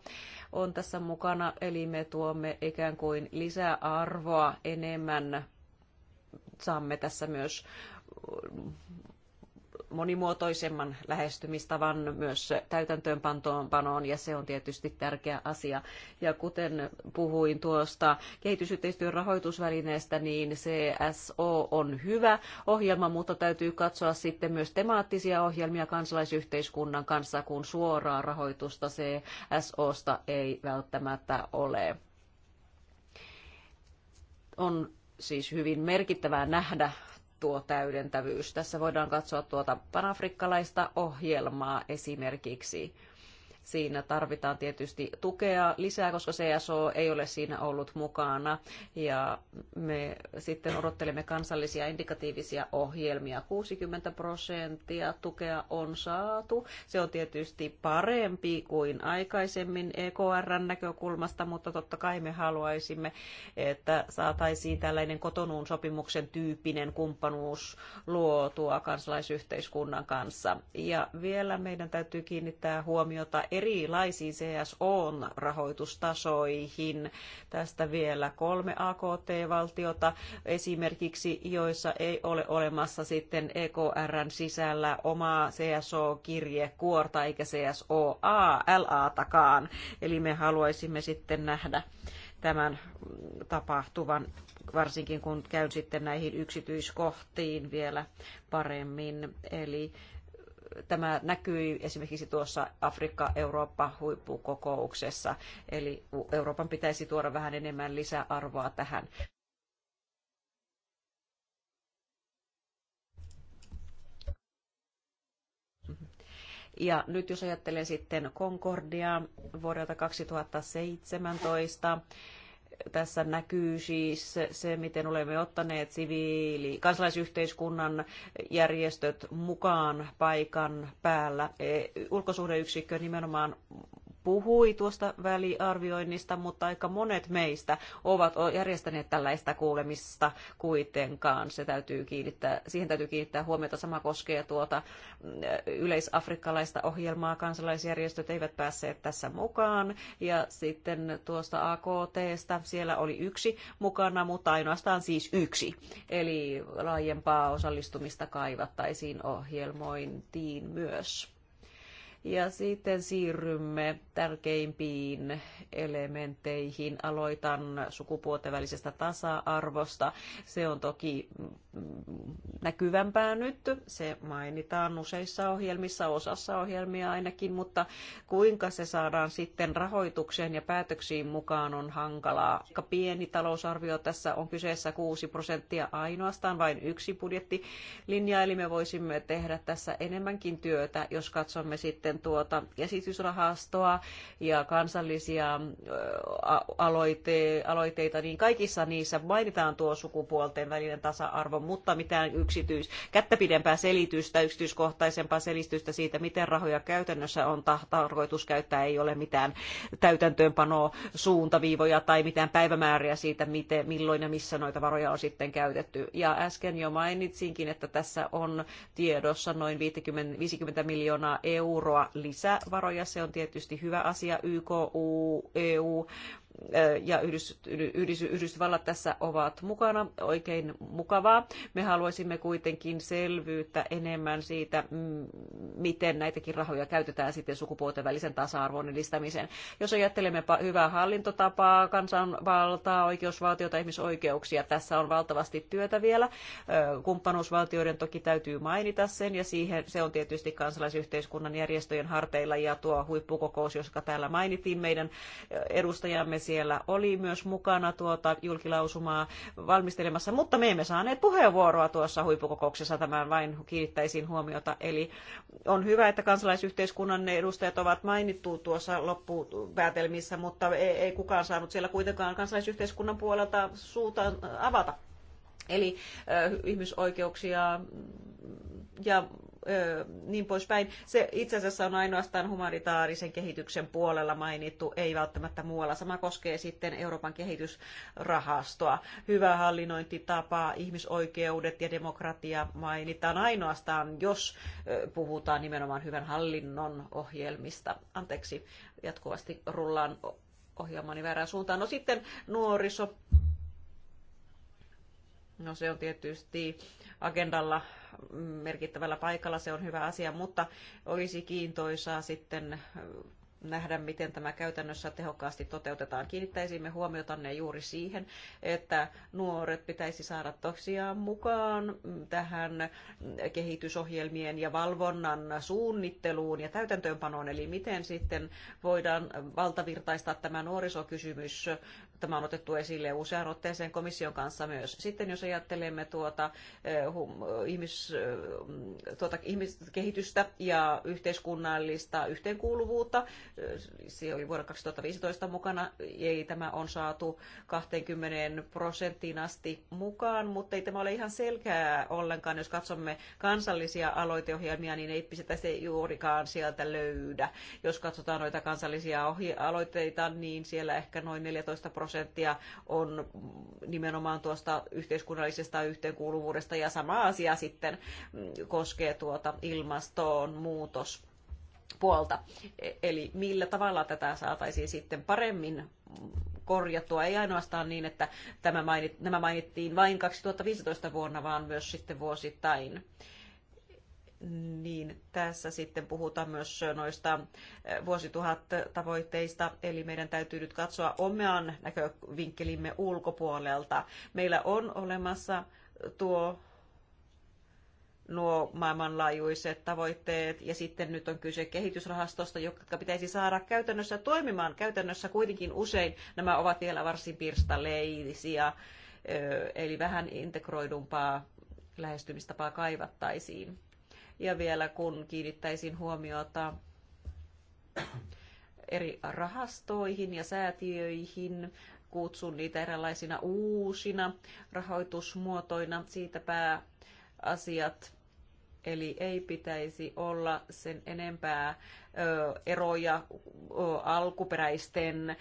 Speaker 4: on tässä mukana, eli me tuomme ikään kuin lisäarvoa enemmän, saamme tässä myös monimuotoisemman lähestymistavan myös täytäntöönpanoon ja se on tietysti tärkeä asia. Ja kuten puhuin tuosta kehitysyhteistyön rahoitusvälineestä, niin CSO on hyvä ohjelma, mutta täytyy katsoa sitten myös temaattisia ohjelmia kansalaisyhteiskunnan kanssa, kun suoraa rahoitusta CSOsta ei välttämättä ole. On siis hyvin merkittävää nähdä tuo täydentävyys. Tässä voidaan katsoa tuota panafrikkalaista ohjelmaa esimerkiksi. Siinä tarvitaan tietysti tukea lisää, koska CSO ei ole siinä ollut mukana. Ja me sitten odottelemme kansallisia indikatiivisia ohjelmia. 60 prosenttia tukea on saatu. Se on tietysti parempi kuin aikaisemmin EKRn näkökulmasta, mutta totta kai me haluaisimme, että saataisiin tällainen kotonuun sopimuksen tyyppinen kumppanuus luotua kansalaisyhteiskunnan kanssa. Ja vielä meidän täytyy kiinnittää huomiota erilaisiin CSOn rahoitustasoihin. Tästä vielä kolme AKT-valtiota esimerkiksi, joissa ei ole olemassa sitten EKRn sisällä omaa CSO-kirjekuorta eikä CSOA-LA-takaan. Eli me haluaisimme sitten nähdä tämän tapahtuvan, varsinkin kun käyn sitten näihin yksityiskohtiin vielä paremmin. Eli tämä näkyi esimerkiksi tuossa Afrikka-Eurooppa-huippukokouksessa, eli Euroopan pitäisi tuoda vähän enemmän lisäarvoa tähän. Ja nyt jos ajattelen sitten Concordia vuodelta 2017, tässä näkyy siis se, miten olemme ottaneet siviili, kansalaisyhteiskunnan järjestöt mukaan paikan päällä. E, ulkosuhdeyksikkö nimenomaan puhui tuosta väliarvioinnista, mutta aika monet meistä ovat järjestäneet tällaista kuulemista kuitenkaan. Se täytyy kiinnittää, siihen täytyy kiinnittää huomiota. Sama koskee tuota mm, yleisafrikkalaista ohjelmaa. Kansalaisjärjestöt eivät päässeet tässä mukaan. Ja sitten tuosta AKTstä siellä oli yksi mukana, mutta ainoastaan siis yksi. Eli laajempaa osallistumista kaivattaisiin ohjelmointiin myös. Ja sitten siirrymme tärkeimpiin elementteihin. Aloitan sukupuolten välisestä tasa-arvosta. Se on toki mm, näkyvämpää nyt. Se mainitaan useissa ohjelmissa, osassa ohjelmia ainakin, mutta kuinka se saadaan sitten rahoitukseen ja päätöksiin mukaan on hankalaa. Aika pieni talousarvio tässä on kyseessä 6 prosenttia ainoastaan, vain yksi budjettilinja, eli me voisimme tehdä tässä enemmänkin työtä, jos katsomme sitten sitten tuota esitysrahastoa ja kansallisia aloite, aloitteita, niin kaikissa niissä mainitaan tuo sukupuolten välinen tasa-arvo, mutta mitään yksityis, kättä pidempää selitystä, yksityiskohtaisempaa selitystä siitä, miten rahoja käytännössä on tarkoitus käyttää, ei ole mitään täytäntöönpano suuntaviivoja tai mitään päivämääriä siitä, miten, milloin ja missä noita varoja on sitten käytetty. Ja äsken jo mainitsinkin, että tässä on tiedossa noin 50, 50 miljoonaa euroa lisävaroja. Se on tietysti hyvä asia. YK, EU e ja Yhdysvallat tässä ovat mukana. Oikein mukavaa. Me haluaisimme kuitenkin selvyyttä enemmän siitä, miten näitäkin rahoja käytetään sitten sukupuolten välisen tasa-arvon edistämiseen. Jos ajattelemme hyvää hallintotapaa, kansanvaltaa, oikeusvaltiota, ihmisoikeuksia, tässä on valtavasti työtä vielä. Kumppanuusvaltioiden toki täytyy mainita sen ja siihen se on tietysti kansalaisyhteiskunnan järjestöjen harteilla ja tuo huippukokous, joka täällä mainittiin meidän edustajamme siellä oli myös mukana tuota julkilausumaa valmistelemassa, mutta me emme saaneet puheenvuoroa tuossa huippukokouksessa, tämän vain kiinnittäisiin huomiota. Eli on hyvä, että kansalaisyhteiskunnan edustajat ovat mainittu tuossa loppupäätelmissä, mutta ei kukaan saanut siellä kuitenkaan kansalaisyhteiskunnan puolelta suuta avata. Eli äh, ihmisoikeuksia ja niin poispäin. Se itse asiassa on ainoastaan humanitaarisen kehityksen puolella mainittu, ei välttämättä muualla. Sama koskee sitten Euroopan kehitysrahastoa. Hyvä hallinnointitapa, ihmisoikeudet ja demokratia mainitaan ainoastaan, jos puhutaan nimenomaan hyvän hallinnon ohjelmista. Anteeksi, jatkuvasti rullaan ohjelmani väärään suuntaan. No sitten nuoriso No se on tietysti agendalla merkittävällä paikalla, se on hyvä asia, mutta olisi kiintoisaa sitten nähdä, miten tämä käytännössä tehokkaasti toteutetaan. Kiinnittäisimme ne juuri siihen, että nuoret pitäisi saada tosiaan mukaan tähän kehitysohjelmien ja valvonnan suunnitteluun ja täytäntöönpanoon, eli miten sitten voidaan valtavirtaistaa tämä nuorisokysymys Tämä on otettu esille usean otteeseen komission kanssa myös. Sitten jos ajattelemme tuota, hum, ihmis, tuota ihmiskehitystä ja yhteiskunnallista yhteenkuuluvuutta, se oli vuonna 2015 mukana, ei tämä on saatu 20 prosenttiin asti mukaan, mutta ei tämä ole ihan selkeää ollenkaan. Jos katsomme kansallisia aloiteohjelmia, niin ei sitä se juurikaan sieltä löydä. Jos katsotaan noita kansallisia ohje- aloitteita, niin siellä ehkä noin 14 prosenttia prosenttia on nimenomaan tuosta yhteiskunnallisesta yhteenkuuluvuudesta ja sama asia sitten koskee tuota muutos puolta. E- eli millä tavalla tätä saataisiin sitten paremmin korjattua, ei ainoastaan niin, että tämä mainit, nämä mainittiin vain 2015 vuonna, vaan myös sitten vuosittain niin tässä sitten puhutaan myös noista eh, vuosituhat tavoitteista, eli meidän täytyy nyt katsoa omean näkövinkkelimme ulkopuolelta. Meillä on olemassa tuo nuo maailmanlaajuiset tavoitteet, ja sitten nyt on kyse kehitysrahastosta, jotka pitäisi saada käytännössä toimimaan. Käytännössä kuitenkin usein nämä ovat vielä varsin pirstaleisia, eh, eli vähän integroidumpaa lähestymistapaa kaivattaisiin. Ja vielä kun kiinnittäisin huomiota eri rahastoihin ja säätiöihin, kutsun niitä erilaisina uusina rahoitusmuotoina, siitä asiat Eli ei pitäisi olla sen enempää eroja alkuperäisten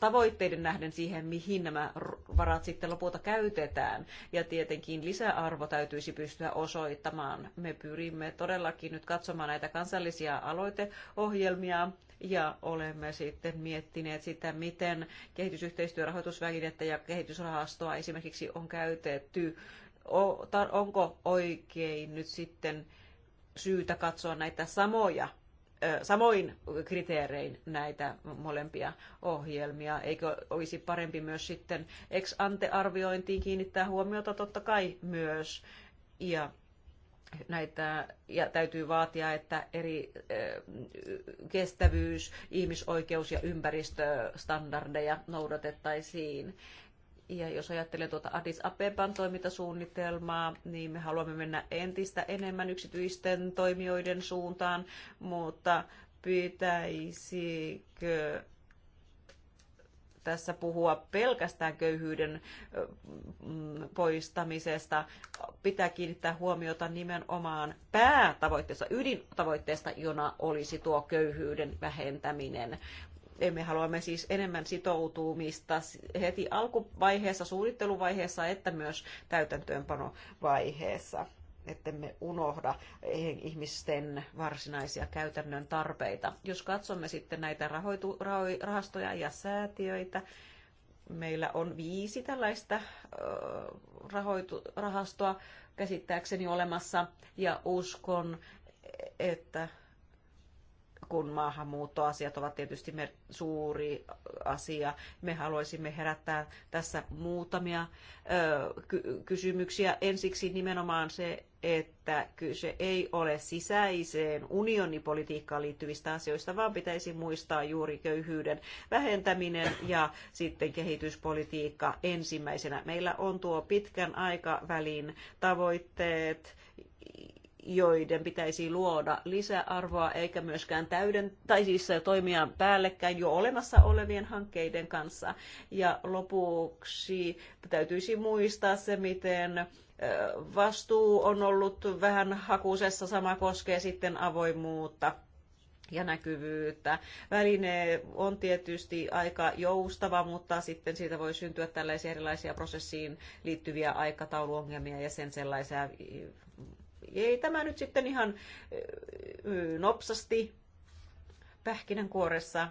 Speaker 4: tavoitteiden nähden siihen, mihin nämä varat sitten lopulta käytetään. Ja tietenkin lisäarvo täytyisi pystyä osoittamaan. Me pyrimme todellakin nyt katsomaan näitä kansallisia aloiteohjelmia ja olemme sitten miettineet sitä, miten kehitysyhteistyörahoitusvälinettä ja kehitysrahastoa esimerkiksi on käytetty onko oikein nyt sitten syytä katsoa näitä samoja samoin kriteerein näitä molempia ohjelmia. Eikö olisi parempi myös sitten ex ante arviointiin kiinnittää huomiota totta kai myös ja näitä, ja täytyy vaatia, että eri kestävyys, ihmisoikeus ja ympäristöstandardeja noudatettaisiin. Ja jos ajattelee tuota Addis Abeban toimintasuunnitelmaa, niin me haluamme mennä entistä enemmän yksityisten toimijoiden suuntaan, mutta pitäisikö tässä puhua pelkästään köyhyyden mm, poistamisesta. Pitää kiinnittää huomiota nimenomaan päätavoitteessa, ydintavoitteesta, jona olisi tuo köyhyyden vähentäminen me haluamme siis enemmän sitoutumista heti alkuvaiheessa, suunnitteluvaiheessa, että myös täytäntöönpanovaiheessa me unohda ihmisten varsinaisia käytännön tarpeita. Jos katsomme sitten näitä rahoitu, rahastoja ja säätiöitä, meillä on viisi tällaista rahoitu, rahastoa käsittääkseni olemassa ja uskon, että kun maahanmuuttoasiat ovat tietysti suuri asia. Me haluaisimme herättää tässä muutamia kysymyksiä. Ensiksi nimenomaan se, että kyse ei ole sisäiseen unionipolitiikkaan liittyvistä asioista, vaan pitäisi muistaa juuri köyhyyden vähentäminen ja sitten kehityspolitiikka ensimmäisenä. Meillä on tuo pitkän aikavälin tavoitteet joiden pitäisi luoda lisäarvoa eikä myöskään täyden, tai siis toimia päällekkäin jo olemassa olevien hankkeiden kanssa. Ja lopuksi täytyisi muistaa se, miten vastuu on ollut vähän hakusessa, sama koskee sitten avoimuutta ja näkyvyyttä. Väline on tietysti aika joustava, mutta sitten siitä voi syntyä tällaisia erilaisia prosessiin liittyviä aikatauluongelmia ja sen sellaisia ei tämä nyt sitten ihan nopsasti pähkinänkuoressa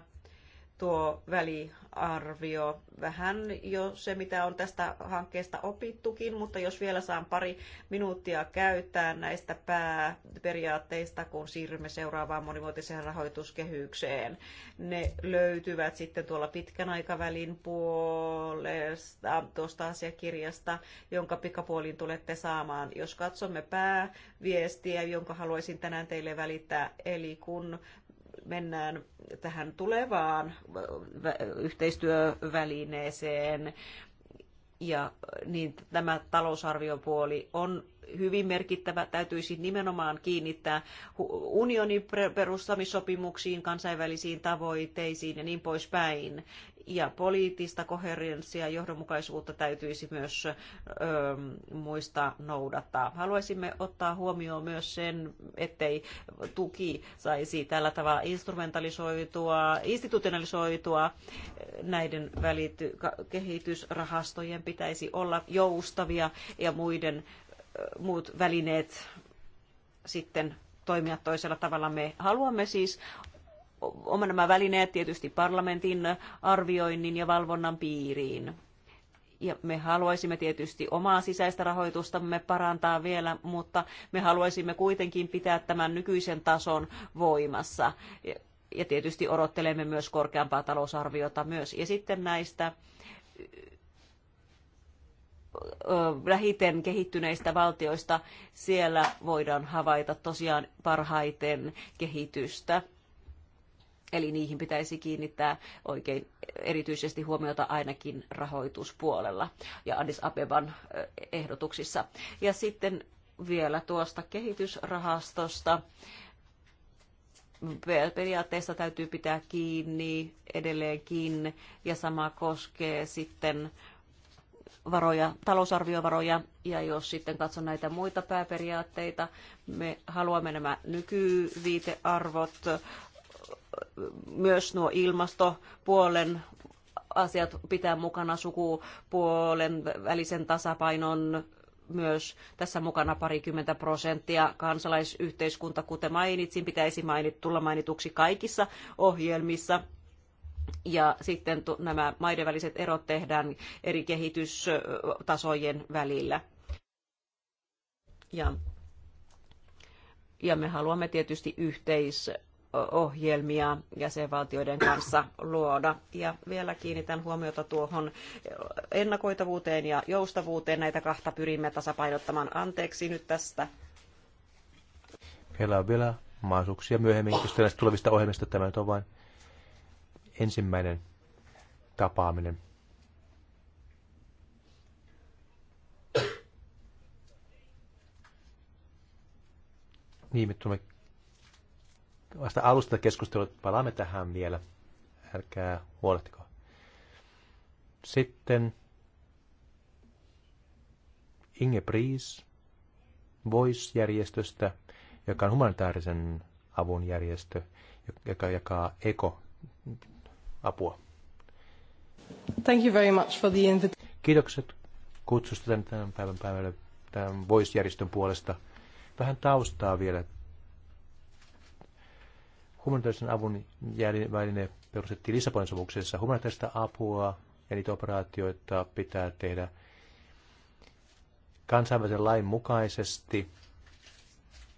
Speaker 4: tuo väliarvio. Vähän jo se, mitä on tästä hankkeesta opittukin, mutta jos vielä saan pari minuuttia käyttää näistä pääperiaatteista, kun siirrymme seuraavaan monivuotiseen rahoituskehykseen. Ne löytyvät sitten tuolla pitkän aikavälin puolesta tuosta asiakirjasta, jonka pikapuoliin tulette saamaan. Jos katsomme pääviestiä, jonka haluaisin tänään teille välittää, eli kun mennään tähän tulevaan yhteistyövälineeseen, ja niin tämä talousarviopuoli on hyvin merkittävä, täytyisi nimenomaan kiinnittää unionin perustamissopimuksiin, kansainvälisiin tavoitteisiin ja niin poispäin. Ja poliittista koherenssia ja johdonmukaisuutta täytyisi myös ö, muista noudattaa. Haluaisimme ottaa huomioon myös sen, ettei tuki saisi tällä tavalla instrumentalisoitua, institutionalisoitua. Näiden välity- kehitysrahastojen pitäisi olla joustavia ja muiden muut välineet sitten toimia toisella tavalla. Me haluamme siis oman nämä välineet tietysti parlamentin arvioinnin ja valvonnan piiriin. Ja me haluaisimme tietysti omaa sisäistä rahoitustamme parantaa vielä, mutta me haluaisimme kuitenkin pitää tämän nykyisen tason voimassa. Ja tietysti odottelemme myös korkeampaa talousarviota myös. Ja sitten näistä vähiten kehittyneistä valtioista, siellä voidaan havaita tosiaan parhaiten kehitystä. Eli niihin pitäisi kiinnittää oikein erityisesti huomiota ainakin rahoituspuolella ja Addis Abeban ehdotuksissa. Ja sitten vielä tuosta kehitysrahastosta. periaatteessa täytyy pitää kiinni edelleenkin ja sama koskee sitten varoja, talousarviovaroja. Ja jos sitten katson näitä muita pääperiaatteita, me haluamme nämä nykyviitearvot, myös nuo ilmastopuolen asiat pitää mukana sukupuolen välisen tasapainon myös tässä mukana parikymmentä prosenttia kansalaisyhteiskunta, kuten mainitsin, pitäisi mainit, tulla mainituksi kaikissa ohjelmissa ja sitten nämä maiden väliset erot tehdään eri kehitystasojen välillä. Ja, ja me haluamme tietysti yhteisohjelmia ohjelmia jäsenvaltioiden kanssa luoda. Ja vielä kiinnitän huomiota tuohon ennakoitavuuteen ja joustavuuteen. Näitä kahta pyrimme tasapainottamaan. Anteeksi nyt tästä.
Speaker 2: Meillä on vielä mahdollisuuksia myöhemmin keskustella tulevista ohjelmista. Tämä nyt on vain ensimmäinen tapaaminen. Niin, me tulemme vasta alusta keskustelua, palaamme tähän vielä. Älkää huolehtiko. Sitten Inge Priis Voice-järjestöstä, joka on humanitaarisen avun järjestö, joka jakaa eko apua.
Speaker 1: Thank you very much for the
Speaker 2: Kiitokset kutsusta tämän, tämän päivän päivälle tämän Voice-järjestön puolesta. Vähän taustaa vielä. Humanitaarisen avun väline perustettiin Lissabonin sopimuksessa. Humanitaarista apua ja niitä operaatioita pitää tehdä kansainvälisen lain mukaisesti,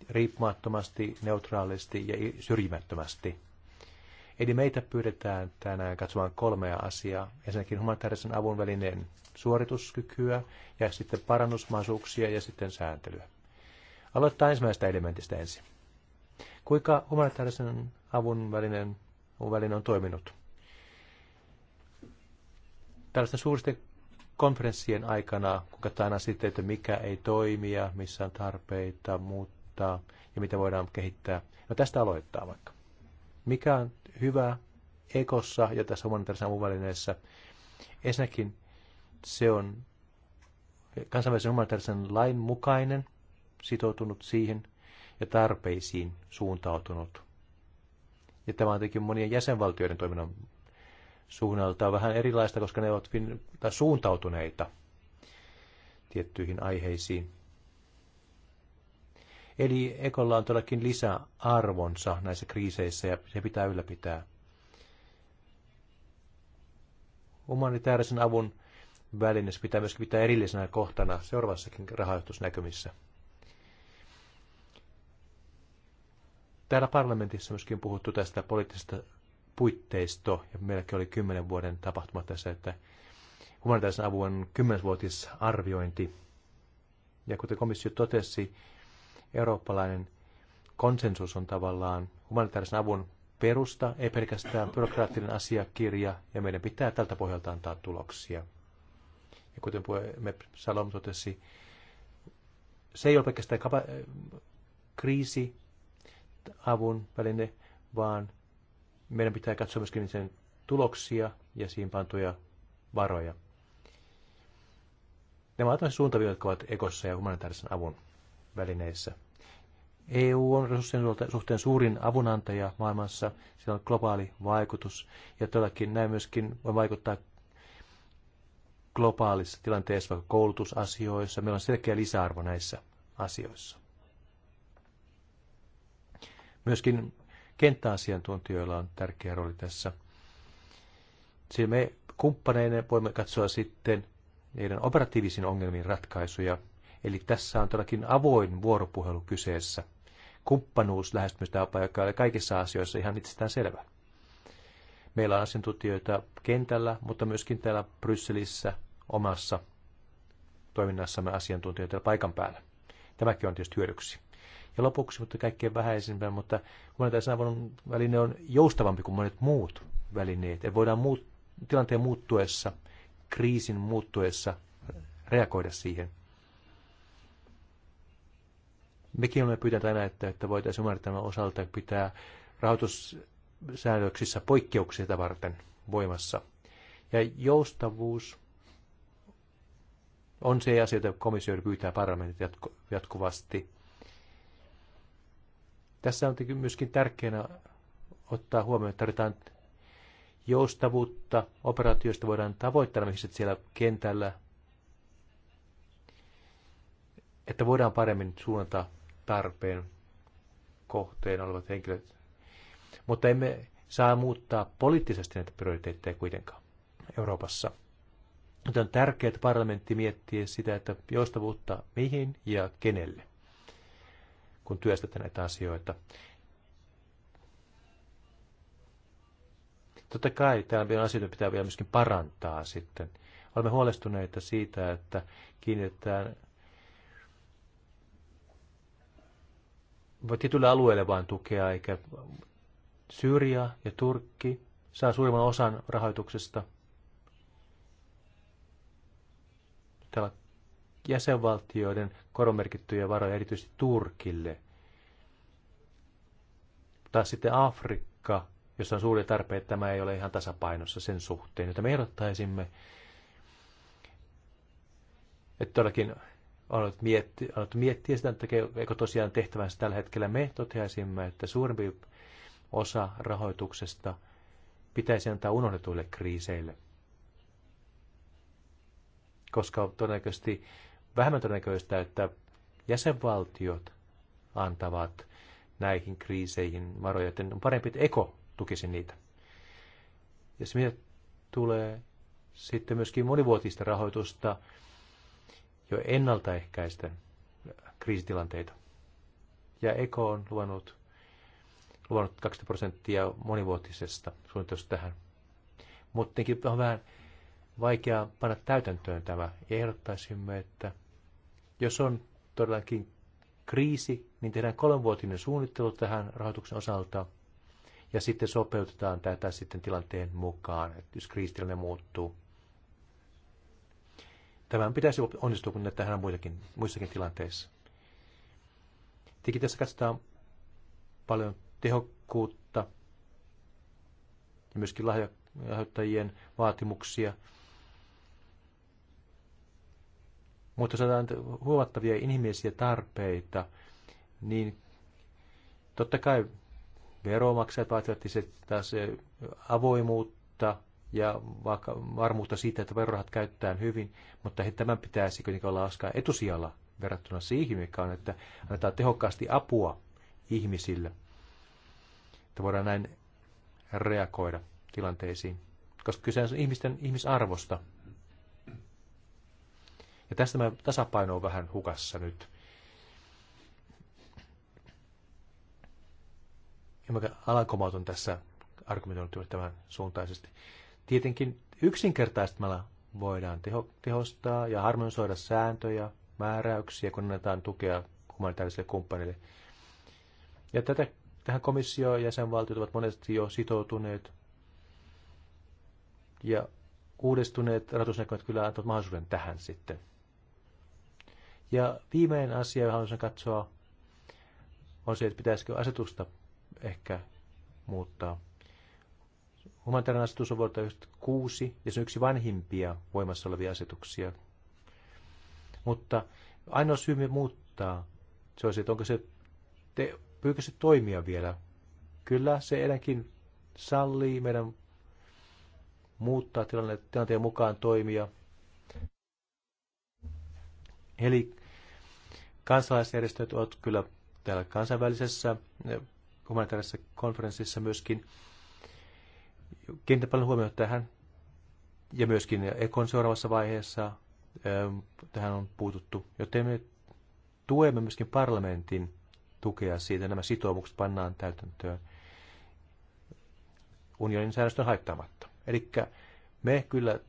Speaker 2: riippumattomasti, neutraalisti ja syrjimättömästi. Eli meitä pyydetään tänään katsomaan kolmea asiaa. Ensinnäkin humanitaarisen avun välineen suorituskykyä ja sitten parannusmahdollisuuksia ja sitten sääntelyä. Aloitetaan ensimmäisestä elementistä ensin. Kuinka humanitaarisen avun välinen, väline on toiminut? Tällaisten suuristen konferenssien aikana, kun katsotaan sitten, että mikä ei toimi ja missä on tarpeita muuttaa ja mitä voidaan kehittää. No tästä aloittaa vaikka. Mikä on hyvä ekossa ja tässä humanitaarisessa avunvälineessä. Ensinnäkin se on kansainvälisen humanitaarisen lain mukainen, sitoutunut siihen ja tarpeisiin suuntautunut. Ja tämä on tietenkin monien jäsenvaltioiden toiminnan suunnalta vähän erilaista, koska ne ovat suuntautuneita tiettyihin aiheisiin. Eli ekolla on todellakin lisäarvonsa näissä kriiseissä ja se pitää ylläpitää. Humanitaarisen avun väline pitää myöskin pitää erillisenä kohtana seuraavassakin rahoitusnäkymissä. Täällä parlamentissa myöskin puhuttu tästä poliittisesta puitteisto, ja meilläkin oli kymmenen vuoden tapahtuma tässä, että humanitaarisen avun kymmenvuotisarviointi. Ja kuten komissio totesi, eurooppalainen konsensus on tavallaan humanitaarisen avun perusta, ei pelkästään byrokraattinen asiakirja, ja meidän pitää tältä pohjalta antaa tuloksia. Ja kuten me Salom totesi, se ei ole pelkästään kapa- kriisiavun väline, vaan meidän pitää katsoa myöskin sen tuloksia ja siihen pantuja varoja. Nämä ovat suuntaviivat, jotka ovat ekossa ja humanitaarisen avun välineissä. EU on resurssien suhteen suurin avunantaja maailmassa, sillä on globaali vaikutus ja todellakin näin myöskin voi vaikuttaa globaalissa tilanteessa, vaikka koulutusasioissa. Meillä on selkeä lisäarvo näissä asioissa. Myöskin kenttäasiantuntijoilla on tärkeä rooli tässä. Siinä me kumppaneina voimme katsoa sitten niiden operatiivisiin ongelmiin ratkaisuja – Eli tässä on todellakin avoin vuoropuhelu kyseessä. Kumppanuus lähestymistapa, joka oli kaikissa asioissa ihan itsestään selvä. Meillä on asiantuntijoita kentällä, mutta myöskin täällä Brysselissä omassa toiminnassamme asiantuntijoita paikan päällä. Tämäkin on tietysti hyödyksi. Ja lopuksi, mutta kaikkein vähäisimpään, mutta humanitaarisen avun väline on joustavampi kuin monet muut välineet. Eli voidaan muut, tilanteen muuttuessa, kriisin muuttuessa reagoida siihen. Mekin olemme pyytäneet aina, että, että voitaisiin ymmärtämään osalta pitää rahoitussäännöksissä poikkeuksia varten voimassa. Ja joustavuus on se asia, jota komissio pyytää parlamentit jatkuvasti. Tässä on myöskin tärkeänä ottaa huomioon, että tarvitaan joustavuutta operaatioista voidaan tavoittaa missä siellä kentällä, että voidaan paremmin suunnata tarpeen kohteen olevat henkilöt. Mutta emme saa muuttaa poliittisesti näitä prioriteetteja kuitenkaan Euroopassa. Mutta on tärkeää, että parlamentti miettii sitä, että joustavuutta mihin ja kenelle, kun työstetään näitä asioita. Totta kai täällä on asioita pitää vielä myöskin parantaa sitten. Olemme huolestuneita siitä, että kiinnitetään voi tietylle alueelle vain tukea, eikä Syyria ja Turkki saa suurimman osan rahoituksesta. Täällä jäsenvaltioiden koromerkittyjä varoja erityisesti Turkille. Taas sitten Afrikka, jossa on tarpeet, että tämä ei ole ihan tasapainossa sen suhteen, jota me ehdottaisimme. Että todellakin alat mietti, alat miettiä sitä, että eikö tosiaan tehtävänsä tällä hetkellä me toteaisimme, että suurempi osa rahoituksesta pitäisi antaa unohdetuille kriiseille. Koska todennäköisesti vähemmän todennäköistä, että jäsenvaltiot antavat näihin kriiseihin varoja, joten on parempi, että eko tukisi niitä. Ja se mitä tulee sitten myöskin monivuotista rahoitusta, jo ennaltaehkäistä kriisitilanteita. Ja Eko on luvannut, luvannut 20 prosenttia monivuotisesta suunnitelmasta tähän. Mutta on vähän vaikea panna täytäntöön tämä. Ehdottaisimme, että jos on todellakin kriisi, niin tehdään kolmenvuotinen suunnittelu tähän rahoituksen osalta – ja sitten sopeutetaan tätä sitten tilanteen mukaan, että jos kriisitilanne muuttuu. Tämän pitäisi onnistua, kun tähän on muitakin, muissakin tilanteissa. Tietenkin tässä katsotaan paljon tehokkuutta ja myöskin lahjoittajien vaatimuksia. Mutta saadaan huomattavia inhimillisiä tarpeita, niin totta kai veromaksajat vaativat taas avoimuutta, ja varmuutta siitä, että verorahat käytetään hyvin, mutta tämän pitäisi kuitenkin olla askaa etusijalla verrattuna siihen, mikä on, että annetaan tehokkaasti apua ihmisille, että voidaan näin reagoida tilanteisiin, koska kyse on ihmisten ihmisarvosta. Ja tästä mä tasapaino on vähän hukassa nyt. Ja mä alankomautun on tässä argumentoinut tämän suuntaisesti. Tietenkin yksinkertaistamalla voidaan teho, tehostaa ja harmonisoida sääntöjä, määräyksiä, kun annetaan tukea humanitaariselle kumppanille. Ja tätä, tähän komissio ja jäsenvaltiot ovat monesti jo sitoutuneet. Ja uudistuneet rahoitusnäkymät kyllä antavat mahdollisuuden tähän sitten. Ja viimeinen asia, johon haluaisin katsoa, on se, että pitäisikö asetusta ehkä muuttaa. Humanitaarinen asetus on vuodelta 1996 ja se on yksi vanhimpia voimassa olevia asetuksia. Mutta ainoa syy me muuttaa, se olisi, että onko se, te, pyykö se toimia vielä? Kyllä se edelleenkin sallii meidän muuttaa tilanne, tilanteen mukaan toimia. Eli kansalaisjärjestöt ovat kyllä täällä kansainvälisessä eh, humanitaarisessa konferenssissa myöskin kiinnitä paljon huomiota tähän ja myöskin Ekon seuraavassa vaiheessa ähm, tähän on puututtu, joten me tuemme myöskin parlamentin tukea siitä, nämä sitoumukset pannaan täytäntöön unionin säännöstön haittaamatta. Eli me kyllä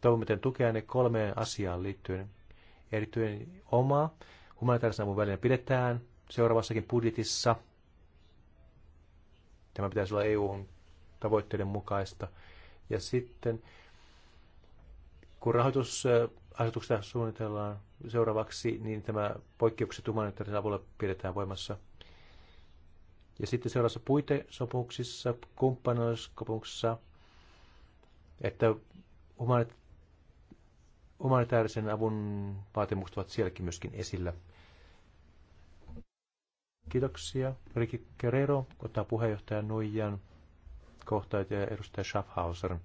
Speaker 2: toivomme tukea ne kolmeen asiaan liittyen. Erityinen oma humanitaarisen avun väline pidetään seuraavassakin budjetissa. Tämä pitäisi olla EUn tavoitteiden mukaista. Ja sitten kun rahoitusasetuksesta suunnitellaan seuraavaksi, niin tämä poikkeukset humanitaarisen avulla pidetään voimassa. Ja sitten seuraavassa puitesopimuksissa, kumppanuussopimuksissa, että humanitaarisen avun vaatimukset ovat sielläkin myöskin esillä. Kiitoksia. Riki Guerrero ottaa puheenjohtajan nuijan kohta, ja edustaja Schaffhauser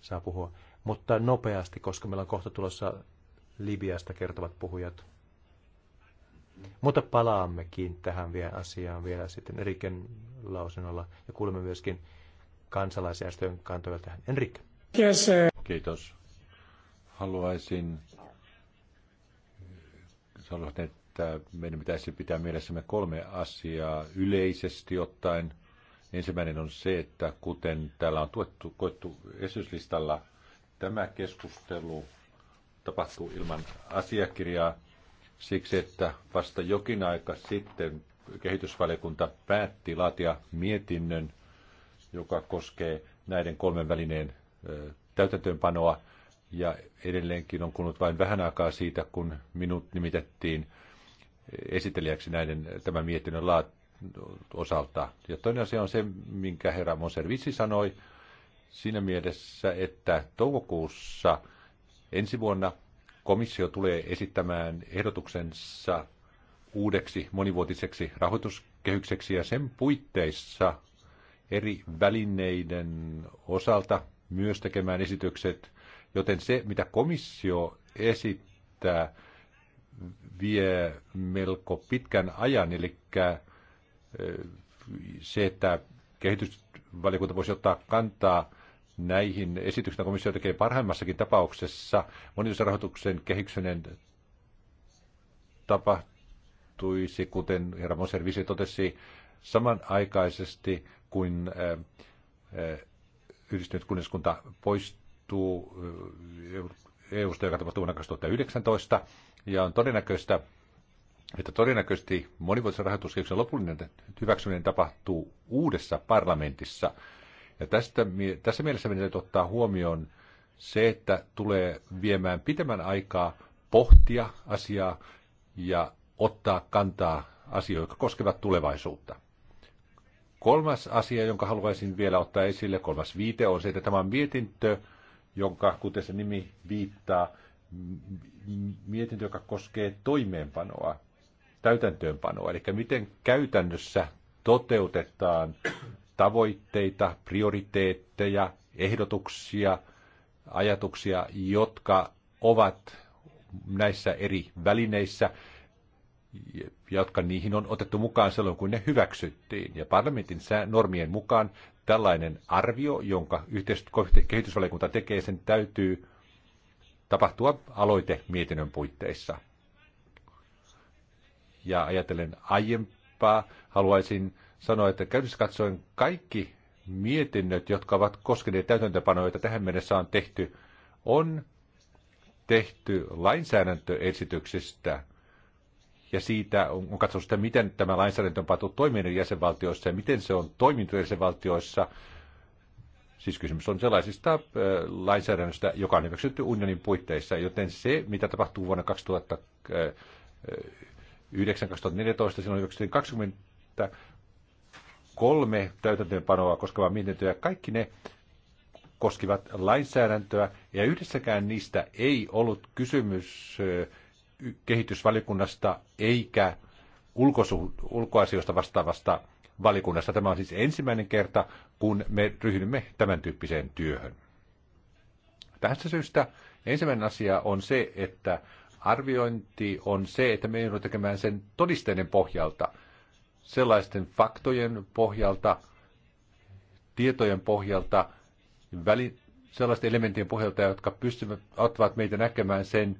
Speaker 2: saa puhua. Mutta nopeasti, koska meillä on kohta tulossa Libiasta kertovat puhujat. Mutta palaammekin tähän vielä asiaan vielä sitten Eriken lausunnolla ja kuulemme myöskin kansalaisjärjestöjen kantoja tähän. Enrik. Yes, Kiitos. Haluaisin sanoa,
Speaker 3: että meidän pitäisi pitää mielessämme kolme asiaa yleisesti ottaen. Ensimmäinen on se, että kuten täällä on tuettu, koettu esityslistalla, tämä keskustelu tapahtuu ilman asiakirjaa siksi, että vasta jokin aika sitten kehitysvaliokunta päätti laatia mietinnön, joka koskee näiden kolmen välineen täytäntöönpanoa. Ja edelleenkin on kulunut vain vähän aikaa siitä, kun minut nimitettiin esittelijäksi näiden, tämän mietinnön laat, osalta. Ja toinen asia on se, minkä herra Monservitsi sanoi siinä mielessä, että toukokuussa ensi vuonna komissio tulee esittämään ehdotuksensa uudeksi monivuotiseksi rahoituskehykseksi ja sen puitteissa eri välineiden osalta myös tekemään esitykset, joten se, mitä komissio esittää, vie melko pitkän ajan, eli se, että kehitysvaliokunta voisi ottaa kantaa näihin esityksiin, komissio tekee parhaimmassakin tapauksessa monitusrahoituksen kehyksynen tapahtuisi, kuten herra Visi totesi, samanaikaisesti kuin yhdistynyt kunniskunta poistuu EU-sta, joka tapahtuu vuonna 2019, ja on todennäköistä, että todennäköisesti monivuotisen rahoituskehyksen lopullinen hyväksyminen tapahtuu uudessa parlamentissa. Ja tästä, tässä mielessä meidän ottaa huomioon se, että tulee viemään pitemmän aikaa pohtia asiaa ja ottaa kantaa asioita, jotka koskevat tulevaisuutta. Kolmas asia, jonka haluaisin vielä ottaa esille, kolmas viite on se, että tämä on mietintö, jonka, kuten se nimi viittaa, mietintö, joka koskee toimeenpanoa täytäntöönpanoa, eli miten käytännössä toteutetaan tavoitteita, prioriteetteja, ehdotuksia, ajatuksia, jotka ovat näissä eri välineissä, jotka niihin on otettu mukaan silloin, kun ne hyväksyttiin. Ja parlamentin normien mukaan tällainen arvio, jonka kehitysvaliokunta tekee, sen täytyy tapahtua aloite mietinnön puitteissa ja ajatellen aiempaa, haluaisin sanoa, että käytännössä katsoen kaikki mietinnöt, jotka ovat koskeneet täytäntöpanoja, joita tähän mennessä on tehty, on tehty lainsäädäntöesityksistä ja siitä on, on katsottu sitä, miten tämä lainsäädäntö on pantu toimineen jäsenvaltioissa ja miten se on toiminut jäsenvaltioissa. Siis kysymys on sellaisista lainsäädännöstä, joka on hyväksytty unionin puitteissa, joten se, mitä tapahtuu vuonna 2000, 9-2014. Silloin hyväksyttiin 23 täytäntöönpanoa koskevaa mietintöä. Kaikki ne koskivat lainsäädäntöä ja yhdessäkään niistä ei ollut kysymys kehitysvalikunnasta eikä ulkosu- ulkoasioista vastaavasta valikunnasta. Tämä on siis ensimmäinen kerta, kun me ryhdymme tämän tyyppiseen työhön. Tästä syystä ensimmäinen asia on se, että Arviointi on se, että me joudumme tekemään sen todisteiden pohjalta, sellaisten faktojen pohjalta, tietojen pohjalta, väli, sellaisten elementtien pohjalta, jotka pystyvät, auttavat meitä näkemään sen,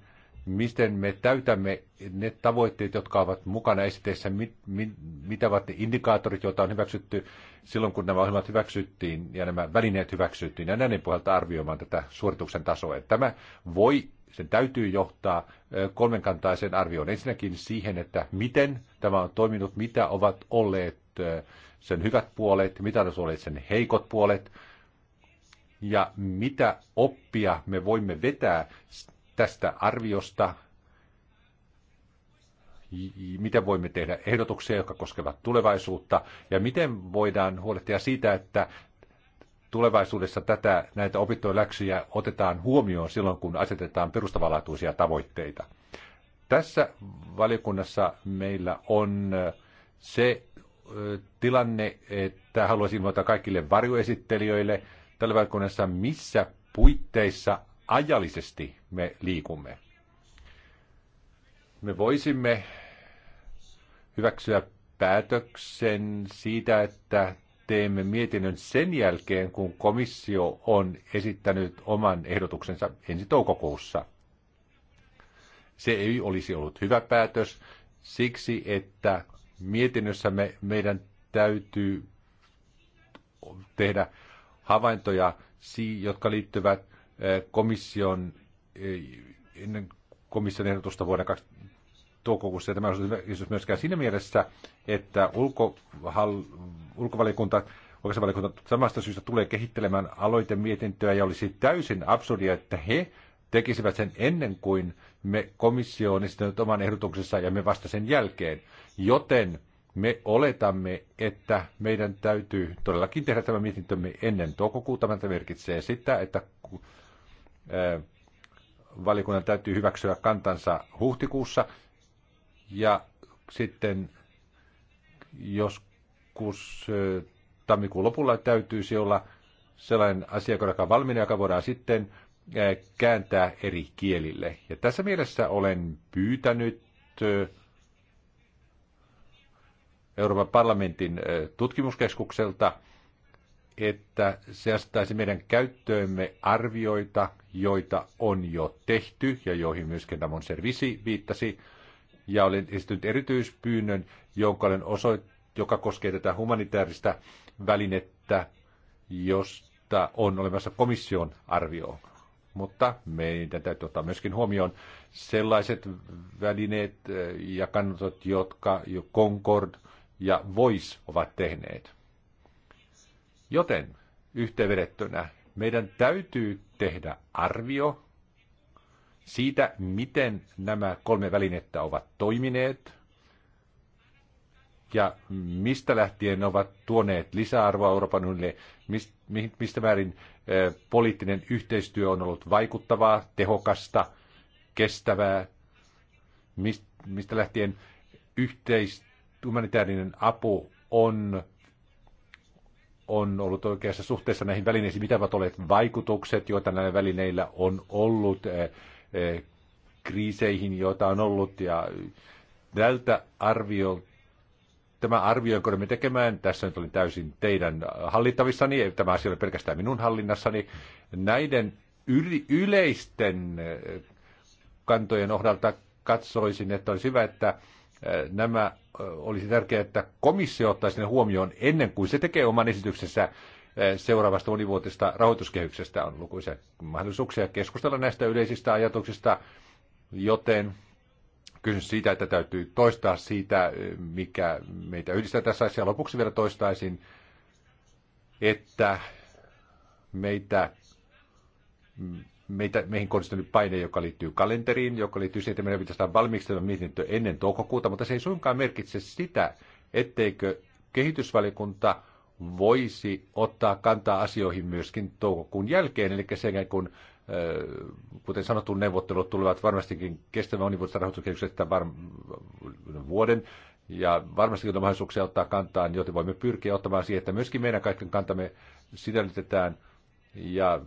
Speaker 3: miten me täytämme ne tavoitteet, jotka ovat mukana esiteissä, mit, mit, mitä ovat ne indikaattorit, joita on hyväksytty silloin, kun nämä ohjelmat hyväksyttiin ja nämä välineet hyväksyttiin, ja näiden pohjalta arvioimaan tätä suorituksen tasoa. Tämä voi sen täytyy johtaa kolmenkantaisen arvioon. Ensinnäkin siihen, että miten tämä on toiminut, mitä ovat olleet sen hyvät puolet, mitä ovat olleet sen heikot puolet, ja mitä oppia me voimme vetää tästä arviosta, miten voimme tehdä ehdotuksia, jotka koskevat tulevaisuutta, ja miten voidaan huolehtia siitä, että tulevaisuudessa tätä, näitä opittuja otetaan huomioon silloin, kun asetetaan perustavanlaatuisia tavoitteita. Tässä valiokunnassa meillä on se tilanne, että haluaisin ilmoittaa kaikille varjoesittelijöille tällä valiokunnassa, missä puitteissa ajallisesti me liikumme. Me voisimme hyväksyä päätöksen siitä, että teemme mietinnön sen jälkeen, kun komissio on esittänyt oman ehdotuksensa ensi toukokuussa. Se ei olisi ollut hyvä päätös siksi, että mietinnössämme meidän täytyy tehdä havaintoja, jotka liittyvät eh, komission, eh, ennen komission ehdotusta vuoden toukokuussa. tämä on myöskään siinä mielessä, että ulkohall- ulkovaliokunta, oikeusvaliokunta samasta syystä tulee kehittelemään aloitemietintöä ja olisi täysin absurdia, että he tekisivät sen ennen kuin me komissio on esittänyt oman ehdotuksensa ja me vasta sen jälkeen. Joten me oletamme, että meidän täytyy todellakin tehdä tämä mietintömme ennen toukokuuta. Tämä merkitsee sitä, että valiokunnan täytyy hyväksyä kantansa huhtikuussa. Ja sitten, jos joskus eh, tammikuun lopulla täytyisi olla sellainen asiakirja, joka on valmiina, joka voidaan sitten eh, kääntää eri kielille. Ja tässä mielessä olen pyytänyt eh, Euroopan parlamentin tutkimuskeskukselta, että se asettaisi meidän käyttöömme arvioita, joita on jo tehty ja joihin myöskin Damon Servisi viittasi. Ja olen esittänyt erityispyynnön, jonka olen osoittanut joka koskee tätä humanitaarista välinettä, josta on olemassa komission arvio. Mutta meidän täytyy ottaa myöskin huomioon sellaiset välineet eh, ja kannatot, jotka jo Concord ja Voice ovat tehneet. Joten yhteenvedettynä meidän täytyy tehdä arvio siitä, miten nämä kolme välinettä ovat toimineet – ja mistä lähtien ne ovat tuoneet lisäarvoa Euroopan unionille, mistä määrin poliittinen yhteistyö on ollut vaikuttavaa, tehokasta, kestävää, mistä lähtien yhteis, humanitaarinen apu on, on ollut oikeassa suhteessa näihin välineisiin, mitä ovat olleet vaikutukset, joita näillä välineillä on ollut kriiseihin, joita on ollut, ja tältä arviolta tämä arvio, jonka me tekemään, tässä nyt oli täysin teidän hallittavissani, ei tämä asia ole pelkästään minun hallinnassani, näiden yleisten eh, kantojen ohdalta katsoisin, että olisi hyvä, että eh, nämä eh, olisi tärkeää, että komissio ottaisi ne huomioon ennen kuin se tekee oman esityksensä seuraavasta monivuotisesta rahoituskehyksestä. On lukuisia mahdollisuuksia keskustella näistä yleisistä ajatuksista, joten kysymys siitä, että täytyy toistaa siitä, mikä meitä yhdistää tässä asiassa. Lopuksi vielä toistaisin, että meitä, meitä, meihin kohdistunut paine, joka liittyy kalenteriin, joka liittyy siihen, että meidän pitäisi saada valmiiksi mietintö ennen toukokuuta, mutta se ei suinkaan merkitse sitä, etteikö kehitysvalikunta voisi ottaa kantaa asioihin myöskin toukokuun jälkeen, eli sen kun Kuten sanottu, neuvottelut tulevat varmastikin kestävän monivuotista var- vuoden. Ja varmastikin on mahdollisuuksia ottaa kantaan, niin joten voimme pyrkiä ottamaan siihen, että myöskin meidän kaikkien kantamme sisällytetään. Ja,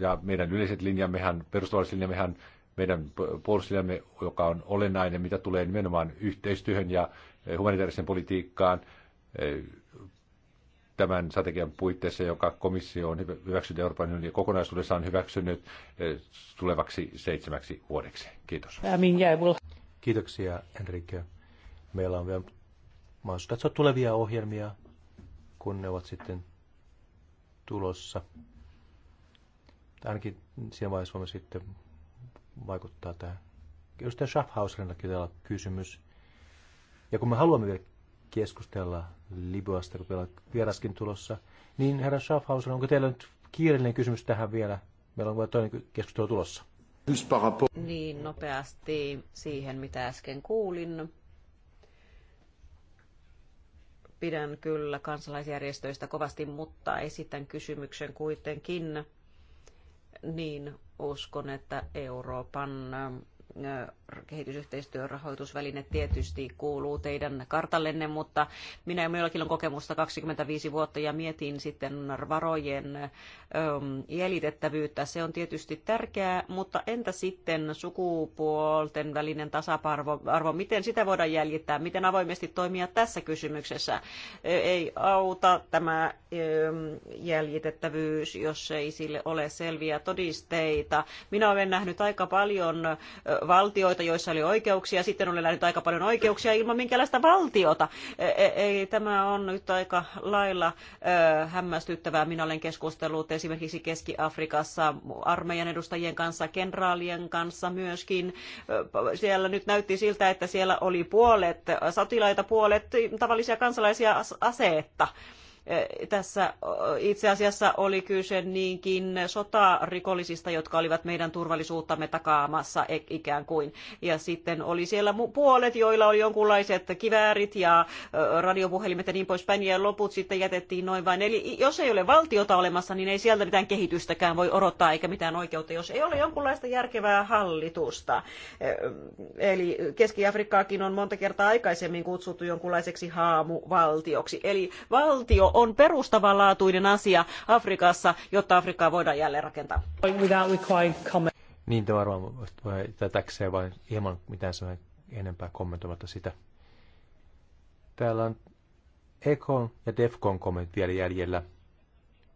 Speaker 3: ja meidän yleiset linjammehan, perustuvalliset linjammehan, meidän puolustuslinjamme, joka on olennainen, mitä tulee nimenomaan yhteistyöhön ja humanitaariseen politiikkaan, tämän strategian puitteissa, joka komissio on hyväksynyt Euroopan unionin kokonaisuudessaan hyväksynyt eh,
Speaker 2: tulevaksi seitsemäksi vuodeksi. Kiitos. Kiitoksia Enrique. Meillä on vielä mahdollisuus katsoa tulevia ohjelmia, kun ne ovat sitten tulossa. Ainakin siinä vaiheessa voimme sitten vaikuttaa tähän. Edustaja Schaffhauserin täällä kysymys. Ja kun me haluamme vielä keskustella Libyasta, kun meillä on vieraskin tulossa. Niin herra Schaffhausen, onko teillä nyt kiireellinen kysymys tähän vielä? Meillä on vielä toinen keskustelu tulossa.
Speaker 4: Niin nopeasti siihen, mitä äsken kuulin. Pidän kyllä kansalaisjärjestöistä kovasti, mutta esitän kysymyksen kuitenkin. Niin uskon, että Euroopan kehitysyhteistyörahoitusväline tietysti kuuluu teidän kartallenne, mutta minä ja minullakin on kokemusta 25 vuotta ja mietin sitten varojen jäljitettävyyttä. Se on tietysti tärkeää, mutta entä sitten sukupuolten välinen tasa-arvo? Miten sitä voidaan jäljittää? Miten avoimesti toimia tässä kysymyksessä? Ei auta tämä jäljitettävyys, jos ei sille ole selviä todisteita. Minä olen nähnyt aika paljon valtioita, joissa oli oikeuksia, sitten oli lähdetty aika paljon oikeuksia ilman minkälaista valtiota. E, e, ei, tämä on nyt aika lailla hämmästyttävää. Minä olen keskustellut esimerkiksi Keski-Afrikassa armeijan edustajien kanssa, kenraalien kanssa myöskin. Siellä nyt näytti siltä, että siellä oli puolet sotilaita, puolet tavallisia kansalaisia aseetta. Eh, tässä eh, itse asiassa oli kyse niinkin sotarikollisista, jotka olivat meidän turvallisuuttamme takaamassa e- ikään kuin. Ja sitten oli siellä puolet, joilla oli jonkunlaiset kiväärit ja eh, radiopuhelimet ja niin poispäin, ja loput sitten jätettiin noin vain. Eli jos ei ole valtiota olemassa, niin ei sieltä mitään kehitystäkään voi odottaa, eikä mitään oikeutta, jos ei ole jonkunlaista järkevää hallitusta. Eli Keski-Afrikkaakin on monta kertaa aikaisemmin kutsuttu jonkunlaiseksi haamuvaltioksi. Eli valtio on perustavanlaatuinen asia Afrikassa, jotta Afrikkaa voidaan jälleen rakentaa.
Speaker 2: Niin te varmaan voi tätäkseen vain ilman mitään sanoa enempää kommentoimatta sitä. Täällä on Ekon ja Defcon kommentit vielä jäljellä.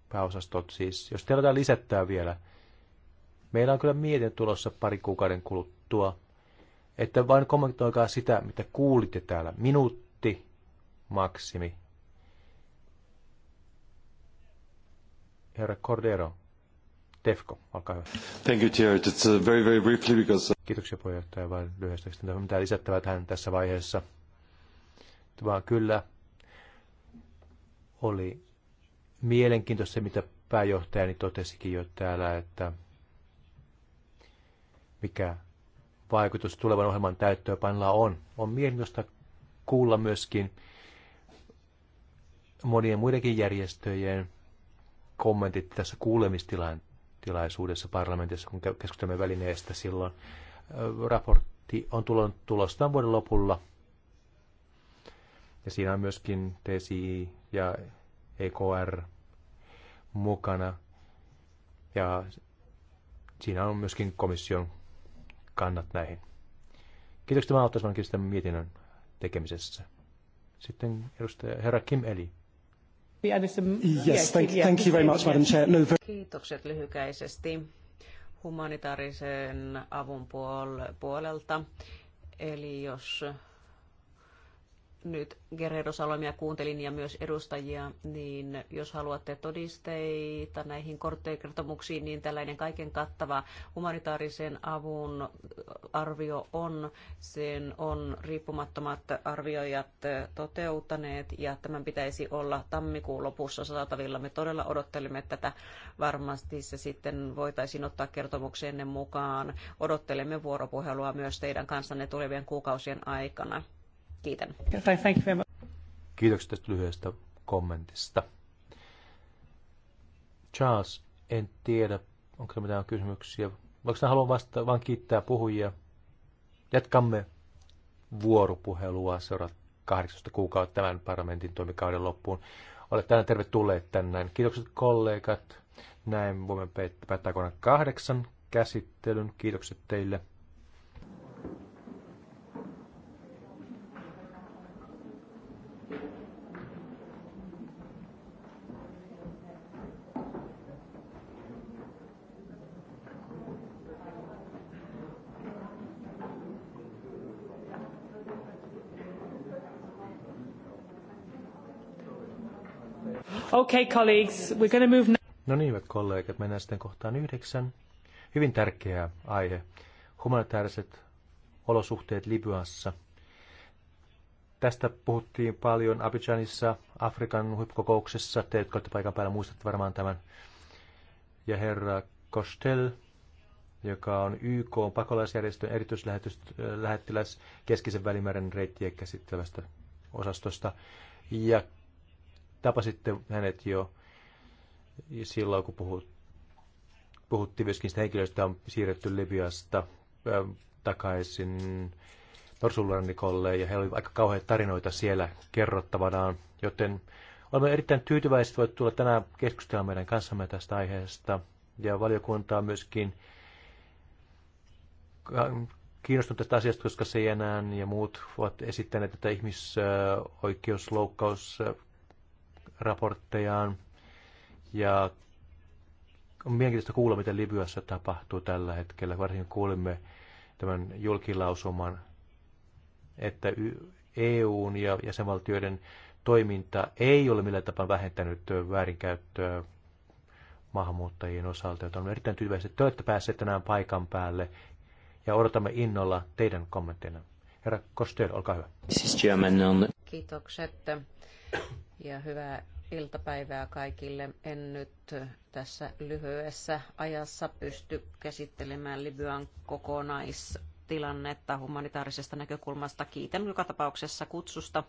Speaker 2: Pääosastot siis. Jos teillä on lisättää vielä, meillä on kyllä mietin tulossa pari kuukauden kuluttua. Että vain kommentoikaa sitä, mitä kuulitte täällä. Minuutti maksimi Herra Cordero, Tefko, olkaa hyvä. Thank you, Chair. It's uh, very, very briefly because... Uh, Kiitoksia puheenjohtaja, vain lyhyesti. Ei on mitään lisättävää tähän tässä vaiheessa. Vaan kyllä oli mielenkiintoista se, mitä pääjohtajani totesikin jo täällä, että mikä vaikutus tulevan ohjelman täyttöönpanolla on. On mielenkiintoista kuulla myöskin monien muidenkin järjestöjen kommentit tässä kuulemistilaisuudessa parlamentissa, kun keskustelemme välineestä silloin. Raportti on tullut tulostaan vuoden lopulla. Ja siinä on myöskin TSI ja EKR mukana. Ja siinä on myöskin komission kannat näihin. Kiitoksia, tämä auttaisi vankin sitä mietinnön tekemisessä. Sitten edustaja herra Kim Eli.
Speaker 4: Kiitokset lyhykäisesti humanitaarisen avun puolelta. Eli jos nyt Guerrero Salomia kuuntelin ja myös edustajia, niin jos haluatte todisteita näihin korttekertomuksiin, niin tällainen kaiken kattava humanitaarisen avun arvio on, sen on riippumattomat arvioijat toteuttaneet ja tämän pitäisi olla tammikuun lopussa saatavilla. Me todella odottelemme tätä. Varmasti se sitten voitaisiin ottaa kertomukseenne mukaan. Odottelemme vuoropuhelua myös teidän kanssanne tulevien kuukausien aikana Kiitän.
Speaker 2: Kiitokset tästä lyhyestä kommentista. Charles, en tiedä, onko se mitään kysymyksiä. Voiko sinä halua vasta vaan kiittää puhujia? Jatkamme vuoropuhelua seuraavat 18 kuukautta tämän parlamentin toimikauden loppuun. Olet tänään tervetulleet tänne. Kiitokset kollegat. Näin voimme päättää kohdan kahdeksan käsittelyn. Kiitokset teille.
Speaker 1: Okay, colleagues, we're going to move now.
Speaker 2: No niin, hyvät kollegat, mennään sitten kohtaan yhdeksän. Hyvin tärkeä aihe. Humanitaariset olosuhteet Libyassa. Tästä puhuttiin paljon Abidjanissa, Afrikan huippukokouksessa. Te, jotka olette paikan päällä, muistatte varmaan tämän. Ja herra Kostel, joka on YK pakolaisjärjestön erityislähettiläs keskisen välimeren reittiä käsittelevästä osastosta. Ja Tapasitte hänet jo silloin, kun puhut, puhuttiin myöskin sitä henkilöstä, on siirretty Libyasta äh, takaisin Norsulannikolle, ja heillä oli aika kauheita tarinoita siellä kerrottavanaan, joten olemme erittäin tyytyväisiä, että voit tulla tänään keskustelemaan meidän kanssamme tästä aiheesta, ja valiokunta on myöskin kiinnostunut tästä asiasta, koska CNN ja muut ovat esittäneet, että ihmisoikeusloukkaus raporttejaan. Ja on mielenkiintoista kuulla, mitä Libyassa tapahtuu tällä hetkellä. Varsinkin kuulimme tämän julkilausuman, että EUn ja jäsenvaltioiden toiminta ei ole millään tapaa vähentänyt väärinkäyttöä maahanmuuttajien osalta, joten on erittäin tyytyväisiä, että te olette päässeet tänään paikan päälle ja odotamme innolla teidän kommentteina. Herra Kostel, olkaa hyvä.
Speaker 4: Kiitokset ja hyvää iltapäivää kaikille. En nyt tässä lyhyessä ajassa pysty käsittelemään Libyan kokonaistilannetta humanitaarisesta näkökulmasta. Kiitän joka tapauksessa kutsusta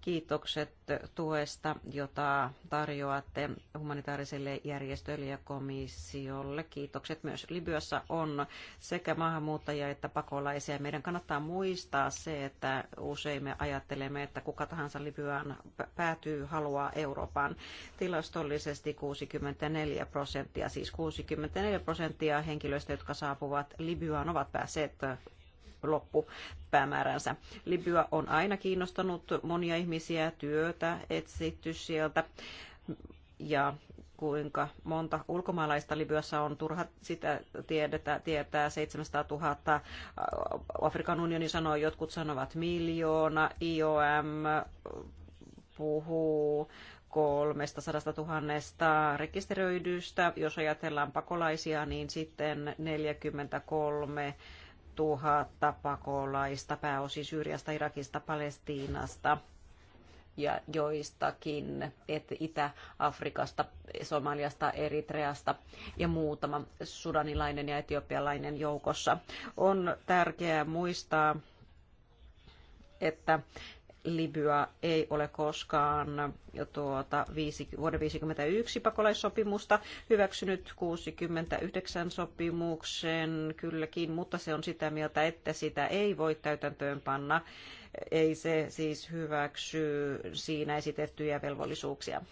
Speaker 4: Kiitokset tuesta, jota tarjoatte humanitaariselle järjestöille ja komissiolle. Kiitokset myös Libyassa on sekä maahanmuuttajia että pakolaisia. Meidän kannattaa muistaa se, että usein me ajattelemme, että kuka tahansa Libyaan päätyy, haluaa Euroopan. Tilastollisesti 64 prosenttia, siis 64 prosenttia henkilöistä, jotka saapuvat Libyaan, ovat päässeet loppu päämääränsä. Libya on aina kiinnostanut monia ihmisiä, työtä etsitty sieltä ja kuinka monta ulkomaalaista Libyassa on turha sitä tiedetä, tietää 700 000. Afrikan unioni sanoo, jotkut sanovat miljoona, IOM puhuu 300 000 rekisteröidystä. Jos ajatellaan pakolaisia, niin sitten 43 tuhatta pakolaista, pääosin Syyriasta, Irakista, Palestiinasta ja joistakin Itä-Afrikasta, Somaliasta, Eritreasta ja muutama sudanilainen ja etiopialainen joukossa. On tärkeää muistaa, että Libya ei ole koskaan tuota, viisi, vuoden 1951 pakolaissopimusta hyväksynyt 69 sopimuksen kylläkin, mutta se on sitä mieltä, että sitä ei voi täytäntöön panna. Ei se siis hyväksy siinä esitettyjä velvollisuuksia.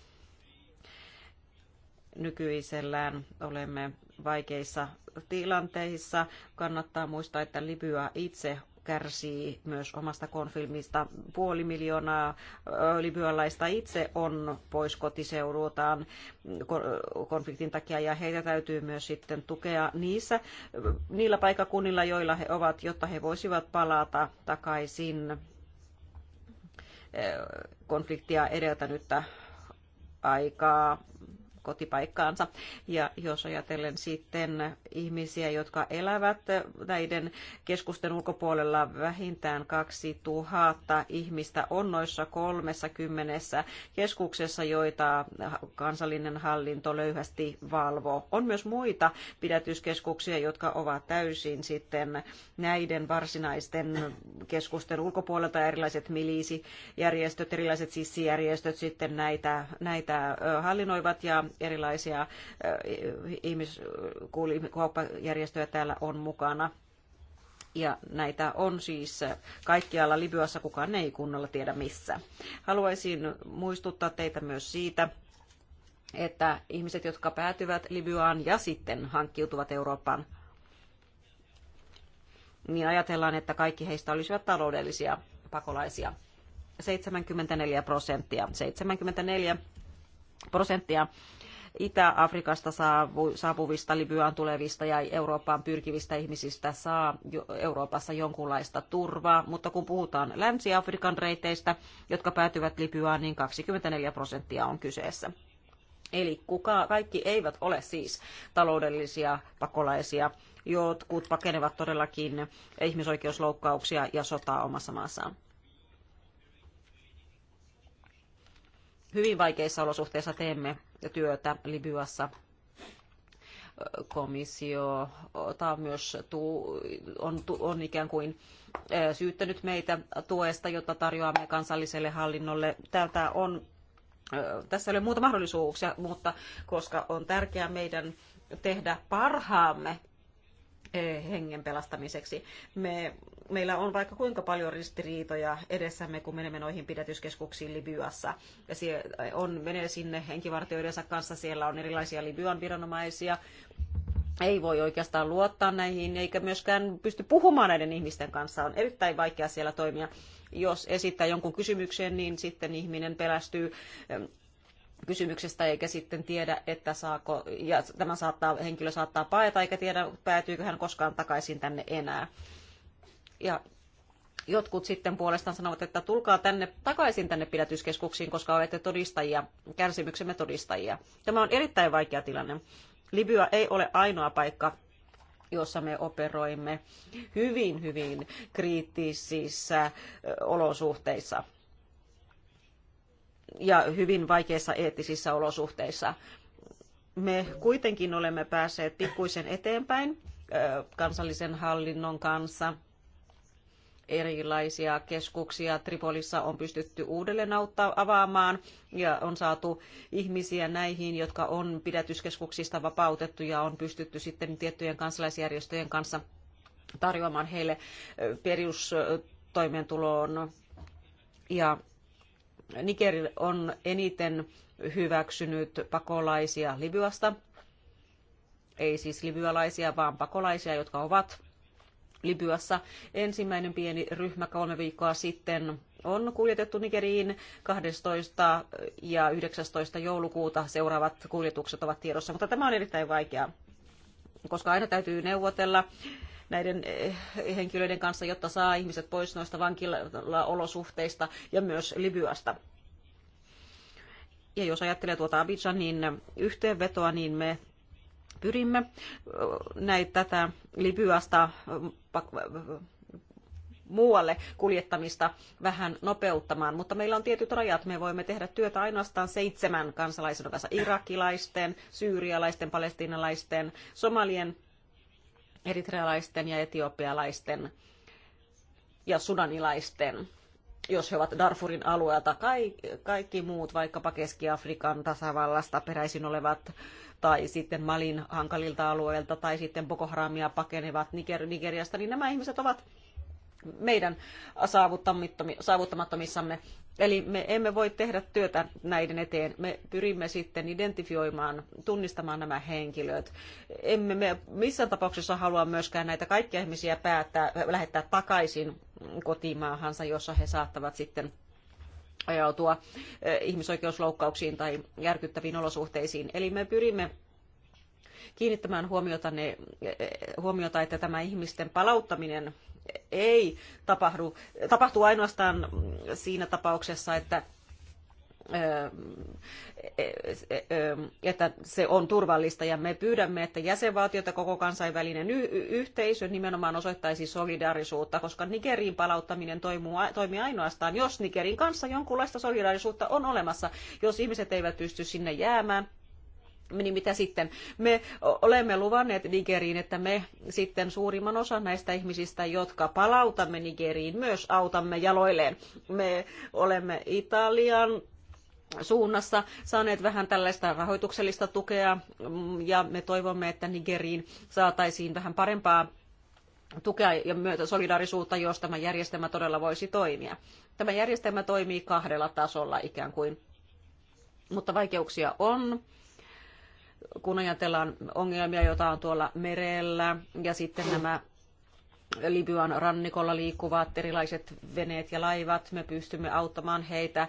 Speaker 4: Nykyisellään olemme vaikeissa tilanteissa. Kannattaa muistaa, että Libya itse kärsii myös omasta konfilmista. Puoli miljoonaa libyalaista itse on pois kotiseudultaan konfliktin takia ja heitä täytyy myös sitten tukea niissä, niillä paikakunnilla, joilla he ovat, jotta he voisivat palata takaisin konfliktia edeltänyttä aikaa kotipaikkaansa. Ja jos ajatellen sitten ihmisiä, jotka elävät näiden keskusten ulkopuolella, vähintään 2000 ihmistä on noissa 30 keskuksessa, joita kansallinen hallinto löyhästi valvoo. On myös muita pidätyskeskuksia, jotka ovat täysin sitten näiden varsinaisten keskusten ulkopuolelta erilaiset miliisijärjestöt, erilaiset sissijärjestöt sitten näitä, näitä hallinnoivat ja erilaisia ihmiskauppajärjestöjä täällä on mukana. Ja näitä on siis kaikkialla Libyassa, kukaan ei kunnolla tiedä missä. Haluaisin muistuttaa teitä myös siitä, että ihmiset, jotka päätyvät Libyaan ja sitten hankkiutuvat Euroopan, niin ajatellaan, että kaikki heistä olisivat taloudellisia pakolaisia. 74 prosenttia. 74 prosenttia Itä-Afrikasta saapuvista, Libyaan tulevista ja Eurooppaan pyrkivistä ihmisistä saa Euroopassa jonkunlaista turvaa, mutta kun puhutaan Länsi-Afrikan reiteistä, jotka päätyvät Libyaan, niin 24 prosenttia on kyseessä. Eli kuka, kaikki eivät ole siis taloudellisia pakolaisia. Jotkut pakenevat todellakin ihmisoikeusloukkauksia ja sotaa omassa maassaan. Hyvin vaikeissa olosuhteissa teemme työtä Libyassa komissio ottaa myös on, on ikään kuin eh, syyttänyt meitä tuesta, jota tarjoamme kansalliselle hallinnolle. Tältä on, eh, tässä ei ole muuta mahdollisuuksia, mutta koska on tärkeää meidän tehdä parhaamme Eh, hengen pelastamiseksi. Me, meillä on vaikka kuinka paljon ristiriitoja edessämme, kun menemme noihin pidätyskeskuksiin Libyassa. Ja sie, on, menee sinne henkivartioidensa kanssa, siellä on erilaisia Libyan viranomaisia, ei voi oikeastaan luottaa näihin, eikä myöskään pysty puhumaan näiden ihmisten kanssa. On erittäin vaikea siellä toimia. Jos esittää jonkun kysymyksen, niin sitten ihminen pelästyy kysymyksestä eikä sitten tiedä, että saako, ja tämä saattaa, henkilö saattaa paeta eikä tiedä, päätyykö hän koskaan takaisin tänne enää. Ja jotkut sitten puolestaan sanovat, että tulkaa tänne takaisin tänne pidätyskeskuksiin, koska olette todistajia, kärsimyksemme todistajia. Tämä on erittäin vaikea tilanne. Libya ei ole ainoa paikka, jossa me operoimme hyvin, hyvin kriittisissä olosuhteissa ja hyvin vaikeissa eettisissä olosuhteissa. Me kuitenkin olemme päässeet pikkuisen eteenpäin kansallisen hallinnon kanssa. Erilaisia keskuksia Tripolissa on pystytty uudelleen auttaa, avaamaan ja on saatu ihmisiä näihin, jotka on pidätyskeskuksista vapautettu ja on pystytty sitten tiettyjen kansalaisjärjestöjen kanssa tarjoamaan heille perustoimeentuloon ja Niger on eniten hyväksynyt pakolaisia Libyasta, ei siis libyalaisia, vaan pakolaisia, jotka ovat Libyassa. Ensimmäinen pieni ryhmä kolme viikkoa sitten on kuljetettu Nigeriin 12. ja 19. joulukuuta. Seuraavat kuljetukset ovat tiedossa, mutta tämä on erittäin vaikeaa, koska aina täytyy neuvotella näiden eh, henkilöiden kanssa, jotta saa ihmiset pois noista vankilaolosuhteista ja myös Libyasta. Ja jos ajattelee tuota Abidjanin yhteenvetoa, niin me pyrimme eh, näitä tätä Libyasta eh, muualle kuljettamista vähän nopeuttamaan, mutta meillä on tietyt rajat. Me voimme tehdä työtä ainoastaan seitsemän kansalaisen kanssa, irakilaisten, syyrialaisten, palestiinalaisten, somalien eritrealaisten ja etiopialaisten ja sudanilaisten, jos he ovat Darfurin alueelta, kaikki muut, vaikkapa Keski-Afrikan tasavallasta peräisin olevat tai sitten Malin hankalilta alueelta tai sitten Boko Haramia pakenevat Niger, Nigeriasta, niin nämä ihmiset ovat meidän saavuttamattomissamme. Eli me emme voi tehdä työtä näiden eteen. Me pyrimme sitten identifioimaan, tunnistamaan nämä henkilöt. Emme me missään tapauksessa halua myöskään näitä kaikkia ihmisiä päättää, lähettää takaisin kotimaahansa, jossa he saattavat sitten ajautua eh, ihmisoikeusloukkauksiin tai järkyttäviin olosuhteisiin. Eli me pyrimme kiinnittämään huomiota, ne, eh, huomiota että tämä ihmisten palauttaminen ei tapahdu. Tapahtuu ainoastaan siinä tapauksessa, että ähm, e, e, e, että se on turvallista ja me pyydämme, että jäsenvaltiota koko kansainvälinen yhteisö nimenomaan osoittaisi solidaarisuutta, koska Nigeriin palauttaminen toimii ainoastaan, jos Nigerin kanssa jonkunlaista solidaarisuutta on olemassa, jos ihmiset eivät pysty sinne jäämään niin mitä sitten? Me olemme luvanneet Nigeriin, että me sitten suurimman osan näistä ihmisistä, jotka palautamme Nigeriin, myös autamme jaloilleen. Me olemme Italian suunnassa saaneet vähän tällaista rahoituksellista tukea mm, ja me toivomme, että Nigeriin saataisiin vähän parempaa tukea ja myötä solidaarisuutta, jos tämä järjestelmä todella voisi toimia. Tämä järjestelmä toimii kahdella tasolla ikään kuin, mutta vaikeuksia on kun ajatellaan ongelmia, joita on tuolla merellä ja sitten nämä Libyan rannikolla liikkuvat erilaiset veneet ja laivat. Me pystymme auttamaan heitä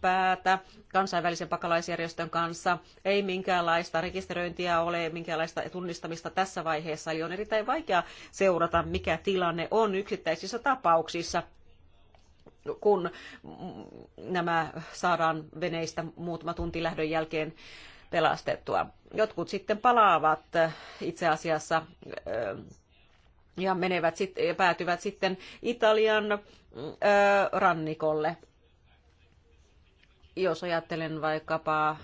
Speaker 4: päätä kansainvälisen pakalaisjärjestön kanssa. Ei minkäänlaista rekisteröintiä ole, minkäänlaista tunnistamista tässä vaiheessa, eli on erittäin vaikea seurata, mikä tilanne on yksittäisissä tapauksissa kun nämä saadaan veneistä muutama tunti lähdön jälkeen pelastettua. Jotkut sitten palaavat äh, itse asiassa äh, ja menevät sit, ja päätyvät sitten Italian äh, rannikolle. Jos ajattelen vaikkapa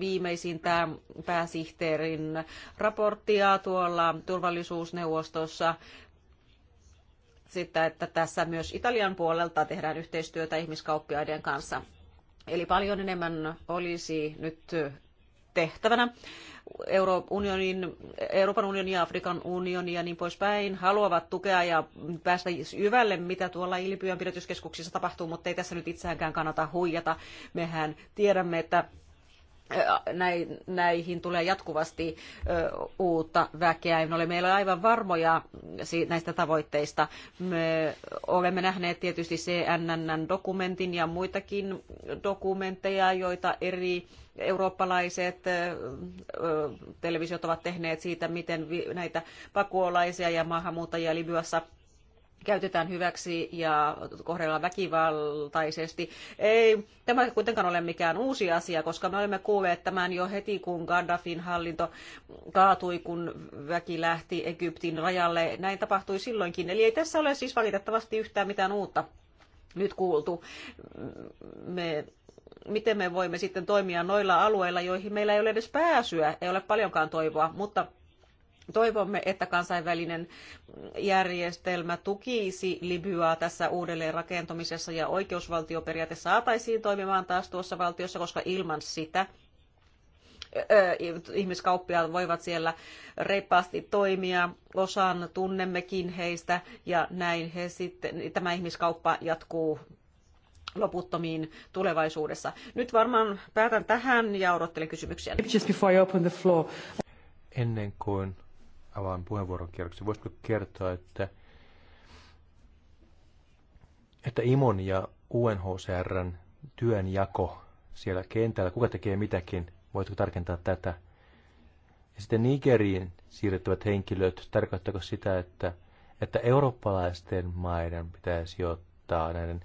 Speaker 4: viimeisintä pääsihteerin raporttia tuolla turvallisuusneuvostossa, sitä, että tässä myös Italian puolelta tehdään yhteistyötä ihmiskauppiaiden kanssa. Eli paljon enemmän olisi nyt tehtävänä. unionin, Euroopan unioni ja Afrikan unioni ja niin poispäin haluavat tukea ja päästä syvälle, mitä tuolla Ilpiön pidätyskeskuksissa tapahtuu, mutta ei tässä nyt itseäänkään kannata huijata. Mehän tiedämme, että näihin tulee jatkuvasti uutta väkeä. Me olemme aivan varmoja näistä tavoitteista. Me olemme nähneet tietysti CNN-dokumentin ja muitakin dokumentteja, joita eri eurooppalaiset televisiot ovat tehneet siitä, miten näitä pakuolaisia ja maahanmuuttajia Libyassa käytetään hyväksi ja kohdellaan väkivaltaisesti. Ei tämä ei kuitenkaan ole mikään uusi asia, koska me olemme kuulleet tämän jo heti, kun Gaddafin hallinto kaatui, kun väki lähti Egyptin rajalle. Näin tapahtui silloinkin. Eli ei tässä ole siis valitettavasti yhtään mitään uutta nyt kuultu. Me miten me voimme sitten toimia noilla alueilla, joihin meillä ei ole edes pääsyä, ei ole paljonkaan toivoa, mutta Toivomme, että kansainvälinen järjestelmä tukisi Libyaa tässä uudelleenrakentamisessa ja oikeusvaltioperiaate saataisiin toimimaan taas tuossa valtiossa, koska ilman sitä ihmiskauppiaat voivat siellä reippaasti toimia, osan tunnemmekin heistä ja näin he sitten, tämä ihmiskauppa jatkuu loputtomiin tulevaisuudessa. Nyt varmaan päätän tähän ja odottelen kysymyksiä.
Speaker 2: Ennen kuin avaan puheenvuorokierroksen. Voisitko kertoa, että, että IMON ja UNHCRn työnjako siellä kentällä, kuka tekee mitäkin, voitko tarkentaa tätä? Ja sitten Nigeriin siirrettävät henkilöt, tarkoittaako sitä, että, että eurooppalaisten maiden pitäisi ottaa näiden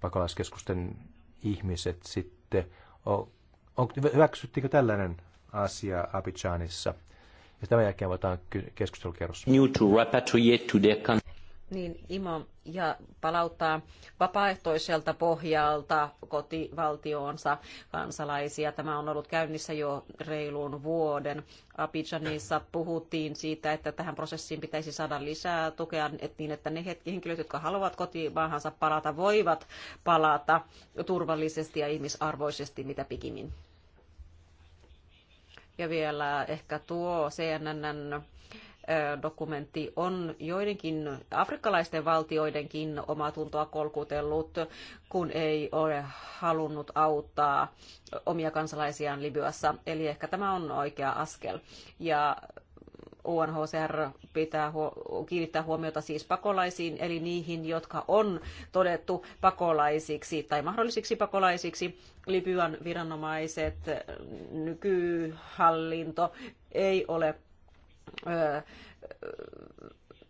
Speaker 2: pakolaiskeskusten ihmiset sitten? On, on, hyväksyttiinkö tällainen asia Abidjanissa – ja tämän jälkeen avataan keskustelukierros. New to repatriate to their country.
Speaker 4: Niin, Imo, ja palauttaa vapaaehtoiselta pohjalta kotivaltioonsa kansalaisia. Tämä on ollut käynnissä jo reilun vuoden. Abidjanissa puhuttiin siitä, että tähän prosessiin pitäisi saada lisää tukea että niin, että ne henkilöt, jotka haluavat kotimaahansa palata, voivat palata turvallisesti ja ihmisarvoisesti mitä pikimmin. Ja vielä ehkä tuo CNNn dokumentti on joidenkin afrikkalaisten valtioidenkin omaa tuntoa kolkutellut, kun ei ole halunnut auttaa omia kansalaisiaan Libyassa. Eli ehkä tämä on oikea askel. Ja UNHCR pitää kiinnittää huomiota siis pakolaisiin, eli niihin, jotka on todettu pakolaisiksi tai mahdollisiksi pakolaisiksi. Libyan viranomaiset, nykyhallinto ei ole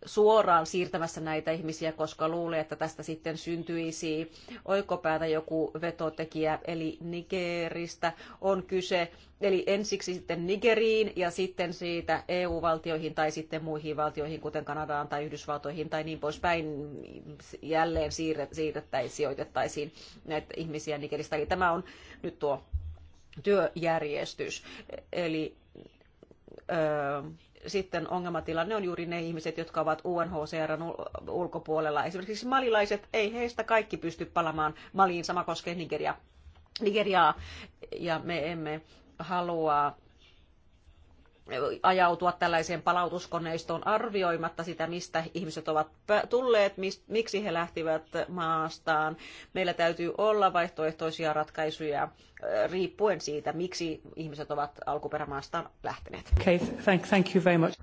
Speaker 4: suoraan siirtämässä näitä ihmisiä, koska luulee, että tästä sitten syntyisi oikopäätä joku vetotekijä, eli Nigeristä on kyse. Eli ensiksi sitten Nigeriin ja sitten siitä EU-valtioihin tai sitten muihin valtioihin, kuten Kanadaan tai Yhdysvaltoihin tai niin poispäin, jälleen siirrettäisiin, sijoitettaisiin näitä ihmisiä Nigeristä. Eli tämä on nyt tuo työjärjestys. Eli öö, sitten ongelmatilanne on juuri ne ihmiset, jotka ovat UNHCRn ulkopuolella. Esimerkiksi malilaiset, ei heistä kaikki pysty palamaan Maliin, sama koskee Nigeria. Nigeriaa, ja me emme halua ajautua tällaiseen palautuskoneistoon arvioimatta sitä, mistä ihmiset ovat tulleet, miksi he lähtivät maastaan. Meillä täytyy olla vaihtoehtoisia ratkaisuja riippuen siitä, miksi ihmiset ovat alkuperämaastaan lähteneet. Okay,
Speaker 2: thank, thank you very much.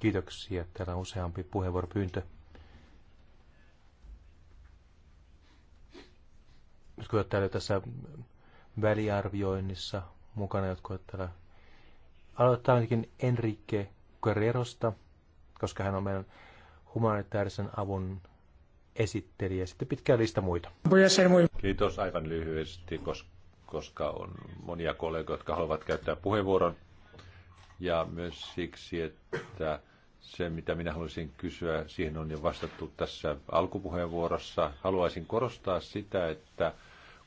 Speaker 2: Kiitoksia. Täällä on useampi puheenvuoropyyntö. Nyt kun täällä tässä väliarvioinnissa mukana, jotka ovat täällä Aloittaa ainakin Enrique Guerrerosta, koska hän on meidän humanitaarisen avun esitteli ja sitten pitkä lista muita. Kiitos
Speaker 3: aivan lyhyesti, koska on monia kollegoja, jotka haluavat käyttää puheenvuoron. Ja myös siksi, että se, mitä minä haluaisin kysyä, siihen on jo vastattu tässä alkupuheenvuorossa. Haluaisin korostaa sitä, että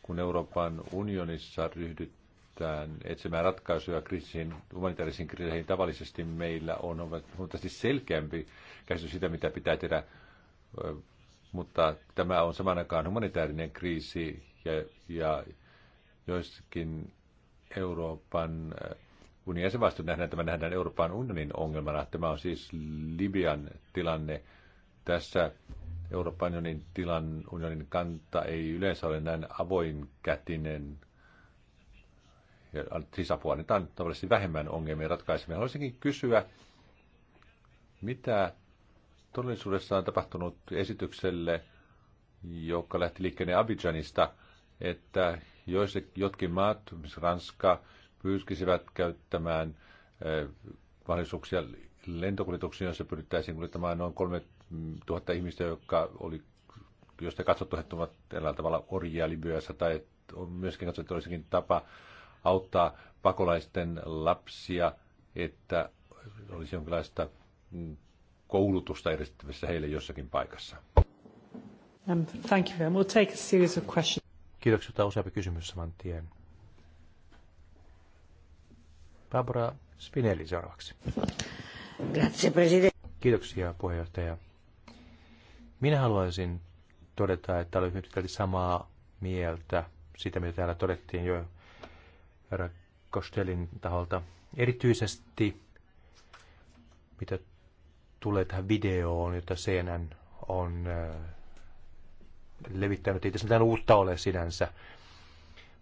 Speaker 3: kun Euroopan unionissa ryhdyt pyritään etsimään ratkaisuja kriisiin, humanitaarisiin kriiseihin. Tavallisesti meillä on huomattavasti selkeämpi käsitys sitä, mitä pitää tehdä, mutta tämä on saman aikaan humanitaarinen kriisi ja, ja joissakin Euroopan unionin jäsenvastu nähdään, tämä nähdään Euroopan unionin ongelmana. Tämä on siis Libian tilanne. Tässä Euroopan unionin tilan unionin kanta ei yleensä ole näin avoinkätinen ja lisäapua niin on tavallisesti vähemmän ongelmia ratkaisemia. Haluaisinkin kysyä, mitä todellisuudessa on tapahtunut esitykselle, joka lähti liikkeelle Abidjanista, että jos jotkin maat, esimerkiksi Ranska, pyyskisivät käyttämään mahdollisuuksia lentokuljetuksiin, joissa pyrittäisiin kuljettamaan noin 3000 ihmistä, jotka oli, jos te katsottu, että ovat tavalla orjia Libyassa, tai on myöskin katsottu, että olisikin tapa auttaa pakolaisten lapsia, että olisi jonkinlaista koulutusta järjestettävissä
Speaker 2: heille jossakin paikassa.
Speaker 1: Um, thank you. We'll take a series of questions.
Speaker 2: Kiitoksia, että useampi kysymys saman tien. Barbara Spinelli seuraavaksi. Grazie, Kiitoksia, puheenjohtaja. Minä haluaisin todeta, että olen nyt samaa mieltä siitä, mitä täällä todettiin jo herra Kostelin taholta. Erityisesti mitä tulee tähän videoon, jota CNN on äh, levittänyt. Ei tässä mitään uutta ole sinänsä.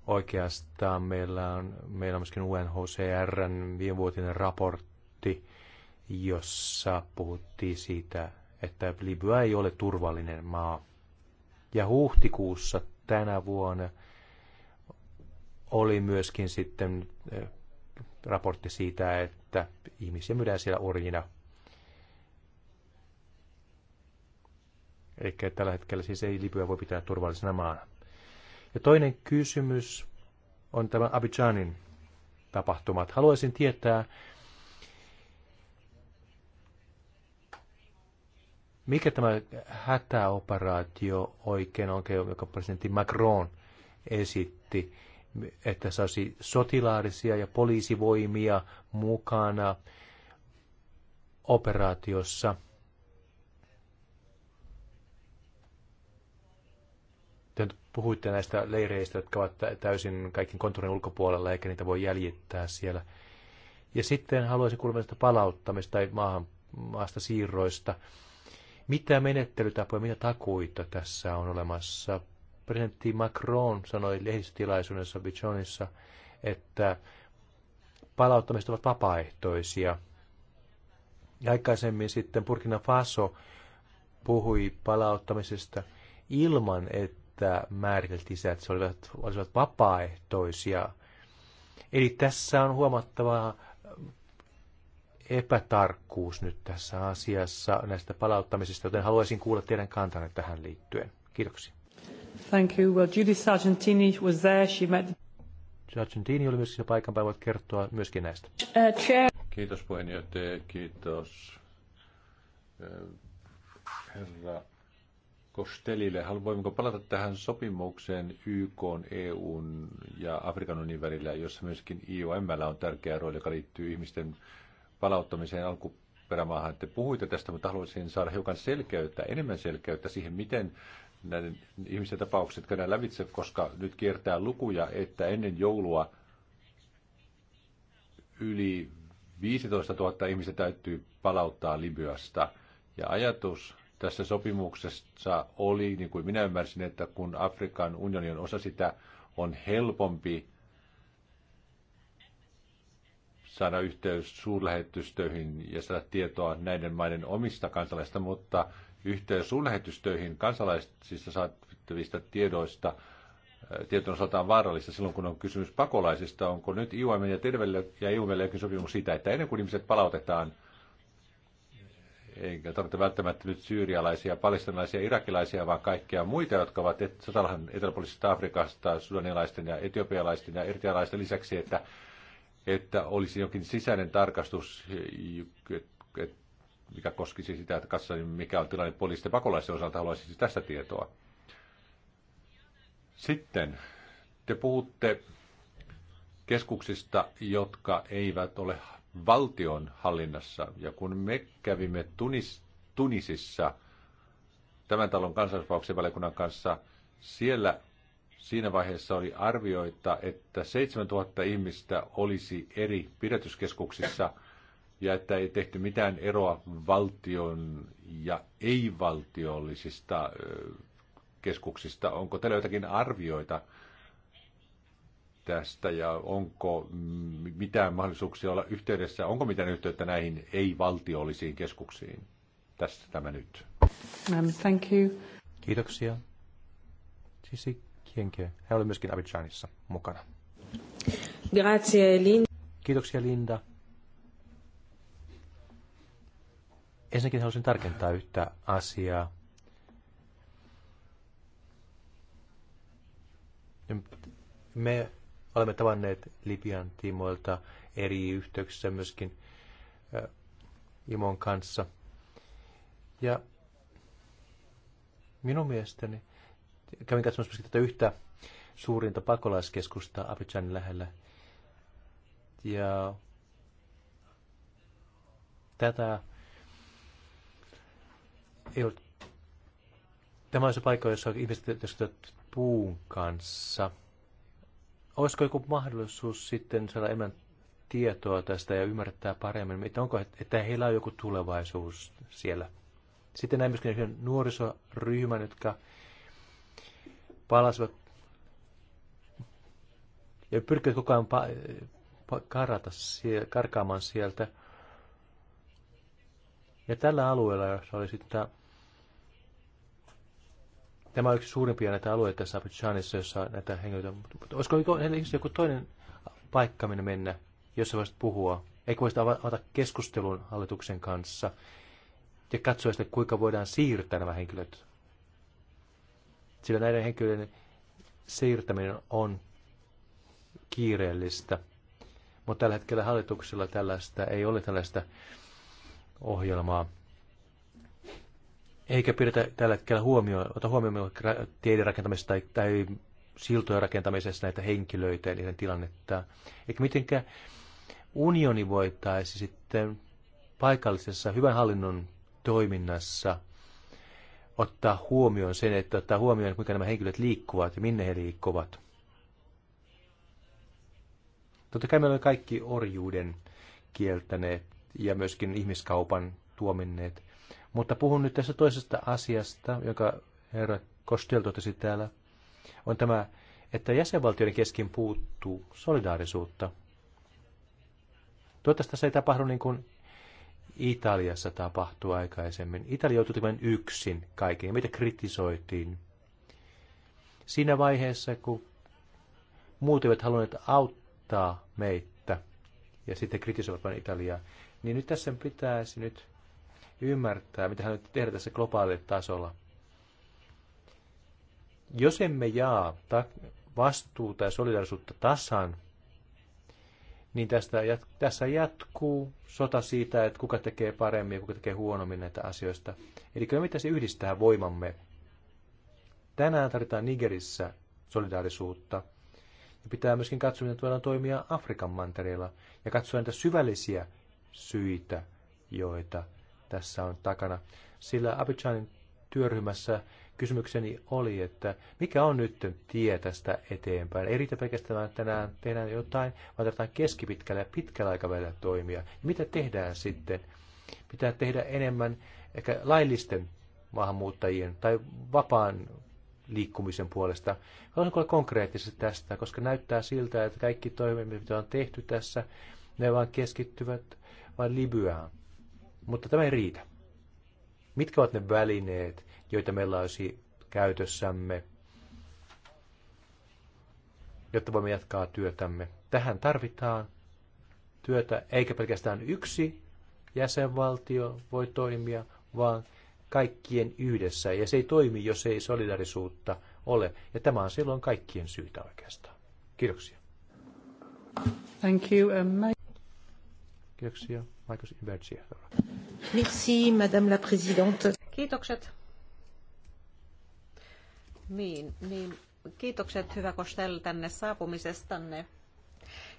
Speaker 2: Oikeastaan meillä on, meillä on myöskin UNHCRn viimevuotinen raportti, jossa puhuttiin siitä, että Libya ei ole turvallinen maa. Ja huhtikuussa tänä vuonna oli myöskin sitten eh, raportti siitä, että ihmisiä myydään siellä orjina. Eli tällä hetkellä siis ei Libya voi pitää turvallisena maana. Ja toinen kysymys on tämä Abidjanin tapahtumat. Haluaisin tietää, mikä tämä hätäoperaatio oikein on, jonka presidentti Macron esitti että saisi sotilaallisia ja poliisivoimia mukana operaatiossa. Te puhuitte näistä leireistä, jotka ovat täysin kaiken kontrollin ulkopuolella, eikä niitä voi jäljittää siellä. Ja sitten haluaisin kuulla palauttamista tai maahan, maasta siirroista. Mitä menettelytapoja, mitä takuita tässä on olemassa presidentti Macron sanoi lehdistötilaisuudessa Bichonissa, että palauttamiset ovat vapaaehtoisia. Ja aikaisemmin sitten Burkina Faso puhui palauttamisesta ilman, että määriteltiin se, että se olivat, olisivat vapaaehtoisia. Eli tässä on huomattava epätarkkuus nyt tässä asiassa näistä palauttamisista, joten haluaisin kuulla teidän kantanne tähän liittyen. Kiitoksia.
Speaker 1: Thank you. Well, Judith Sargentini was there. She met...
Speaker 2: Sargentini oli myös paikan päällä. Voit kertoa myöskin näistä.
Speaker 1: Uh, chair.
Speaker 2: Kiitos puheenjohtaja. Kiitos eh,
Speaker 3: herra Kostelille. Voimmeko palata tähän sopimukseen YK, EU ja Afrikan unionin välillä, jossa myöskin IOM on tärkeä rooli, joka liittyy ihmisten palauttamiseen alkuperämaahan. Te puhuitte tästä, mutta haluaisin saada hiukan selkeyttä, enemmän selkeyttä siihen, miten näiden ihmisten tapaukset käydään lävitse, koska nyt kiertää lukuja, että ennen joulua yli 15 000 ihmistä täytyy palauttaa Libyasta. Ja ajatus tässä sopimuksessa oli, niin kuin minä ymmärsin, että kun Afrikan unioni on osa sitä, on helpompi saada yhteys suurlähetystöihin ja saada tietoa näiden maiden omista kansalaisista, mutta yhteys suurlähetystöihin kansalaisista saattavista tiedoista äh, tietoon sotaan vaarallista silloin, kun on kysymys pakolaisista. Onko nyt IOM ja Terveellä ja IOMlle jokin sopimus siitä, että ennen kuin ihmiset palautetaan, eikä tarvitse välttämättä nyt syyrialaisia, palestinalaisia, irakilaisia, vaan kaikkia muita, jotka ovat et, sotalahan eteläpuolisesta Afrikasta, sudanilaisten ja etiopialaisten ja ertialaisten lisäksi, että, että olisi jokin sisäinen tarkastus, että mikä koskisi sitä, että katsoin, mikä on tilanne poliisten pakolaisen osalta, haluaisin siis tästä tietoa. Sitten te puhutte keskuksista, jotka eivät ole valtion hallinnassa. Ja kun me kävimme Tunis, Tunisissa tämän talon kansallisvauksen valiokunnan kanssa, siellä siinä vaiheessa oli arvioita, että 7000 ihmistä olisi eri pidätyskeskuksissa – ja että ei tehty mitään eroa valtion ja ei-valtiollisista keskuksista. Onko teillä jotakin arvioita tästä ja onko mitään mahdollisuuksia olla yhteydessä, onko mitään yhteyttä näihin ei-valtiollisiin keskuksiin? Tässä tämä nyt.
Speaker 1: thank you. Kiitoksia. Sisi Kienke.
Speaker 2: Hän oli myöskin Abidjanissa mukana.
Speaker 1: Grazie, Linda. Kiitoksia, Linda
Speaker 2: Ensinnäkin haluaisin tarkentaa yhtä asiaa. Me olemme tavanneet Libian tiimoilta eri yhteyksissä myöskin Imon kanssa. Ja minun mielestäni, kävin katsomassa myöskin tätä yhtä suurinta pakolaiskeskusta Abidjanin lähellä. Ja tätä ei ollut, tämä on se paikka, jossa ihmiset työskentelevät puun kanssa. Olisiko joku mahdollisuus sitten saada enemmän tietoa tästä ja ymmärtää paremmin, että onko, että heillä on joku tulevaisuus siellä. Sitten näin myöskin yhden nuorisoryhmän, jotka palasivat ja pyrkivät koko ajan karata, karkaamaan sieltä. Ja tällä alueella, jossa oli sitten Tämä on yksi suurimpia näitä alueita Abidjanissa, jossa on näitä henkilöitä. Olisiko joku toinen paikka, minne mennä, jossa voisit puhua? Eikö voisit avata keskustelun hallituksen kanssa ja katsoa sitten, kuinka voidaan siirtää nämä henkilöt? Sillä näiden henkilöiden siirtäminen on kiireellistä. Mutta tällä hetkellä hallituksella tällaista ei ole tällaista ohjelmaa eikä pidetä tällä hetkellä huomioon, ota huomioon teiden rakentamisessa tai, tai siltojen rakentamisessa näitä henkilöitä ja niiden tilannetta. Eikä mitenkä unioni voitaisi sitten paikallisessa hyvän hallinnon toiminnassa ottaa huomioon sen, että ottaa huomioon, kuinka nämä henkilöt liikkuvat ja minne he liikkuvat. Totta kai meillä on kaikki orjuuden kieltäneet ja myöskin ihmiskaupan tuominneet. Mutta puhun nyt tässä toisesta asiasta, joka herra Kostel totesi täällä, on tämä, että jäsenvaltioiden kesken puuttuu solidaarisuutta. Toivottavasti se ei tapahdu niin kuin Italiassa tapahtui aikaisemmin. Italia joutui tekemään yksin kaiken, mitä kritisoitiin. Siinä vaiheessa, kun muut eivät halunneet auttaa meitä ja sitten kritisoivat vain Italiaa, niin nyt tässä pitäisi nyt ymmärtää, mitä hän tehdä tässä globaalilla tasolla. Jos emme jaa vastuuta ja solidarisuutta tasan, niin tästä, tässä jatkuu sota siitä, että kuka tekee paremmin ja kuka tekee huonommin näitä asioista. Eli kyllä mitä se yhdistää voimamme. Tänään tarvitaan Nigerissä solidaarisuutta. Ja pitää myöskin katsoa, miten voidaan toimia Afrikan mantereella ja katsoa niitä syvällisiä syitä, joita tässä on takana. Sillä Abidjanin työryhmässä kysymykseni oli, että mikä on nyt tie tästä eteenpäin? Ei riitä pelkästään tänään tehdään jotain, vaan tarvitaan keskipitkällä ja pitkällä aikavälillä toimia. Ja mitä tehdään sitten? Pitää tehdä enemmän ehkä laillisten maahanmuuttajien tai vapaan liikkumisen puolesta. Haluaisin kuulla konkreettisesti tästä, koska näyttää siltä, että kaikki toimet, mitä on tehty tässä, ne vaan keskittyvät vain Libyaan. Mutta tämä ei riitä. Mitkä ovat ne välineet, joita meillä olisi käytössämme, jotta voimme jatkaa työtämme? Tähän tarvitaan työtä, eikä pelkästään yksi jäsenvaltio voi toimia, vaan kaikkien yhdessä. Ja se ei toimi, jos ei solidarisuutta ole. Ja tämä on silloin kaikkien syytä oikeastaan. Kiitoksia.
Speaker 1: Thank you. Um,
Speaker 2: Kiitoksia. Michael Ibergia.
Speaker 4: Merci, Madame la Présidente. Kiitokset. Niin, niin. Kiitokset, hyvä Kostel, tänne saapumisestanne.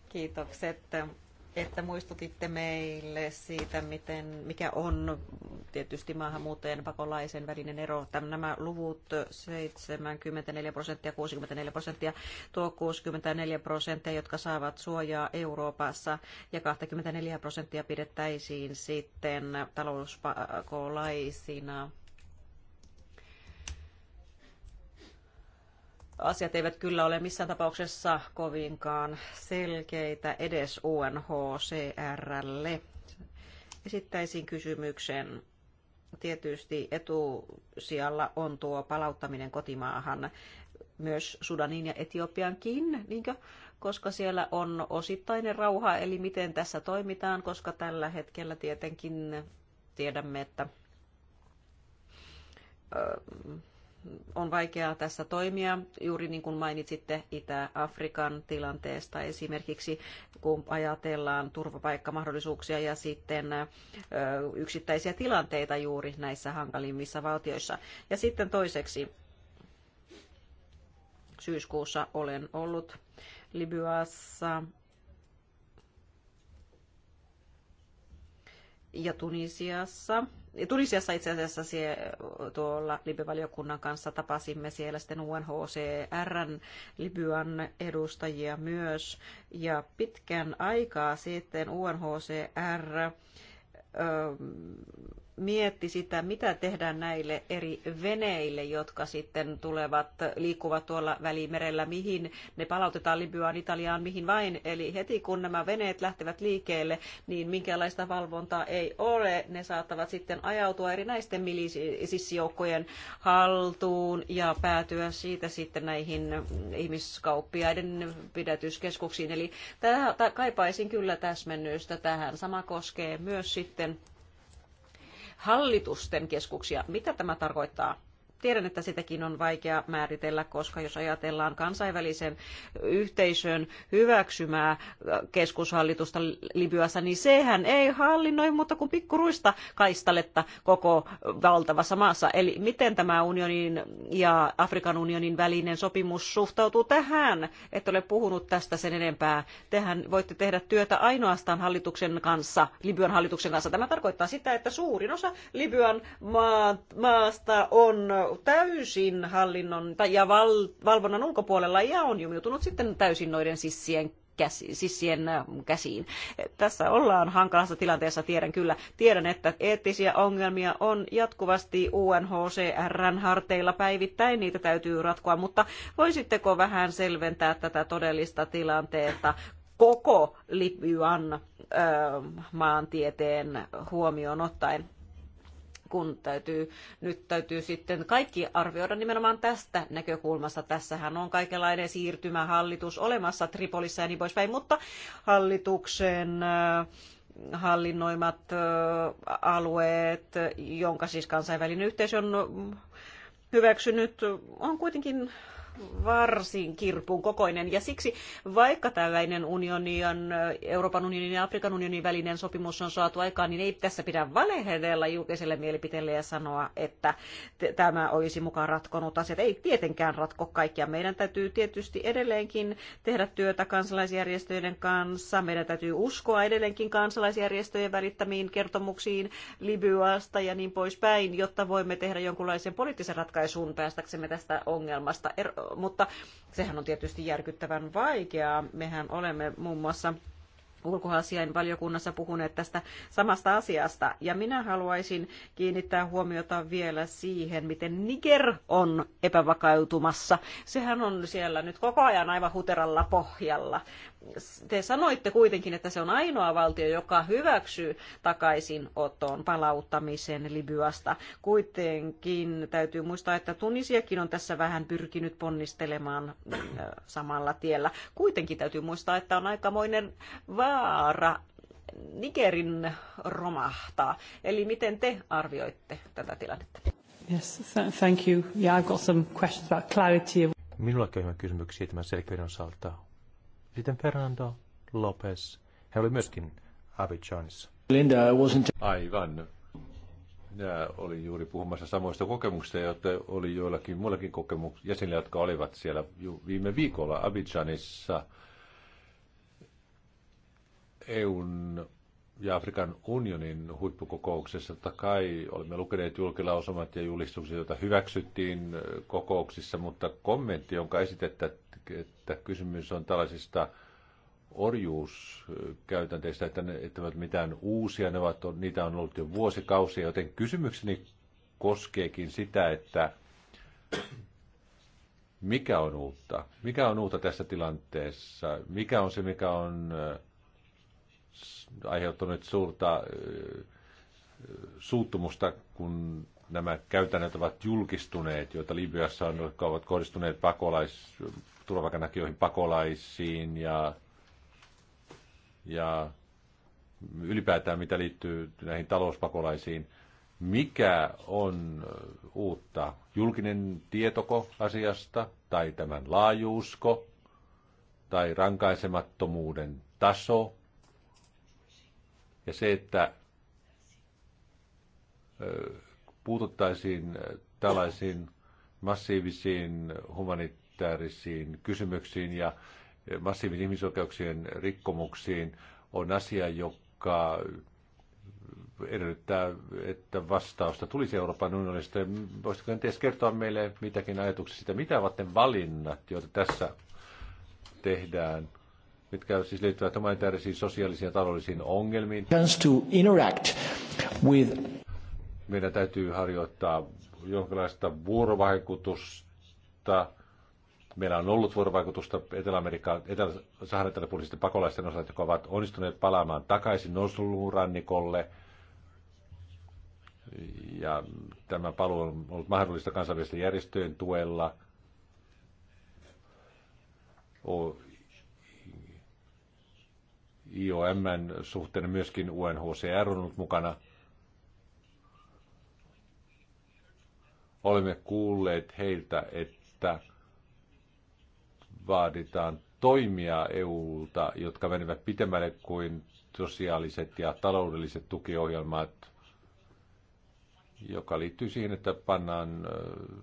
Speaker 4: Kiitokset että muistutitte meille siitä, miten, mikä on tietysti maahanmuuttajien pakolaisen välinen ero. Nämä luvut 74 prosenttia, 64 prosenttia, tuo 64 prosenttia, jotka saavat suojaa Euroopassa ja 24 prosenttia pidettäisiin sitten talouspakolaisina asiat eivät kyllä ole missään tapauksessa kovinkaan selkeitä edes UNHCRlle. Esittäisin kysymyksen. Tietysti etusijalla on tuo palauttaminen kotimaahan myös Sudanin ja Etiopiankin, niinkö? koska siellä on osittainen rauha, eli miten tässä toimitaan, koska tällä hetkellä tietenkin tiedämme, että on vaikeaa tässä toimia, juuri niin kuin mainitsitte Itä-Afrikan tilanteesta esimerkiksi, kun ajatellaan turvapaikkamahdollisuuksia ja sitten yksittäisiä tilanteita juuri näissä hankalimmissa valtioissa. Ja sitten toiseksi syyskuussa olen ollut Libyassa ja Tunisiassa Tunisiassa itse asiassa sie, tuolla Libyvaliokunnan kanssa tapasimme siellä sitten UNHCRn Libyan edustajia myös. Ja pitkän aikaa sitten UNHCR mietti sitä, mitä tehdään näille eri veneille, jotka sitten tulevat, liikkuvat tuolla välimerellä, mihin ne palautetaan Libyaan, Italiaan, mihin vain. Eli heti kun nämä veneet lähtevät liikkeelle, niin minkälaista valvontaa ei ole. Ne saattavat sitten ajautua erinäisten milisissijoukkojen haltuun ja päätyä siitä sitten näihin ihmiskauppiaiden pidätyskeskuksiin. Eli tämä, kaipaisin kyllä täsmennystä tähän. Sama koskee myös sitten hallitusten keskuksia. Mitä tämä tarkoittaa? Tiedän, että sitäkin on vaikea määritellä, koska jos ajatellaan kansainvälisen yhteisön hyväksymää keskushallitusta Libyassa, niin sehän ei hallinnoi muuta kuin pikkuruista kaistaletta koko valtavassa maassa. Eli miten tämä unionin ja Afrikan unionin välinen sopimus suhtautuu tähän? Et ole puhunut tästä sen enempää. Tehän voitte tehdä työtä ainoastaan hallituksen kanssa, Libyan hallituksen kanssa. Tämä tarkoittaa sitä, että suurin osa Libyan maasta on täysin hallinnon ja val, valvonnan ulkopuolella ja on jumiutunut sitten täysin noiden sissien käsi, sissien käsiin. Tässä ollaan hankalassa tilanteessa, tiedän kyllä. Tiedän, että eettisiä ongelmia on jatkuvasti UNHCRn harteilla päivittäin, niitä täytyy ratkoa, mutta voisitteko vähän selventää tätä todellista tilanteetta koko Libyan maantieteen huomioon ottaen? kun täytyy, nyt täytyy sitten kaikki arvioida nimenomaan tästä näkökulmasta. Tässähän on kaikenlainen siirtymähallitus olemassa Tripolissa ja niin poispäin, mutta hallituksen äh, hallinnoimat äh, alueet, jonka siis kansainvälinen yhteisö on äh, hyväksynyt, on kuitenkin varsin kirpun kokoinen. Ja siksi vaikka tällainen unionin, Euroopan unionin ja Afrikan unionin välinen sopimus on saatu aikaan, niin ei tässä pidä valehdella julkiselle mielipiteelle ja sanoa, että tämä olisi mukaan ratkonut asiat. Ei tietenkään ratko kaikkia. Meidän täytyy tietysti edelleenkin tehdä työtä kansalaisjärjestöjen kanssa. Meidän täytyy uskoa edelleenkin kansalaisjärjestöjen välittämiin kertomuksiin Libyasta ja niin poispäin, jotta voimme tehdä jonkunlaisen poliittisen ratkaisun päästäksemme tästä ongelmasta er- mutta sehän on tietysti järkyttävän vaikeaa. Mehän olemme muun muassa ulkoasiain valiokunnassa puhuneet tästä samasta asiasta. Ja minä haluaisin kiinnittää huomiota vielä siihen, miten Niger on epävakautumassa. Sehän on siellä nyt koko ajan aivan huteralla pohjalla te sanoitte kuitenkin, että se on ainoa valtio, joka hyväksyy takaisinoton palauttamisen Libyasta. Kuitenkin täytyy muistaa, että Tunisiakin on tässä vähän pyrkinyt ponnistelemaan äh, samalla tiellä. Kuitenkin täytyy muistaa, että on aikamoinen vaara Nigerin romahtaa. Eli miten te arvioitte tätä tilannetta?
Speaker 1: Yes, thank you. Yeah, I've got some questions about clarity. Minulla on kysymyksiä tämän selkeyden osalta sitten Fernando
Speaker 2: Lopez. Hän oli myöskin Abidjanissa. Linda, I wasn't... Aivan. Minä olin juuri puhumassa samoista
Speaker 3: kokemuksista, joita oli joillakin muillakin kokemuks- jäsenillä, jotka olivat siellä viime viikolla Abidjanissa. EUn ja Afrikan unionin huippukokouksessa. Totta kai olemme lukeneet julkilausumat ja julistukset, joita hyväksyttiin kokouksissa, mutta kommentti, jonka esitettä, että kysymys on tällaisista orjuuskäytänteistä, että ne että ovat mitään uusia, ne ovat, niitä on ollut jo vuosikausia, joten kysymykseni koskeekin sitä, että mikä on uutta? Mikä on uutta tässä tilanteessa? Mikä on se, mikä on aiheuttanut suurta suuttumusta, kun nämä käytännöt ovat julkistuneet, joita Libyassa on, jotka ovat kohdistuneet pakolais, turvapaikanhakijoihin pakolaisiin ja, ja ylipäätään mitä liittyy näihin talouspakolaisiin. Mikä on uutta? Julkinen tietoko asiasta tai tämän laajuusko tai rankaisemattomuuden taso? Ja se, että puututtaisiin tällaisiin massiivisiin humanitaarisiin kysymyksiin ja massiivisiin ihmisoikeuksien rikkomuksiin, on asia, joka edellyttää, että vastausta tulisi Euroopan unionista. Voisitko kenties kertoa meille mitäkin ajatuksia siitä, mitä ovat ne valinnat, joita tässä tehdään? mitkä siis liittyvät humanitaarisiin, sosiaalisiin ja taloudellisiin ongelmiin. To
Speaker 2: interact with...
Speaker 3: Meidän täytyy harjoittaa jonkinlaista vuorovaikutusta. Meillä on ollut vuorovaikutusta etelä amerikan Etelä-Saharan pakolaisten osalta, jotka ovat onnistuneet palaamaan takaisin Nosluun rannikolle. Ja tämä paluu on ollut mahdollista kansainvälisten järjestöjen tuella. IOMn suhteen myöskin UNHCR on ollut mukana. Olemme kuulleet heiltä, että vaaditaan toimia EUlta, jotka menevät pitemmälle kuin sosiaaliset ja taloudelliset tukiohjelmat, joka liittyy siihen, että pannaan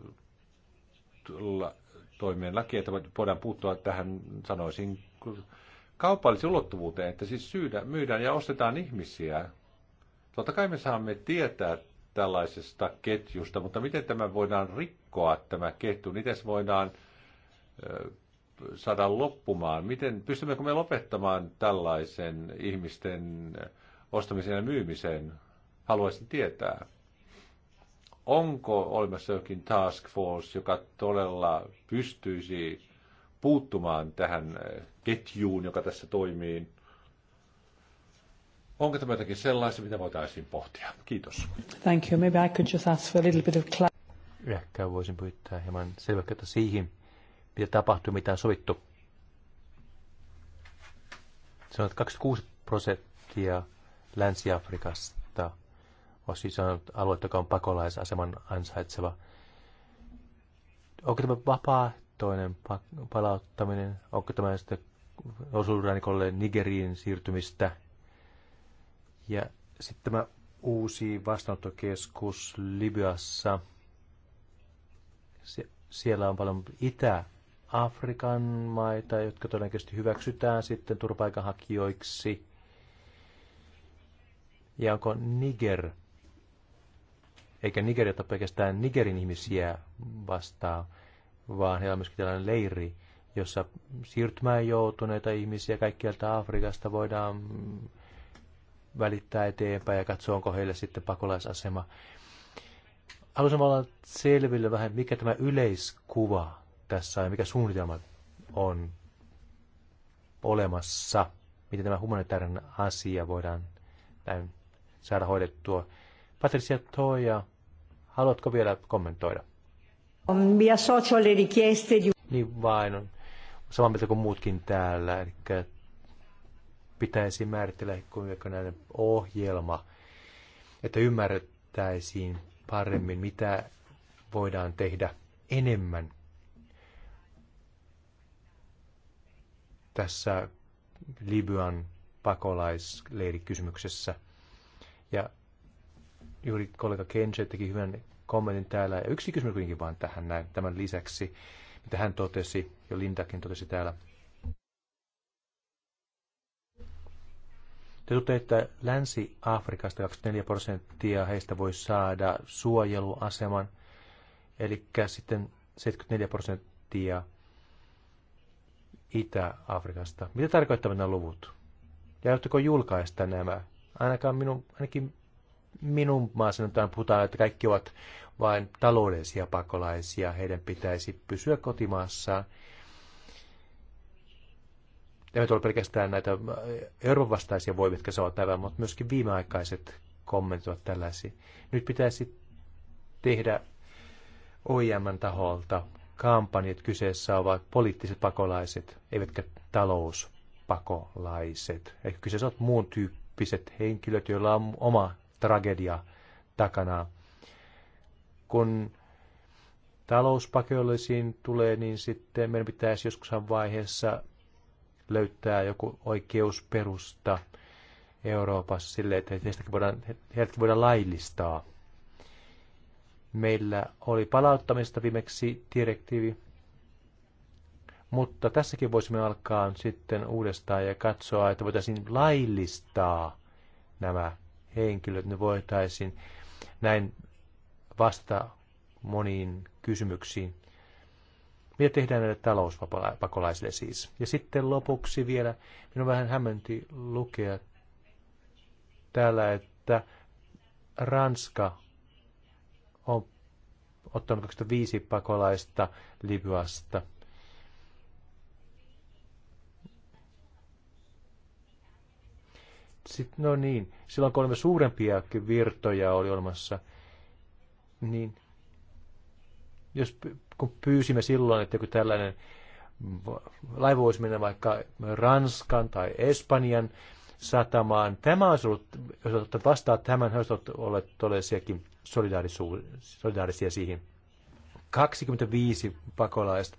Speaker 3: äh, toimien laki, että voidaan puuttua tähän, sanoisin, kaupallisen ulottuvuuteen, että siis syydä, myydään ja ostetaan ihmisiä. Totta kai me saamme tietää tällaisesta ketjusta, mutta miten tämä voidaan rikkoa tämä ketju, miten se voidaan saada loppumaan, miten pystymmekö me lopettamaan tällaisen ihmisten ostamisen ja myymisen, haluaisin tietää. Onko olemassa jokin task force, joka todella pystyisi puuttumaan tähän eh, ketjuun, joka tässä toimii. Onko tämä jotakin sellaista, mitä voitaisiin pohtia? Kiitos.
Speaker 1: Thank you. Maybe I could just ask for a little bit of clarity.
Speaker 2: Ehkä voisin pyytää hieman selväkyyttä siihen, mitä tapahtui, mitä on sovittu. Se on, että 26 prosenttia Länsi-Afrikasta on siis sanonut aluetta, joka on pakolaisaseman ansaitseva. Onko tämä vapaa toinen palauttaminen, onko tämä sitten osuusrannikolle Nigeriin siirtymistä. Ja sitten tämä uusi vastaanottokeskus Libyassa. Sie- siellä on paljon Itä-Afrikan maita, jotka todennäköisesti hyväksytään sitten turvapaikanhakijoiksi. Ja onko Niger, eikä Nigeria jota pelkästään Nigerin ihmisiä vastaan, vaan heillä on myöskin tällainen leiri, jossa siirtymään joutuneita ihmisiä kaikkialta Afrikasta voidaan välittää eteenpäin ja katsoa, onko heille sitten pakolaisasema. Haluaisin olla selville vähän, mikä tämä yleiskuva tässä on ja mikä suunnitelma on olemassa, miten tämä humanitaarinen asia voidaan näin saada hoidettua. Patricia Toija, haluatko vielä kommentoida? Mi associo alle richieste di... Niin vain on. Samaa mieltä kuin muutkin täällä, eli pitäisi määritellä kuinka näiden ohjelma, että ymmärrettäisiin paremmin, mitä voidaan tehdä enemmän tässä Libyan pakolaisleirikysymyksessä. Ja juuri kollega Kenji teki hyvän kommentin täällä. Ja yksi kysymys kuitenkin vaan tähän näin, tämän lisäksi, mitä hän totesi, jo Lindakin totesi täällä. Te tutte, että Länsi-Afrikasta 24 prosenttia heistä voi saada suojeluaseman, eli sitten 74 prosenttia Itä-Afrikasta. Mitä tarkoittavat nämä luvut? Ja julkaista nämä? Ainakaan minun, ainakin minun maassa puhutaan, että kaikki ovat vain taloudellisia pakolaisia, heidän pitäisi pysyä kotimaassaan. Emme ole pelkästään näitä Euroopan vastaisia voimia, jotka saavat tämän, mutta myöskin viimeaikaiset kommentoivat tällaisia. Nyt pitäisi tehdä oim taholta kampanjat kyseessä ovat poliittiset pakolaiset, eivätkä talouspakolaiset. Eli kyseessä ovat muun tyyppiset henkilöt, joilla on oma tragedia takana. Kun talouspakeollisiin tulee, niin sitten meidän pitäisi joskus vaiheessa löytää joku oikeusperusta Euroopassa sille, että heistäkin voidaan, heidätkin voidaan laillistaa. Meillä oli palauttamista viimeksi direktiivi, mutta tässäkin voisimme alkaa sitten uudestaan ja katsoa, että voitaisiin laillistaa nämä henkilöt, ne voitaisiin näin vasta moniin kysymyksiin. Mitä tehdään näille talouspakolaisille siis? Ja sitten lopuksi vielä, minun vähän hämmenti lukea täällä, että Ranska on ottanut 25 pakolaista Libyasta – sitten no niin, silloin kolme suurempiakin virtoja oli olemassa, niin jos, kun pyysimme silloin, että joku tällainen laivu voisi mennä vaikka Ranskan tai Espanjan satamaan, tämä olisi ollut, jos olette vastaan tämän, olisi olleet todellisiakin solidaarisia siihen. 25 pakolaista.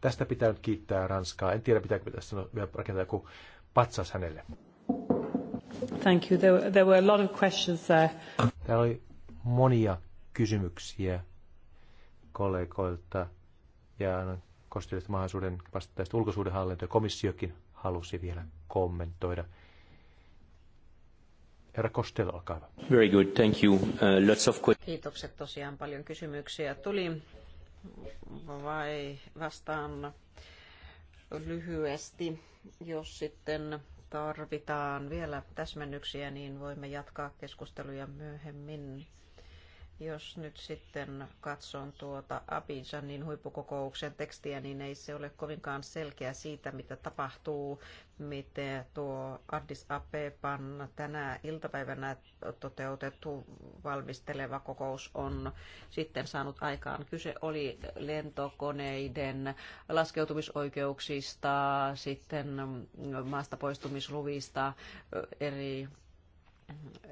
Speaker 2: Tästä pitää nyt kiittää Ranskaa. En tiedä, pitääkö tässä vielä rakentaa joku patsas hänelle.
Speaker 1: Thank you. There, there were a lot of questions there.
Speaker 2: Täällä oli monia kysymyksiä kollegoilta ja annan mahdollisuuden vastaista ulkosuudenhallinto ja komissiokin halusi vielä kommentoida. Herra Costello, olkaa hyvä. Very good, thank you. Uh, lots of questions.
Speaker 4: Kiitokset tosiaan, paljon kysymyksiä tuli. Vai vastaan lyhyesti, jos sitten tarvitaan vielä täsmennyksiä, niin voimme jatkaa keskusteluja myöhemmin. Jos nyt sitten katson tuota Abidjanin huippukokouksen tekstiä, niin ei se ole kovinkaan selkeä siitä, mitä tapahtuu, miten tuo Addis Abeban tänä iltapäivänä toteutettu valmisteleva kokous on sitten saanut aikaan. Kyse oli lentokoneiden laskeutumisoikeuksista, sitten maasta poistumisluvista, eri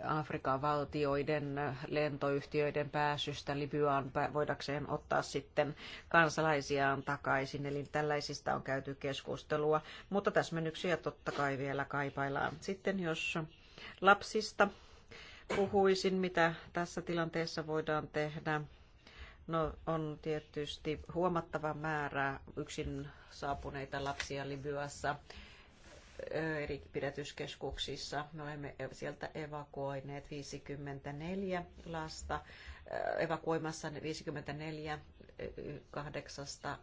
Speaker 4: Afrikan valtioiden lentoyhtiöiden pääsystä Libyaan voidakseen ottaa sitten kansalaisiaan takaisin. Eli tällaisista on käyty keskustelua, mutta täsmennyksiä totta kai vielä kaipaillaan. Sitten jos lapsista puhuisin, mitä tässä tilanteessa voidaan tehdä. No, on tietysti huomattava määrä yksin saapuneita lapsia Libyassa eri pidätyskeskuksissa. Me olemme sieltä evakuoineet 54 lasta, evakuoimassa 54 kahdeksasta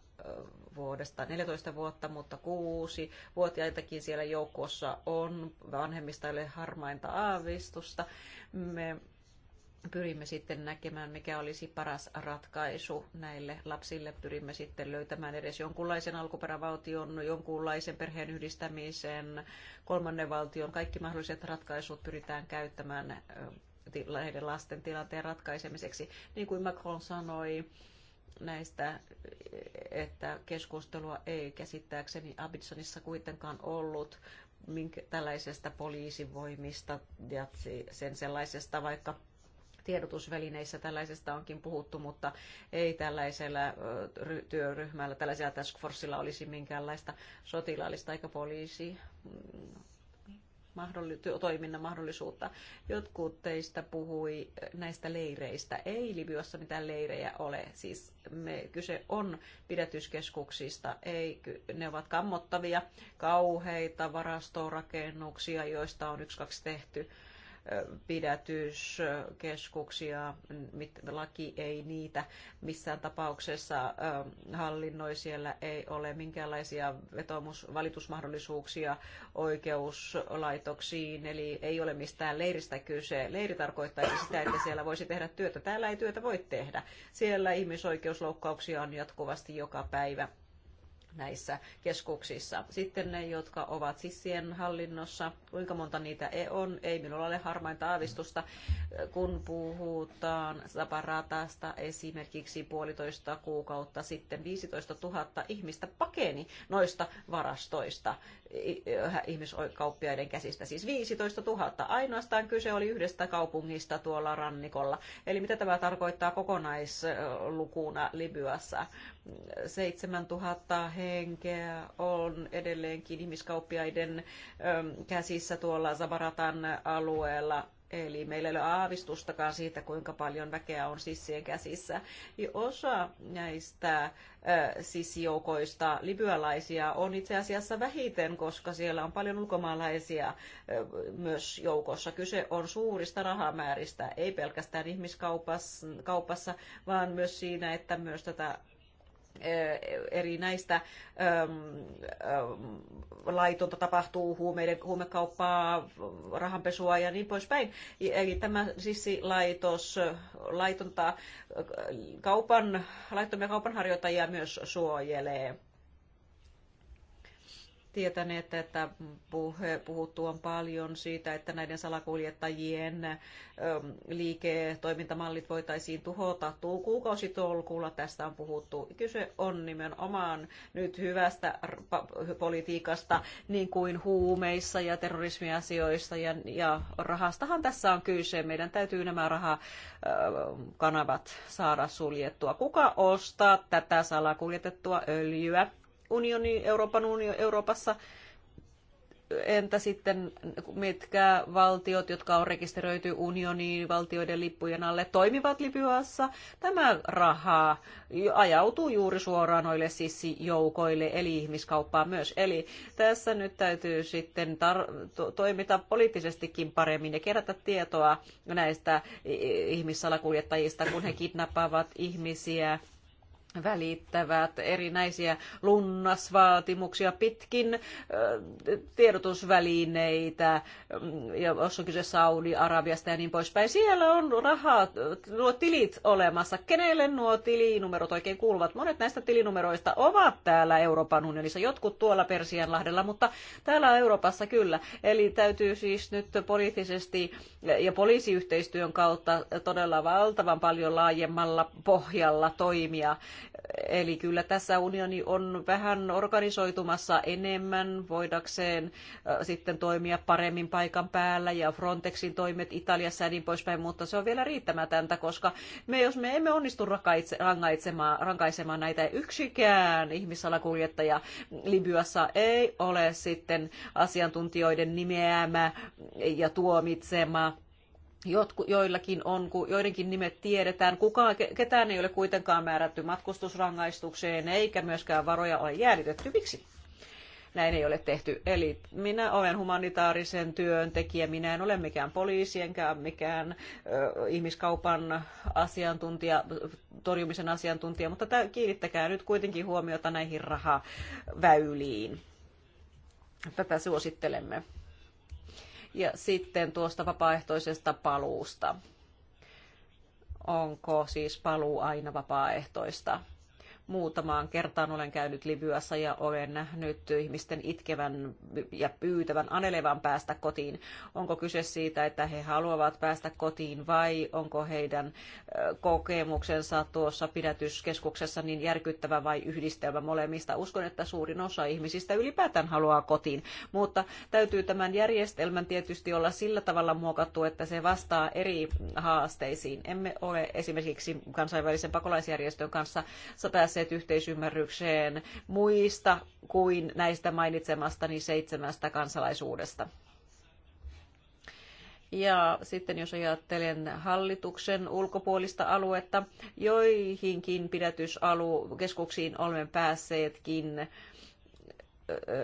Speaker 4: vuodesta 14 vuotta, mutta kuusi vuotiaitakin siellä joukossa on. Vanhemmista ei ole harmainta aavistusta. Me pyrimme sitten näkemään, mikä olisi paras ratkaisu näille lapsille. Pyrimme sitten löytämään edes jonkunlaisen alkuperävaltion, jonkunlaisen perheen yhdistämisen, kolmannen valtion. Kaikki mahdolliset ratkaisut pyritään käyttämään näiden lasten tilanteen ratkaisemiseksi. Niin kuin Macron sanoi, näistä, että keskustelua ei käsittääkseni Abidsonissa kuitenkaan ollut tällaisesta poliisivoimista ja sen sellaisesta, vaikka tiedotusvälineissä tällaisesta onkin puhuttu, mutta ei tällaisella työryhmällä, tällaisella task forcella olisi minkäänlaista sotilaallista eikä poliisi mm, toiminnan mahdollisuutta. Jotkut teistä puhui näistä leireistä. Ei Libyassa mitään leirejä ole. Siis me, kyse on pidätyskeskuksista. Ei, ne ovat kammottavia, kauheita varastorakennuksia, joista on yksi kaksi tehty pidätyskeskuksia. Laki ei niitä missään tapauksessa hallinnoi. Siellä ei ole minkäänlaisia vetomus, valitusmahdollisuuksia oikeuslaitoksiin, eli ei ole mistään leiristä kyse. Leiri tarkoittaisi sitä, että siellä voisi tehdä työtä. Täällä ei työtä voi tehdä. Siellä ihmisoikeusloukkauksia on jatkuvasti joka päivä näissä keskuksissa. Sitten ne, jotka ovat sissien hallinnossa, kuinka monta niitä ei on, ei minulla ole harmainta aavistusta, kun puhutaan Zaparatasta esimerkiksi puolitoista kuukautta sitten 15 000 ihmistä pakeni noista varastoista ihmiskauppiaiden käsistä. Siis 15 000. Ainoastaan kyse oli yhdestä kaupungista tuolla rannikolla. Eli mitä tämä tarkoittaa kokonaislukuna Libyassa? 7000 henkeä on edelleenkin ihmiskauppiaiden ähm, käsissä tuolla Zabaratan alueella. Eli meillä ei ole aavistustakaan siitä, kuinka paljon väkeä on sissien käsissä. Ja osa näistä äh, sissijoukoista libyalaisia on itse asiassa vähiten, koska siellä on paljon ulkomaalaisia äh, myös joukossa. Kyse on suurista rahamääristä, ei pelkästään ihmiskaupassa, kaupassa, vaan myös siinä, että myös tätä eri näistä laitonta tapahtuu, huumeiden, huumekauppaa, rahanpesua ja niin poispäin. Eli tämä sissilaitos laitonta kaupan, laittomia kaupanharjoittajia myös suojelee tietäneet, että puhe, puhuttu on paljon siitä, että näiden salakuljettajien ähm, liiketoimintamallit voitaisiin tuhota. Tuu kuukausitolkulla tästä on puhuttu. Kyse on nimenomaan nyt hyvästä politiikasta, niin kuin huumeissa ja terrorismiasioissa ja, ja rahastahan tässä on kyse. Meidän täytyy nämä rahakanavat äh, saada suljettua. Kuka ostaa tätä salakuljetettua öljyä? unioni, Euroopan unioni, Euroopassa. Entä sitten mitkä valtiot, jotka on rekisteröity unioniin valtioiden lippujen alle, toimivat Libyassa? Tämä raha ajautuu juuri suoraan noille sissijoukoille, eli ihmiskauppaa myös. Eli tässä nyt täytyy sitten tar- toimita poliittisestikin paremmin ja kerätä tietoa näistä ihmissalakuljettajista, kun he kidnappaavat ihmisiä välittävät erinäisiä lunnasvaatimuksia pitkin tiedotusvälineitä, mm, ja jos on kyse Saudi-Arabiasta ja niin poispäin. Siellä on rahat, nuo tilit olemassa. Kenelle nuo tilinumerot oikein kuuluvat? Monet näistä tilinumeroista ovat täällä Euroopan unionissa, jotkut tuolla Persianlahdella, mutta täällä Euroopassa kyllä. Eli täytyy siis nyt poliittisesti ja poliisiyhteistyön kautta todella valtavan paljon laajemmalla pohjalla toimia Eli kyllä tässä unioni on vähän organisoitumassa enemmän voidakseen äh, sitten toimia paremmin paikan päällä ja Frontexin toimet Italiassa ja niin poispäin, mutta se on vielä riittämätöntä, koska me, jos me emme onnistu rankaisemaan, rankaisemaan näitä yksikään ihmissalakuljettaja Libyassa ei ole sitten asiantuntijoiden nimeämä ja tuomitsema Jotku, joillakin on, kun joidenkin nimet tiedetään. Kukaan, ketään ei ole kuitenkaan määrätty matkustusrangaistukseen, eikä myöskään varoja ole jäädytetty. Miksi? Näin ei ole tehty. Eli minä olen humanitaarisen työntekijä, minä en ole mikään poliisi enkä mikään ö, ihmiskaupan asiantuntija, torjumisen asiantuntija, mutta tämä, kiinnittäkää nyt kuitenkin huomiota näihin rahaväyliin. Tätä suosittelemme ja sitten tuosta vapaaehtoisesta paluusta. Onko siis paluu aina vapaaehtoista? Muutamaan kertaan olen käynyt Libyassa ja olen nähnyt ihmisten itkevän ja pyytävän, anelevan päästä kotiin. Onko kyse siitä, että he haluavat päästä kotiin vai onko heidän kokemuksensa tuossa pidätyskeskuksessa niin järkyttävä vai yhdistelmä molemmista? Uskon, että suurin osa ihmisistä ylipäätään haluaa kotiin, mutta täytyy tämän järjestelmän tietysti olla sillä tavalla muokattu, että se vastaa eri haasteisiin. Emme ole esimerkiksi kansainvälisen pakolaisjärjestön kanssa päässeet päässeet yhteisymmärrykseen muista kuin näistä mainitsemastani seitsemästä kansalaisuudesta. Ja sitten jos ajattelen hallituksen ulkopuolista aluetta, joihinkin pidätyskeskuksiin olemme päässeetkin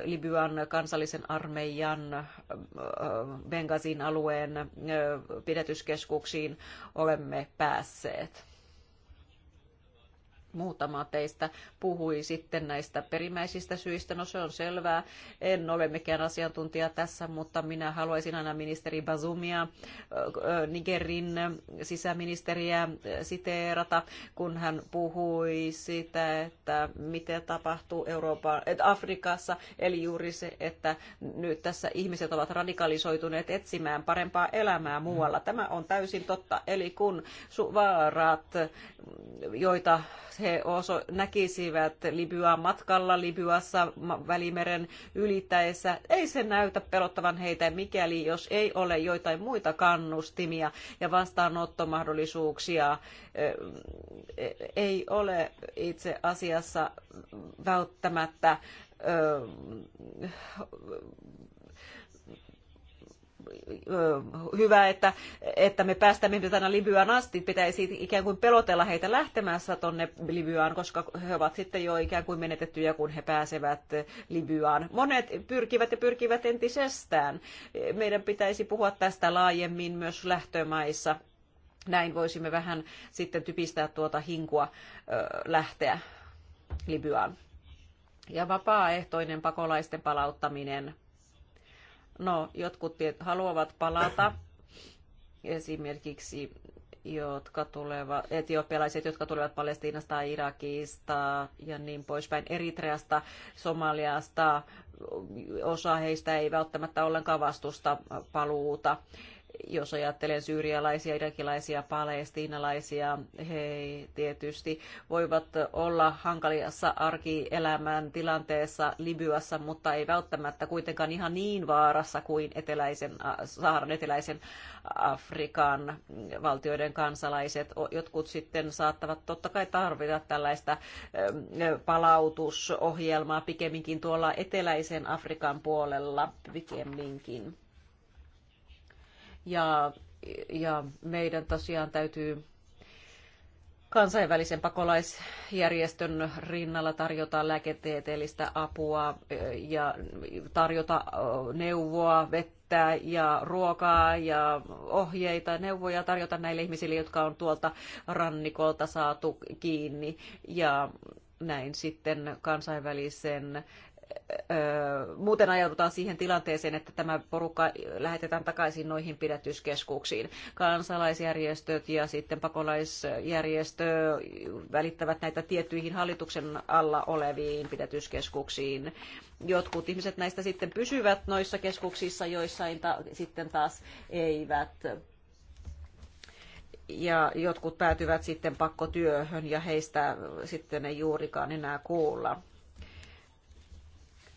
Speaker 4: Libyan kansallisen armeijan Bengazin alueen pidätyskeskuksiin olemme päässeet muutama teistä puhui sitten näistä perimmäisistä syistä. No se on selvää. En ole mikään asiantuntija tässä, mutta minä haluaisin aina ministeri Bazumia, Nigerin sisäministeriä, siteerata, kun hän puhui sitä, että mitä tapahtuu Euroopan, että Afrikassa, eli juuri se, että nyt tässä ihmiset ovat radikalisoituneet etsimään parempaa elämää muualla. Tämä on täysin totta. Eli kun vaarat, joita he he oso- näkisivät Libyaa matkalla Libyassa Välimeren ylittäessä. Ei se näytä pelottavan heitä, mikäli jos ei ole joitain muita kannustimia ja vastaanottomahdollisuuksia. E, ei ole itse asiassa välttämättä hyvä, että, että me päästämme nyt aina Libyaan asti. Pitäisi ikään kuin pelotella heitä lähtemässä tuonne Libyaan, koska he ovat sitten jo ikään kuin menetettyjä, kun he pääsevät Libyaan. Monet pyrkivät ja pyrkivät entisestään. Meidän pitäisi puhua tästä laajemmin myös lähtömaissa. Näin voisimme vähän sitten typistää tuota hinkua lähteä Libyaan. Ja vapaaehtoinen pakolaisten palauttaminen No, jotkut haluavat palata, esimerkiksi jotka tulevat, etiopialaiset, jotka tulevat Palestiinasta, Irakista ja niin poispäin, Eritreasta, Somaliasta, osa heistä ei välttämättä ollenkaan vastusta paluuta jos ajattelen syyrialaisia, irakilaisia, palestiinalaisia, he tietysti voivat olla hankaliassa arkielämän tilanteessa Libyassa, mutta ei välttämättä kuitenkaan ihan niin vaarassa kuin eteläisen, äh, Saharan eteläisen Afrikan valtioiden kansalaiset. Jotkut sitten saattavat totta kai tarvita tällaista ähm, palautusohjelmaa pikemminkin tuolla eteläisen Afrikan puolella pikemminkin ja, ja meidän tosiaan täytyy kansainvälisen pakolaisjärjestön rinnalla tarjota lääketieteellistä apua ja tarjota neuvoa, vettä ja ruokaa ja ohjeita, neuvoja tarjota näille ihmisille, jotka on tuolta rannikolta saatu kiinni ja näin sitten kansainvälisen muuten ajaudutaan siihen tilanteeseen, että tämä porukka lähetetään takaisin noihin pidätyskeskuksiin. Kansalaisjärjestöt ja sitten pakolaisjärjestö välittävät näitä tiettyihin hallituksen alla oleviin pidätyskeskuksiin. Jotkut ihmiset näistä sitten pysyvät noissa keskuksissa, joissain ta- sitten taas eivät ja jotkut päätyvät sitten pakkotyöhön ja heistä sitten ei juurikaan enää kuulla.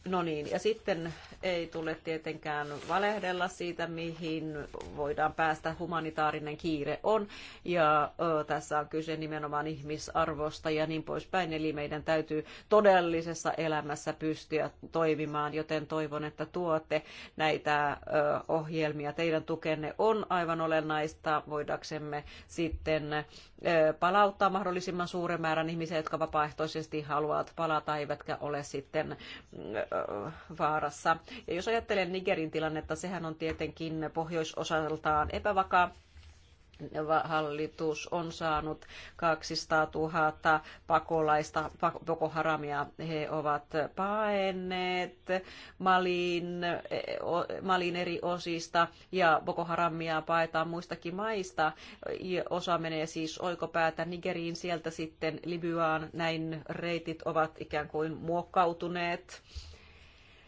Speaker 4: No niin, ja sitten ei tule tietenkään valehdella siitä, mihin voidaan päästä humanitaarinen kiire on. Ja ö, tässä on kyse nimenomaan ihmisarvosta ja niin poispäin. Eli meidän täytyy todellisessa elämässä pystyä toimimaan, joten toivon, että tuotte näitä ö, ohjelmia. Teidän tukenne on aivan olennaista, voidaksemme sitten ö, palauttaa mahdollisimman suuren määrän ihmisiä, jotka vapaaehtoisesti haluavat palata, eivätkä ole sitten vaarassa. Ja jos ajattelen Nigerin tilannetta, sehän on tietenkin pohjoisosaltaan epävakaa hallitus on saanut 200 000 pakolaista Boko Haramia. He ovat paenneet Malin, Malin eri osista ja Boko Haramia paetaan muistakin maista. Osa menee siis oikopäätä Nigeriin, sieltä sitten Libyaan. Näin reitit ovat ikään kuin muokkautuneet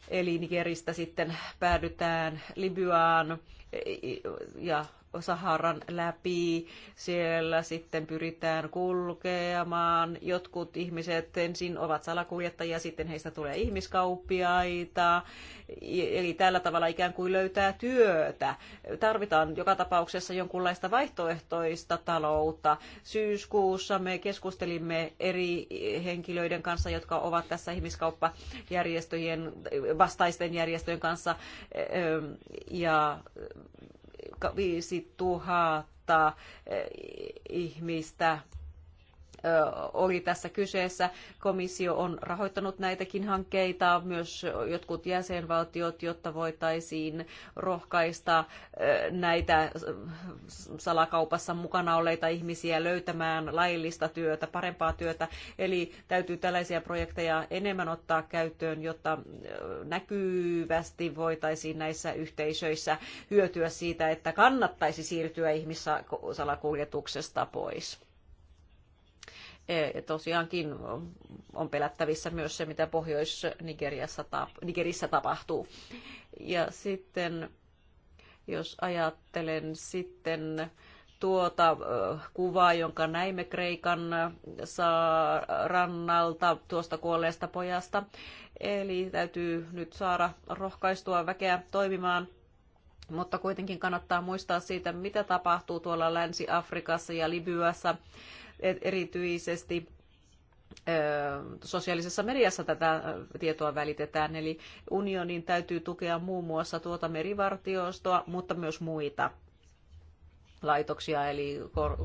Speaker 4: Eli Nigeristä sitten päädytään Libyaan e, e, ja Saharan läpi. Siellä sitten pyritään kulkemaan. Jotkut ihmiset ensin ovat salakuljettajia, sitten heistä tulee ihmiskauppiaita. Eli tällä tavalla ikään kuin löytää työtä. Tarvitaan joka tapauksessa jonkunlaista vaihtoehtoista taloutta. Syyskuussa me keskustelimme eri henkilöiden kanssa, jotka ovat tässä ihmiskauppajärjestöjen vastaisten järjestöjen kanssa ehm, ja 5 000 eh, ihmistä oli tässä kyseessä. Komissio on rahoittanut näitäkin hankkeita, myös jotkut jäsenvaltiot, jotta voitaisiin rohkaista näitä salakaupassa mukana olleita ihmisiä löytämään laillista työtä, parempaa työtä. Eli täytyy tällaisia projekteja enemmän ottaa käyttöön, jotta näkyvästi voitaisiin näissä yhteisöissä hyötyä siitä, että kannattaisi siirtyä ihmissalakuljetuksesta pois. E, tosiaankin on pelättävissä myös se, mitä Pohjois-Nigeriassa Nigerissä tapahtuu. Ja sitten, jos ajattelen sitten tuota kuvaa, jonka näimme Kreikan rannalta tuosta kuolleesta pojasta. Eli täytyy nyt saada rohkaistua väkeä toimimaan mutta kuitenkin kannattaa muistaa siitä, mitä tapahtuu tuolla Länsi-Afrikassa ja Libyassa E- erityisesti sosiaalisessa mediassa tätä tietoa välitetään, eli unionin täytyy tukea muun muassa tuota merivartiostoa, mutta myös muita laitoksia, eli kor,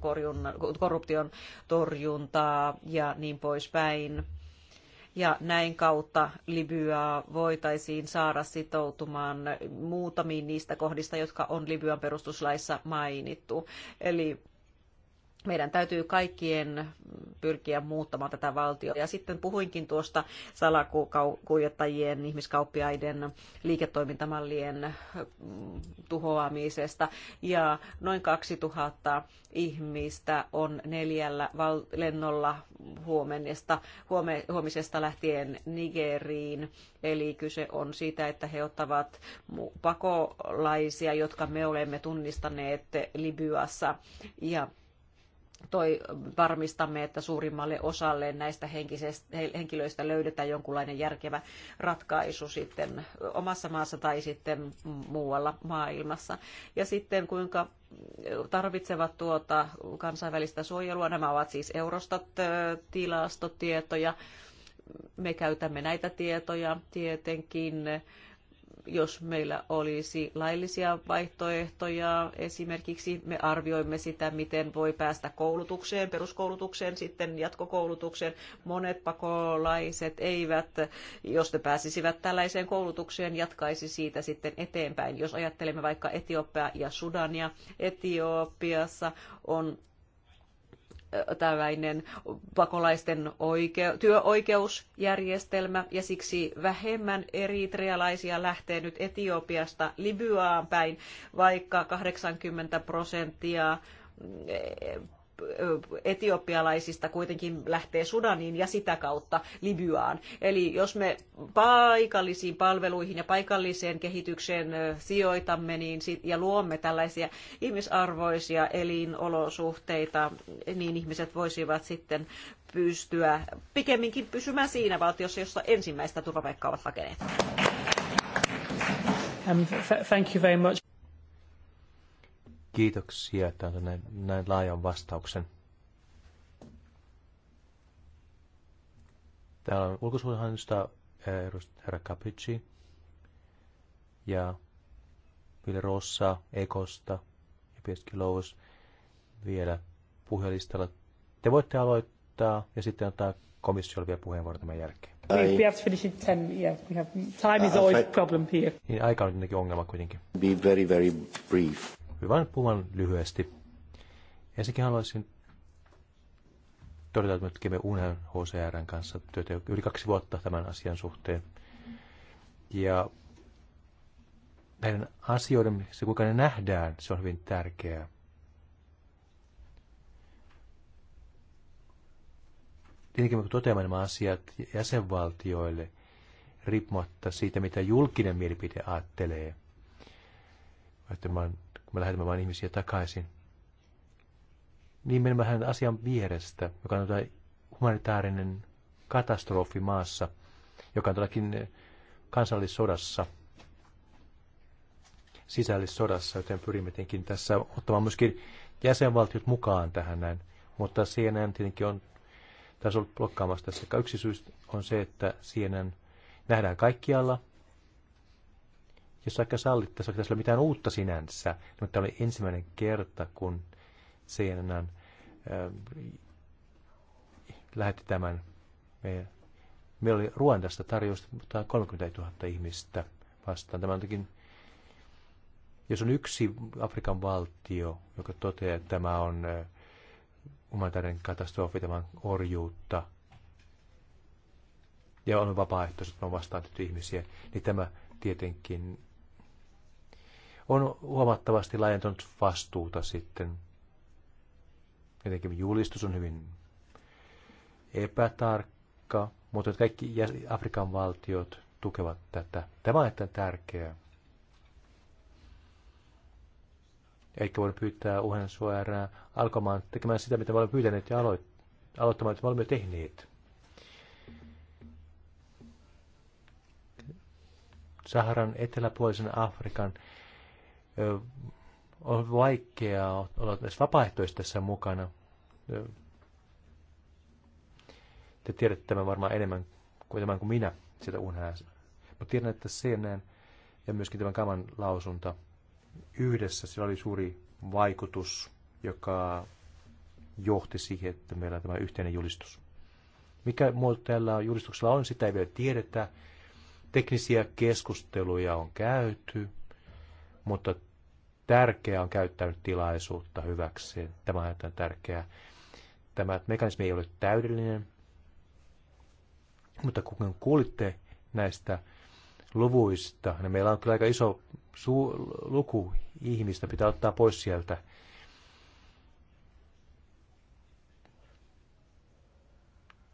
Speaker 4: korjun, korruption torjuntaa ja niin poispäin. Ja näin kautta Libyaa voitaisiin saada sitoutumaan muutamiin niistä kohdista, jotka on Libyan perustuslaissa mainittu. Eli meidän täytyy kaikkien pyrkiä muuttamaan tätä valtiota. Ja sitten puhuinkin tuosta salakuljettajien, ihmiskauppiaiden liiketoimintamallien tuhoamisesta. Ja noin 2000 ihmistä on neljällä val- lennolla huomenesta, huome- huomisesta lähtien Nigeriin. Eli kyse on siitä, että he ottavat pakolaisia, jotka me olemme tunnistaneet Libyassa. Ja toi, varmistamme, että suurimmalle osalle näistä henkilöistä löydetään jonkunlainen järkevä ratkaisu sitten omassa maassa tai sitten muualla maailmassa. Ja sitten kuinka tarvitsevat tuota kansainvälistä suojelua, nämä ovat siis Eurostat-tilastotietoja, me käytämme näitä tietoja tietenkin jos meillä olisi laillisia vaihtoehtoja, esimerkiksi me arvioimme sitä, miten voi päästä koulutukseen, peruskoulutukseen, sitten jatkokoulutukseen. Monet pakolaiset eivät, jos ne pääsisivät tällaiseen koulutukseen, jatkaisi siitä sitten eteenpäin. Jos ajattelemme vaikka Etiopiaa ja Sudania, Etiopiassa on tällainen pakolaisten oike- työoikeusjärjestelmä ja siksi vähemmän eritrealaisia lähtee nyt Etiopiasta Libyaan päin, vaikka 80 prosenttia mm, etiopialaisista kuitenkin lähtee Sudaniin ja sitä kautta Libyaan. Eli jos me paikallisiin palveluihin ja paikalliseen kehitykseen sijoitamme niin ja luomme tällaisia ihmisarvoisia elinolosuhteita, niin ihmiset voisivat sitten pystyä pikemminkin pysymään siinä valtiossa, jossa ensimmäistä turvapaikkaa ovat hakeneet.
Speaker 1: Um, thank you very much.
Speaker 2: Kiitoksia, että on näin, näin laajan vastauksen. Täällä on ulkosuudenhallinnosta eh, herra Capucci ja Ville Rossa, Ekosta ja Pieski Lous vielä puhelistalla. Te voitte aloittaa ja sitten ottaa komissiolle vielä puheenvuoro tämän jälkeen. We have
Speaker 1: to finish in 10, yeah. We have, time is uh, always I...
Speaker 2: problem here. Niin, aika on ongelma kuitenkin. Be very, very brief. Hyvän puhumaan lyhyesti. Ensinnäkin haluaisin todeta, että me unen HCRn kanssa työtä yli kaksi vuotta tämän asian suhteen. Ja näiden asioiden, se kuinka ne nähdään, se on hyvin tärkeää. Tietenkin me toteamme nämä asiat jäsenvaltioille riippumatta siitä, mitä julkinen mielipide ajattelee. Että kun me lähdemme vain ihmisiä takaisin. Niin menemme hänen asian vierestä, joka on tuota humanitaarinen katastrofi maassa, joka on todellakin eh, kansallissodassa, sisällissodassa, joten pyrimme tietenkin tässä ottamaan myöskin jäsenvaltiot mukaan tähän näin. Mutta CNN tietenkin on tässä ollut blokkaamassa tässä. Yksi syy on se, että CNN nähdään kaikkialla – jos vaikka sallittaisi, vaikka tässä ei ole mitään uutta sinänsä, mutta tämä oli ensimmäinen kerta, kun CNN äh, lähetti tämän. Meillä, meillä oli Ruandasta tarjousta, mutta 30 000 ihmistä vastaan. Tämä on tekin, jos on yksi Afrikan valtio, joka toteaa, että tämä on äh, humanitaarinen katastrofi, tämä on orjuutta, ja on vapaaehtoiset, on vastaan ihmisiä, niin tämä tietenkin on huomattavasti laajentunut vastuuta sitten. Jotenkin julistus on hyvin epätarkka, mutta kaikki Afrikan valtiot tukevat tätä. Tämä on erittäin tärkeää. Eikä voi pyytää uhen suoraan alkamaan tekemään sitä, mitä me olemme pyytäneet ja aloittamaan, mitä me olemme tehneet. Saharan eteläpuolisen Afrikan on vaikeaa olla edes vapaaehtoisesti tässä mukana. Te tiedätte tämän varmaan enemmän kuin tämän kuin minä sitä unhää. Mutta tiedän, että CNN ja myöskin tämän kaman lausunta yhdessä, sillä oli suuri vaikutus, joka johti siihen, että meillä on tämä yhteinen julistus. Mikä muoto tällä julistuksella on, sitä ei vielä tiedetä. Teknisiä keskusteluja on käyty, mutta tärkeää on käyttää nyt tilaisuutta hyväksi. Tämä on erittäin tärkeää. Tämä mekanismi ei ole täydellinen, mutta kun kuulitte näistä luvuista, niin meillä on kyllä aika iso su- luku ihmistä, pitää ottaa pois sieltä.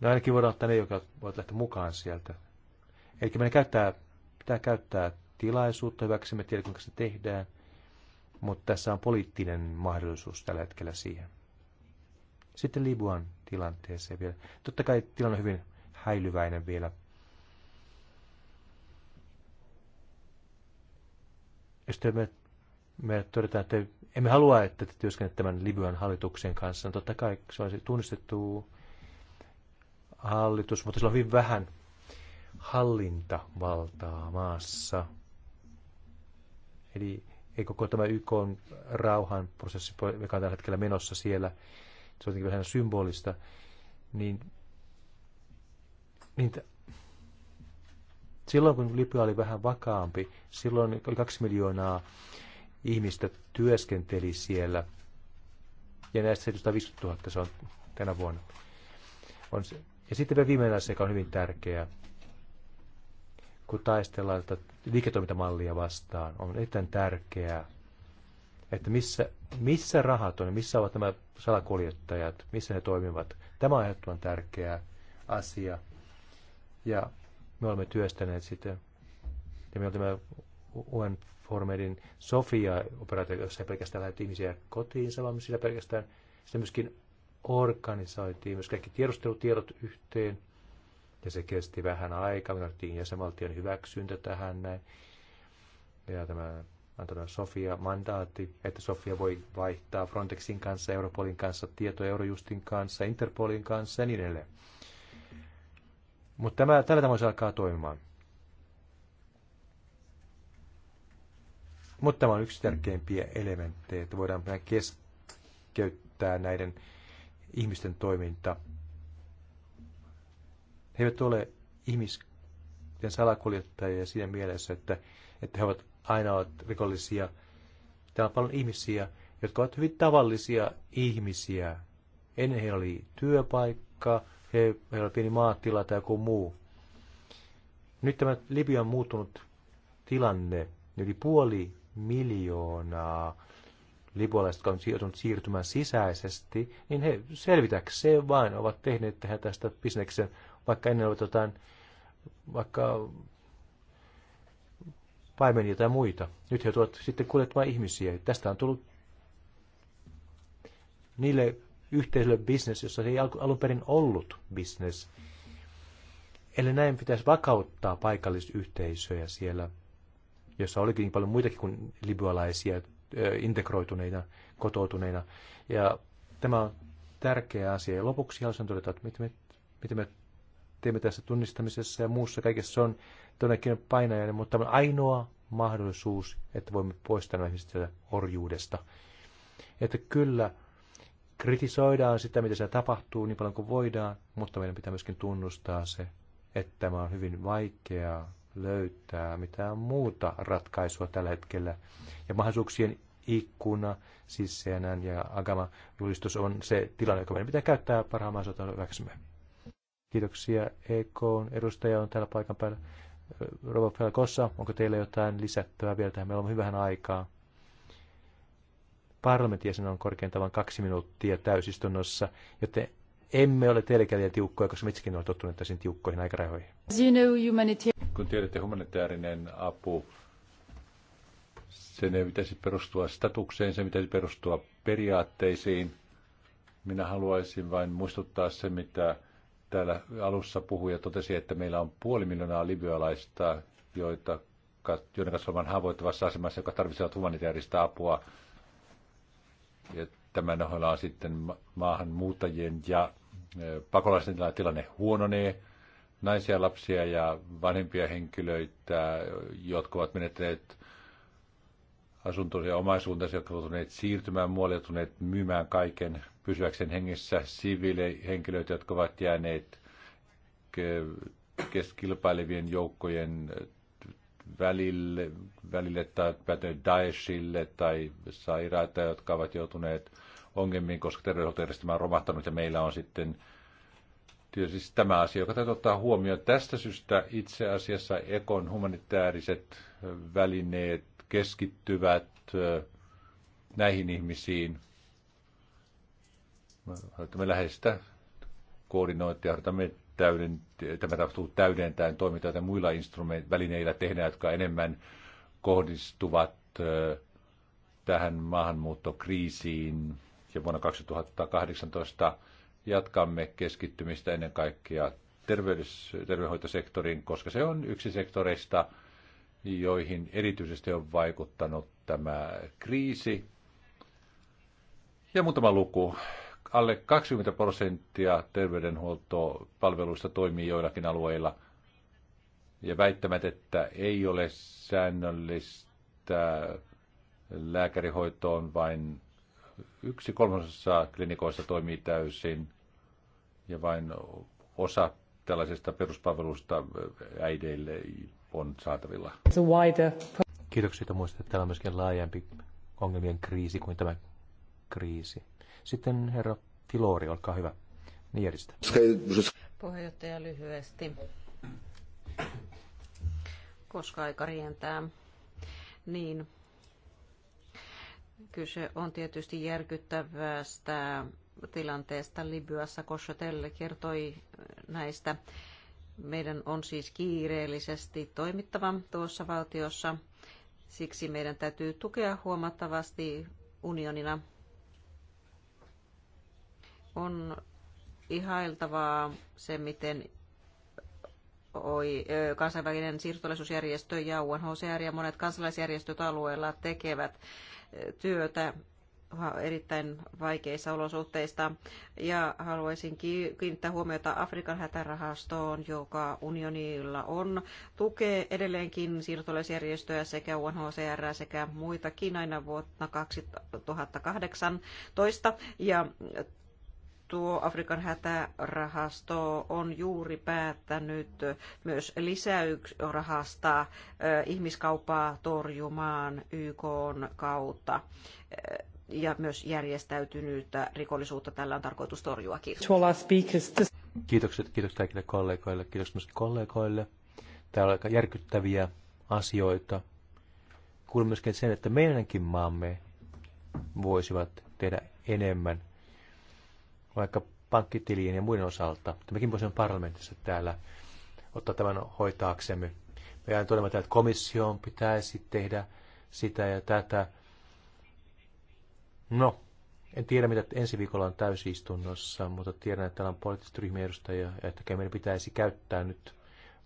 Speaker 2: No ainakin voidaan ottaa ne, jotka voivat lähteä mukaan sieltä. Eli meidän käyttää, pitää käyttää tilaisuutta hyväksemme, tiedä kuinka se tehdään, mutta tässä on poliittinen mahdollisuus tällä hetkellä siihen. Sitten Libuan tilanteeseen vielä. Totta kai tilanne on hyvin häilyväinen vielä. Ja sitten me, me todetaan, että emme halua, että te työskennet tämän Libyan hallituksen kanssa. No totta kai se on tunnistettu hallitus, mutta sillä on hyvin vähän hallintavaltaa maassa. Eli ei koko tämä YK on rauhan prosessi, joka on tällä hetkellä menossa siellä, se on jotenkin vähän symbolista, niin, niin silloin kun Libya oli vähän vakaampi, silloin oli kaksi miljoonaa ihmistä työskenteli siellä. Ja näistä 750 000 se on tänä vuonna. On se. Ja sitten vielä viimeinen asia, joka on hyvin tärkeä, kun taistellaan tätä liiketoimintamallia vastaan, on erittäin tärkeää, että missä, missä rahat on, missä ovat nämä salakuljettajat, missä he toimivat. Tämä on ehdottoman tärkeä asia. Ja me olemme työstäneet sitä. Ja me olemme UN Formedin Sofia-operaatio, jossa ei pelkästään lähetetty ihmisiä kotiin, vaan sillä pelkästään sitä myöskin organisoitiin, myös kaikki tiedustelutiedot yhteen ja se kesti vähän aikaa, me tarvittiin jäsenvaltion hyväksyntä tähän näin. Ja tämä antoi Sofia mandaatti, että Sofia voi vaihtaa Frontexin kanssa, Europolin kanssa, Tieto Eurojustin kanssa, Interpolin kanssa ja niin edelleen. Mutta tämä, tällä tavoin se alkaa toimimaan. Mutta tämä on yksi tärkeimpiä elementtejä, että voidaan keskeyttää näiden ihmisten toiminta he eivät ole ihmisten salakuljettajia siinä mielessä, että, että he ovat aina ovat rikollisia. Täällä on paljon ihmisiä, jotka ovat hyvin tavallisia ihmisiä. Ennen heillä oli työpaikka, he, heillä oli pieni maatila tai joku muu. Nyt tämä Libyan muuttunut tilanne, yli puoli miljoonaa libualaiset, jotka on joutunut siirtymään sisäisesti, niin he selvitäkseen vain ovat tehneet tähän tästä bisneksen vaikka ennen oli jotain, vaikka paimenia tai muita. Nyt he tuovat sitten kuljettamaan ihmisiä. Tästä on tullut niille yhteisölle business, jossa se ei alun perin ollut business. Eli näin pitäisi vakauttaa paikallisyhteisöjä siellä, jossa olikin niin paljon muitakin kuin libyalaisia integroituneina, kotoutuneina. Ja tämä on tärkeä asia. Ja lopuksi haluaisin todeta, että miten me, miten me teemme tässä tunnistamisessa ja muussa kaikessa on todellakin painajainen, mutta on ainoa mahdollisuus, että voimme poistaa nämä ihmiset orjuudesta. Että kyllä, kritisoidaan sitä, mitä se tapahtuu niin paljon kuin voidaan, mutta meidän pitää myöskin tunnustaa se, että tämä on hyvin vaikeaa löytää mitään muuta ratkaisua tällä hetkellä. Ja mahdollisuuksien ikkuna, siis CNN ja Agama-julistus on se tilanne, joka meidän pitää käyttää parhaan mahdollisuutta hyväksymään. Kiitoksia EK. Edustaja on täällä paikan päällä. Rova Pelkossa, onko teillä jotain lisättävää vielä tähän? Meillä on hyvähän aikaa. Parlamentin on korkeintaan vain kaksi minuuttia täysistunnossa, joten emme ole teillekään liian tiukkoja, koska itsekin olen tottunut täysin tiukkoihin aikarajoihin. Kun tiedätte, humanitaarinen
Speaker 3: apu, sen ei pitäisi perustua statukseen, sen pitäisi perustua periaatteisiin. Minä haluaisin vain muistuttaa se, mitä täällä alussa puhui ja totesi, että meillä on puoli miljoonaa libyalaista, joita, joiden kanssa ollaan haavoittuvassa asemassa, joka tarvitsevat humanitaarista apua. Ja tämän ohella on sitten maahanmuuttajien ja pakolaisten tilanne huononee. Naisia, lapsia ja vanhempia henkilöitä, jotka ovat menettäneet asuntoja ja omaisuuntaisia, jotka ovat siirtymään muualle, myymään kaiken, pysyäkseen hengissä siviilihenkilöitä, jotka ovat jääneet keskilpailevien joukkojen välille, välille tai Daeshille tai sairaita, jotka ovat joutuneet ongelmiin, koska terveydenhuoltojärjestelmä on romahtanut ja meillä on sitten tietysti siis tämä asia, joka täytyy ottaa huomioon. Tästä syystä itse asiassa Ekon humanitaariset välineet keskittyvät näihin ihmisiin, me harjoitamme läheistä koordinointia, harjoitamme täyden, tämä tapahtuu täydentäen toimintaa, että muilla instrument, välineillä tehdään, jotka enemmän kohdistuvat tähän maahanmuuttokriisiin. Ja vuonna 2018 jatkamme keskittymistä ennen kaikkea terveys, terveydenhoitosektoriin, koska se on yksi sektoreista, joihin erityisesti on vaikuttanut tämä kriisi. Ja muutama luku alle 20 prosenttia terveydenhuoltopalveluista toimii joillakin alueilla. Ja väittämät, että ei ole säännöllistä lääkärihoitoon, vain yksi kolmasosa klinikoista toimii täysin ja vain osa tällaisista peruspalveluista äideille on saatavilla.
Speaker 2: Kiitoksia, että muistatte, että täällä on myöskin laajempi ongelmien kriisi kuin tämä kriisi. Sitten herra Tilori, olkaa hyvä. Nigeristä. Niin,
Speaker 4: Puheenjohtaja lyhyesti, koska aika rientää. Niin, kyse on tietysti järkyttävästä tilanteesta Libyassa. Koshotelle kertoi näistä. Meidän on siis kiireellisesti toimittava tuossa valtiossa. Siksi meidän täytyy tukea huomattavasti unionina on ihailtavaa se, miten oi, kansainvälinen siirtolaisuusjärjestö ja UNHCR ja monet kansalaisjärjestöt alueella tekevät työtä erittäin vaikeissa olosuhteissa. Ja haluaisin kiinnittää huomiota Afrikan hätärahastoon, joka unionilla on. Tukee edelleenkin siirtolaisjärjestöjä sekä UNHCR sekä muitakin aina vuonna 2018. Ja tuo Afrikan hätärahasto on juuri päättänyt myös lisäyksrahasta eh, ihmiskauppaa torjumaan YK kautta eh, ja myös järjestäytynyttä rikollisuutta tällä on tarkoitus torjua. Kiitos.
Speaker 1: Kiitokset,
Speaker 2: kiitos kaikille kollegoille, kiitos myös kollegoille. Täällä on aika järkyttäviä asioita. Kuulin myöskin sen, että meidänkin maamme voisivat tehdä enemmän vaikka pankkitilien ja muiden osalta. Mutta mekin voisimme parlamentissa täällä ottaa tämän hoitaaksemme. Me jäämme todella että komission pitäisi tehdä sitä ja tätä. No, en tiedä, mitä ensi viikolla on täysistunnossa, mutta tiedän, että täällä on poliittiset ryhmien edustajia, että meidän pitäisi käyttää nyt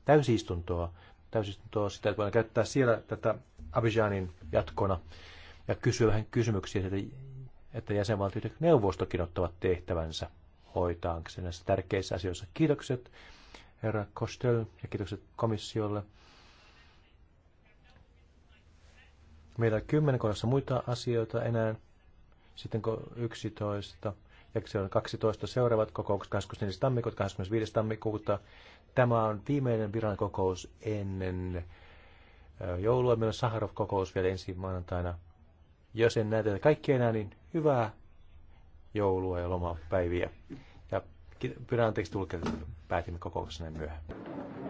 Speaker 2: täysistuntoa, täysistuntoa sitä, että voidaan käyttää siellä tätä Abidjanin jatkona ja kysyä vähän kysymyksiä sieltä että jäsenvaltiot ja neuvostokin ottavat tehtävänsä hoitaakseen näissä tärkeissä asioissa. Kiitokset herra Kostel ja kiitokset komissiolle. Meillä on kymmenen kohdassa muita asioita enää, sitten 11 ja se on 12 seuraavat kokoukset 24. tammikuuta, 25. tammikuuta. Tämä on viimeinen virallinen kokous ennen joulua. Meillä on Saharov-kokous vielä ensi maanantaina jos en näe tätä kaikkea enää, niin hyvää joulua ja lomapäiviä. Ja pyydän anteeksi että päätimme kokouksessa näin myöhään.